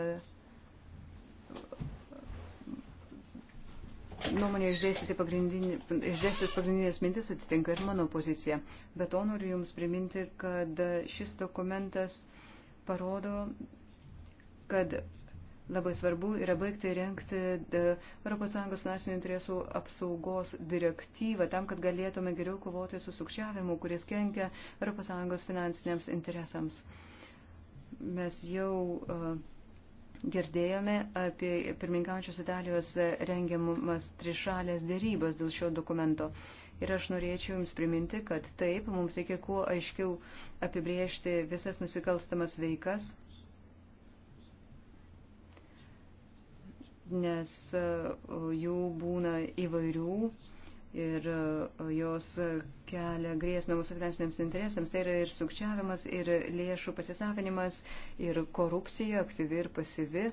nuomonė išdėstyti pagrindinį, išdėstis pagrindinės mintis atitinka ir mano poziciją. Bet to noriu Jums priminti, kad šis dokumentas parodo, kad labai svarbu yra baigti renkti ES nacionalinių interesų apsaugos direktyvą tam, kad galėtume geriau kovoti su sukčiavimu, kuris kenkia ES finansiniams interesams. Mes jau e, girdėjome apie pirmininkaujančios Italijos rengiamas trišalės dėrybas dėl šio dokumento. Ir aš norėčiau Jums priminti, kad taip, mums reikia kuo aiškiau apibriežti visas nusikalstamas veikas, nes e, jų būna įvairių ir e, jos kelia grėsmę mūsų finansiniams interesams. Tai yra ir sukčiavimas, ir lėšų pasisavinimas, ir korupcija, aktyvi ir pasivi.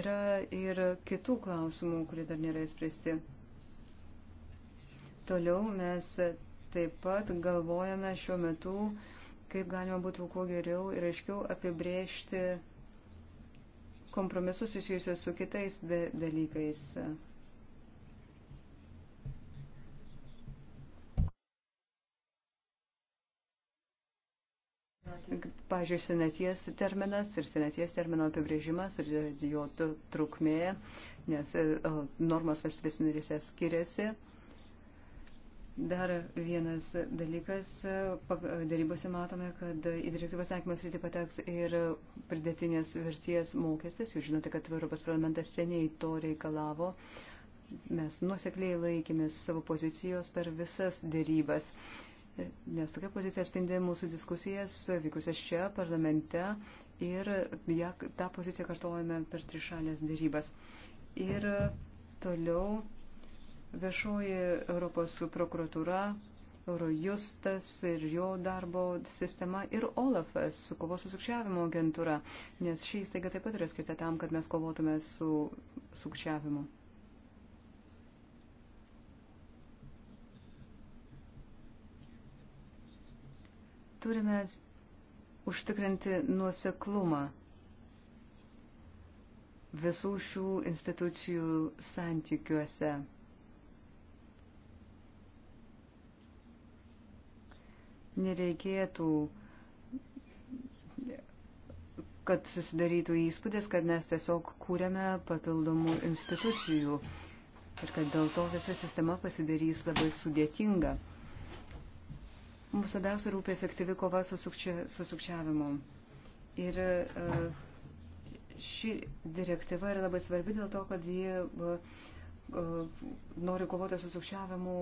Yra ir kitų klausimų, kurie dar nėra įspręsti. Toliau mes taip pat galvojame šiuo metu, kaip galima būtų kuo geriau ir aiškiau apibrėžti kompromisus susijusios su kitais dalykais. Pavyzdžiui, senaties terminas ir senaties termino apibrėžimas ir jo trukmė, nes e, normos valstybės narėse skiriasi. Dar vienas dalykas, e, darybose matome, kad į direktyvos taikymas rytį pateks ir pridėtinės verties mokestis. Jūs žinote, kad Europos parlamentas seniai to reikalavo. Mes nuosekliai laikėmės savo pozicijos per visas darybas nes tokia pozicija atspindi mūsų diskusijas vykusias čia parlamente ir ja, tą poziciją kartuojame per trišalės dėrybas. Ir toliau viešoji Europos prokuratūra, Eurojustas ir jo darbo sistema ir Olafas, kovos su sukčiavimo agentūra, nes šį įstaigą taip pat yra skirta tam, kad mes kovotume su sukčiavimu. turime užtikrinti nuoseklumą visų šių institucijų santykiuose. Nereikėtų, kad susidarytų įspūdis, kad mes tiesiog kūrėme papildomų institucijų ir kad dėl to visa sistema pasidarys labai sudėtinga. Mums labiausiai rūpia efektyvi kova su, sukčia, su sukčiavimu. Ir e, ši direktyva yra labai svarbi dėl to, kad ji e, e, nori kovoti su sukčiavimu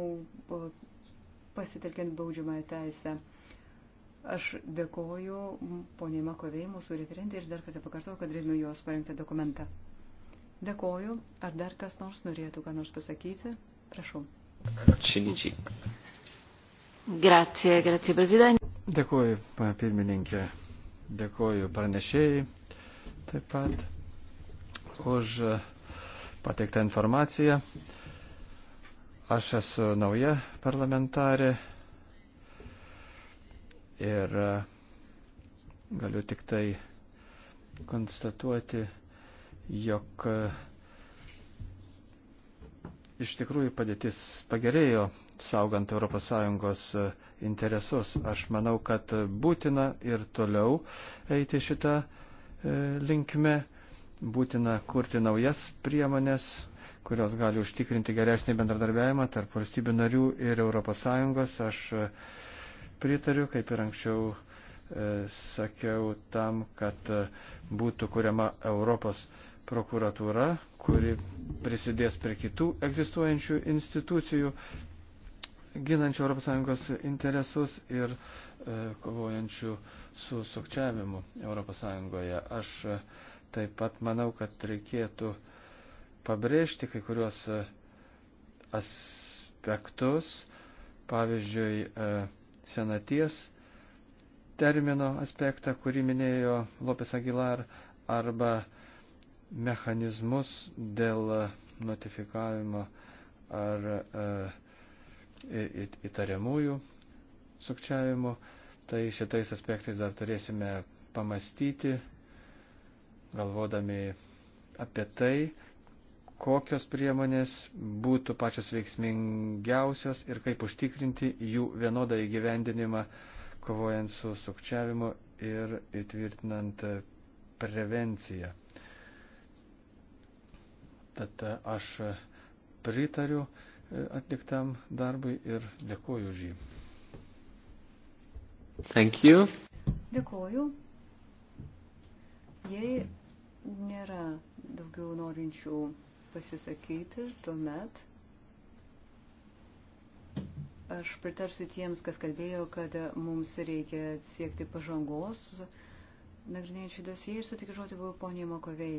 pasitelkiant baudžiamąją teisę. Aš dėkoju poniai Makovei, mūsų referentė, ir dar kartą pakartoju, kad remiu jos parengtą dokumentą. Dėkoju. Ar dar kas nors norėtų ką nors pasakyti? Prašau. Činičiai. Grazie, grazie, prezidentė. Dėkuoju, pana pirmininkė. Dėkuoju pranešėjai taip pat už pateiktą informaciją. Aš esu nauja parlamentarė ir galiu tik tai konstatuoti, jog iš tikrųjų padėtis pagerėjo saugant ES e, interesus. Aš manau, kad būtina ir toliau eiti šitą e, linkme, būtina kurti naujas priemonės, kurios gali užtikrinti geresnį bendradarbiavimą tarp valstybių narių ir ES. Aš e, pritariu, kaip ir anksčiau sakiau, tam, kad būtų kuriama Europos prokuratūra, kuri prisidės prie kitų egzistuojančių institucijų ginančių ES interesus ir e, kovojančių su sukčiavimu ES. Aš e, taip pat manau, kad reikėtų pabrėžti kai kuriuos e, aspektus, pavyzdžiui, e, senaties termino aspektą, kurį minėjo Lopes Aguilar, arba mechanizmus dėl e, notifikavimo ar e, įtariamųjų sukčiavimu. Tai šitais aspektais dar turėsime pamastyti, galvodami apie tai, kokios priemonės būtų pačios veiksmingiausios ir kaip užtikrinti jų vienodą įgyvendinimą, kovojant su sukčiavimu ir įtvirtinant prevenciją. Tad aš pritariu atliktam darbui ir dėkoju už jį. Thank you. Dėkoju. Jei nėra daugiau norinčių pasisakyti, tuomet aš pritarsiu tiems, kas kalbėjo, kad mums reikia siekti pažangos nagrinėjančių dosiją ir sutik žodį buvo poniai Makovei.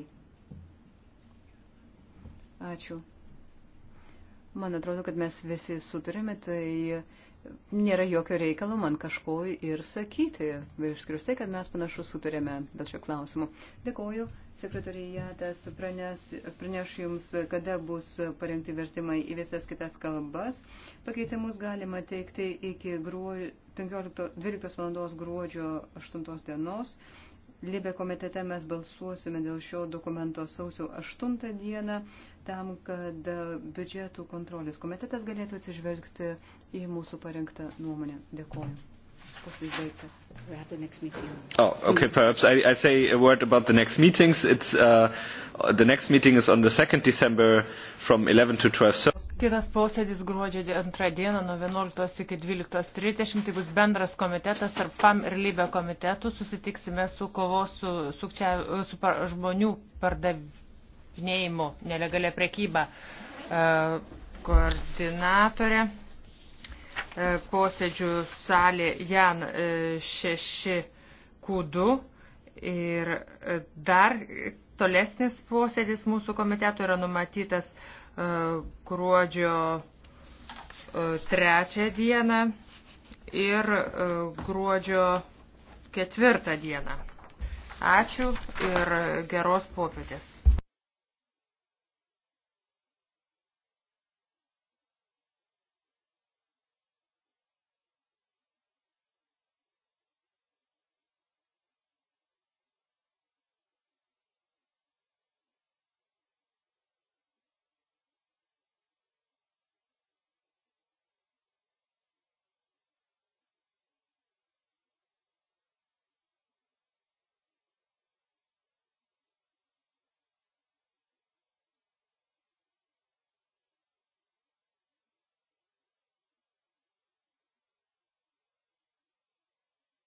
Ačiū. Man atrodo, kad mes visi sutarėme, tai nėra jokio reikalo man kažko ir sakyti, išskirius tai, kad mes panašu sutarėme dėl šio klausimų. Dėkoju, sekretarijatas praneš, praneš jums, kada bus parengti vertimai į visas kitas kalbas. Pakeitimus galima teikti iki gruodžio, 15, 12 val. gruodžio 8 dienos. Libė komitete mes balsuosime dėl šio dokumento sausio 8 dieną, tam, kad biudžetų kontrolės komitetas galėtų atsižvelgti į mūsų parengtą nuomonę. Dėkuoju. Posėdis baigtas. We have the next meeting. Oh, okay, perhaps I, I say a word about the next meetings. It's, uh, the next meeting is on the 2nd December from 11 to 12. So Kitas posėdis gruodžio 2 dieną nuo 11 iki 12.30 tai bus bendras komitetas tarp PAM ir Lybė komitetų. Susitiksime su kovos su, sukčia, su par, žmonių pardavinėjimu, nelegalia prekyba e, koordinatorė. E, posėdžių salė Jan 6Q2 e, ir dar tolesnis posėdis mūsų komiteto yra numatytas E, gruodžio e, trečią dieną ir e, gruodžio ketvirtą dieną. Ačiū ir geros popietės.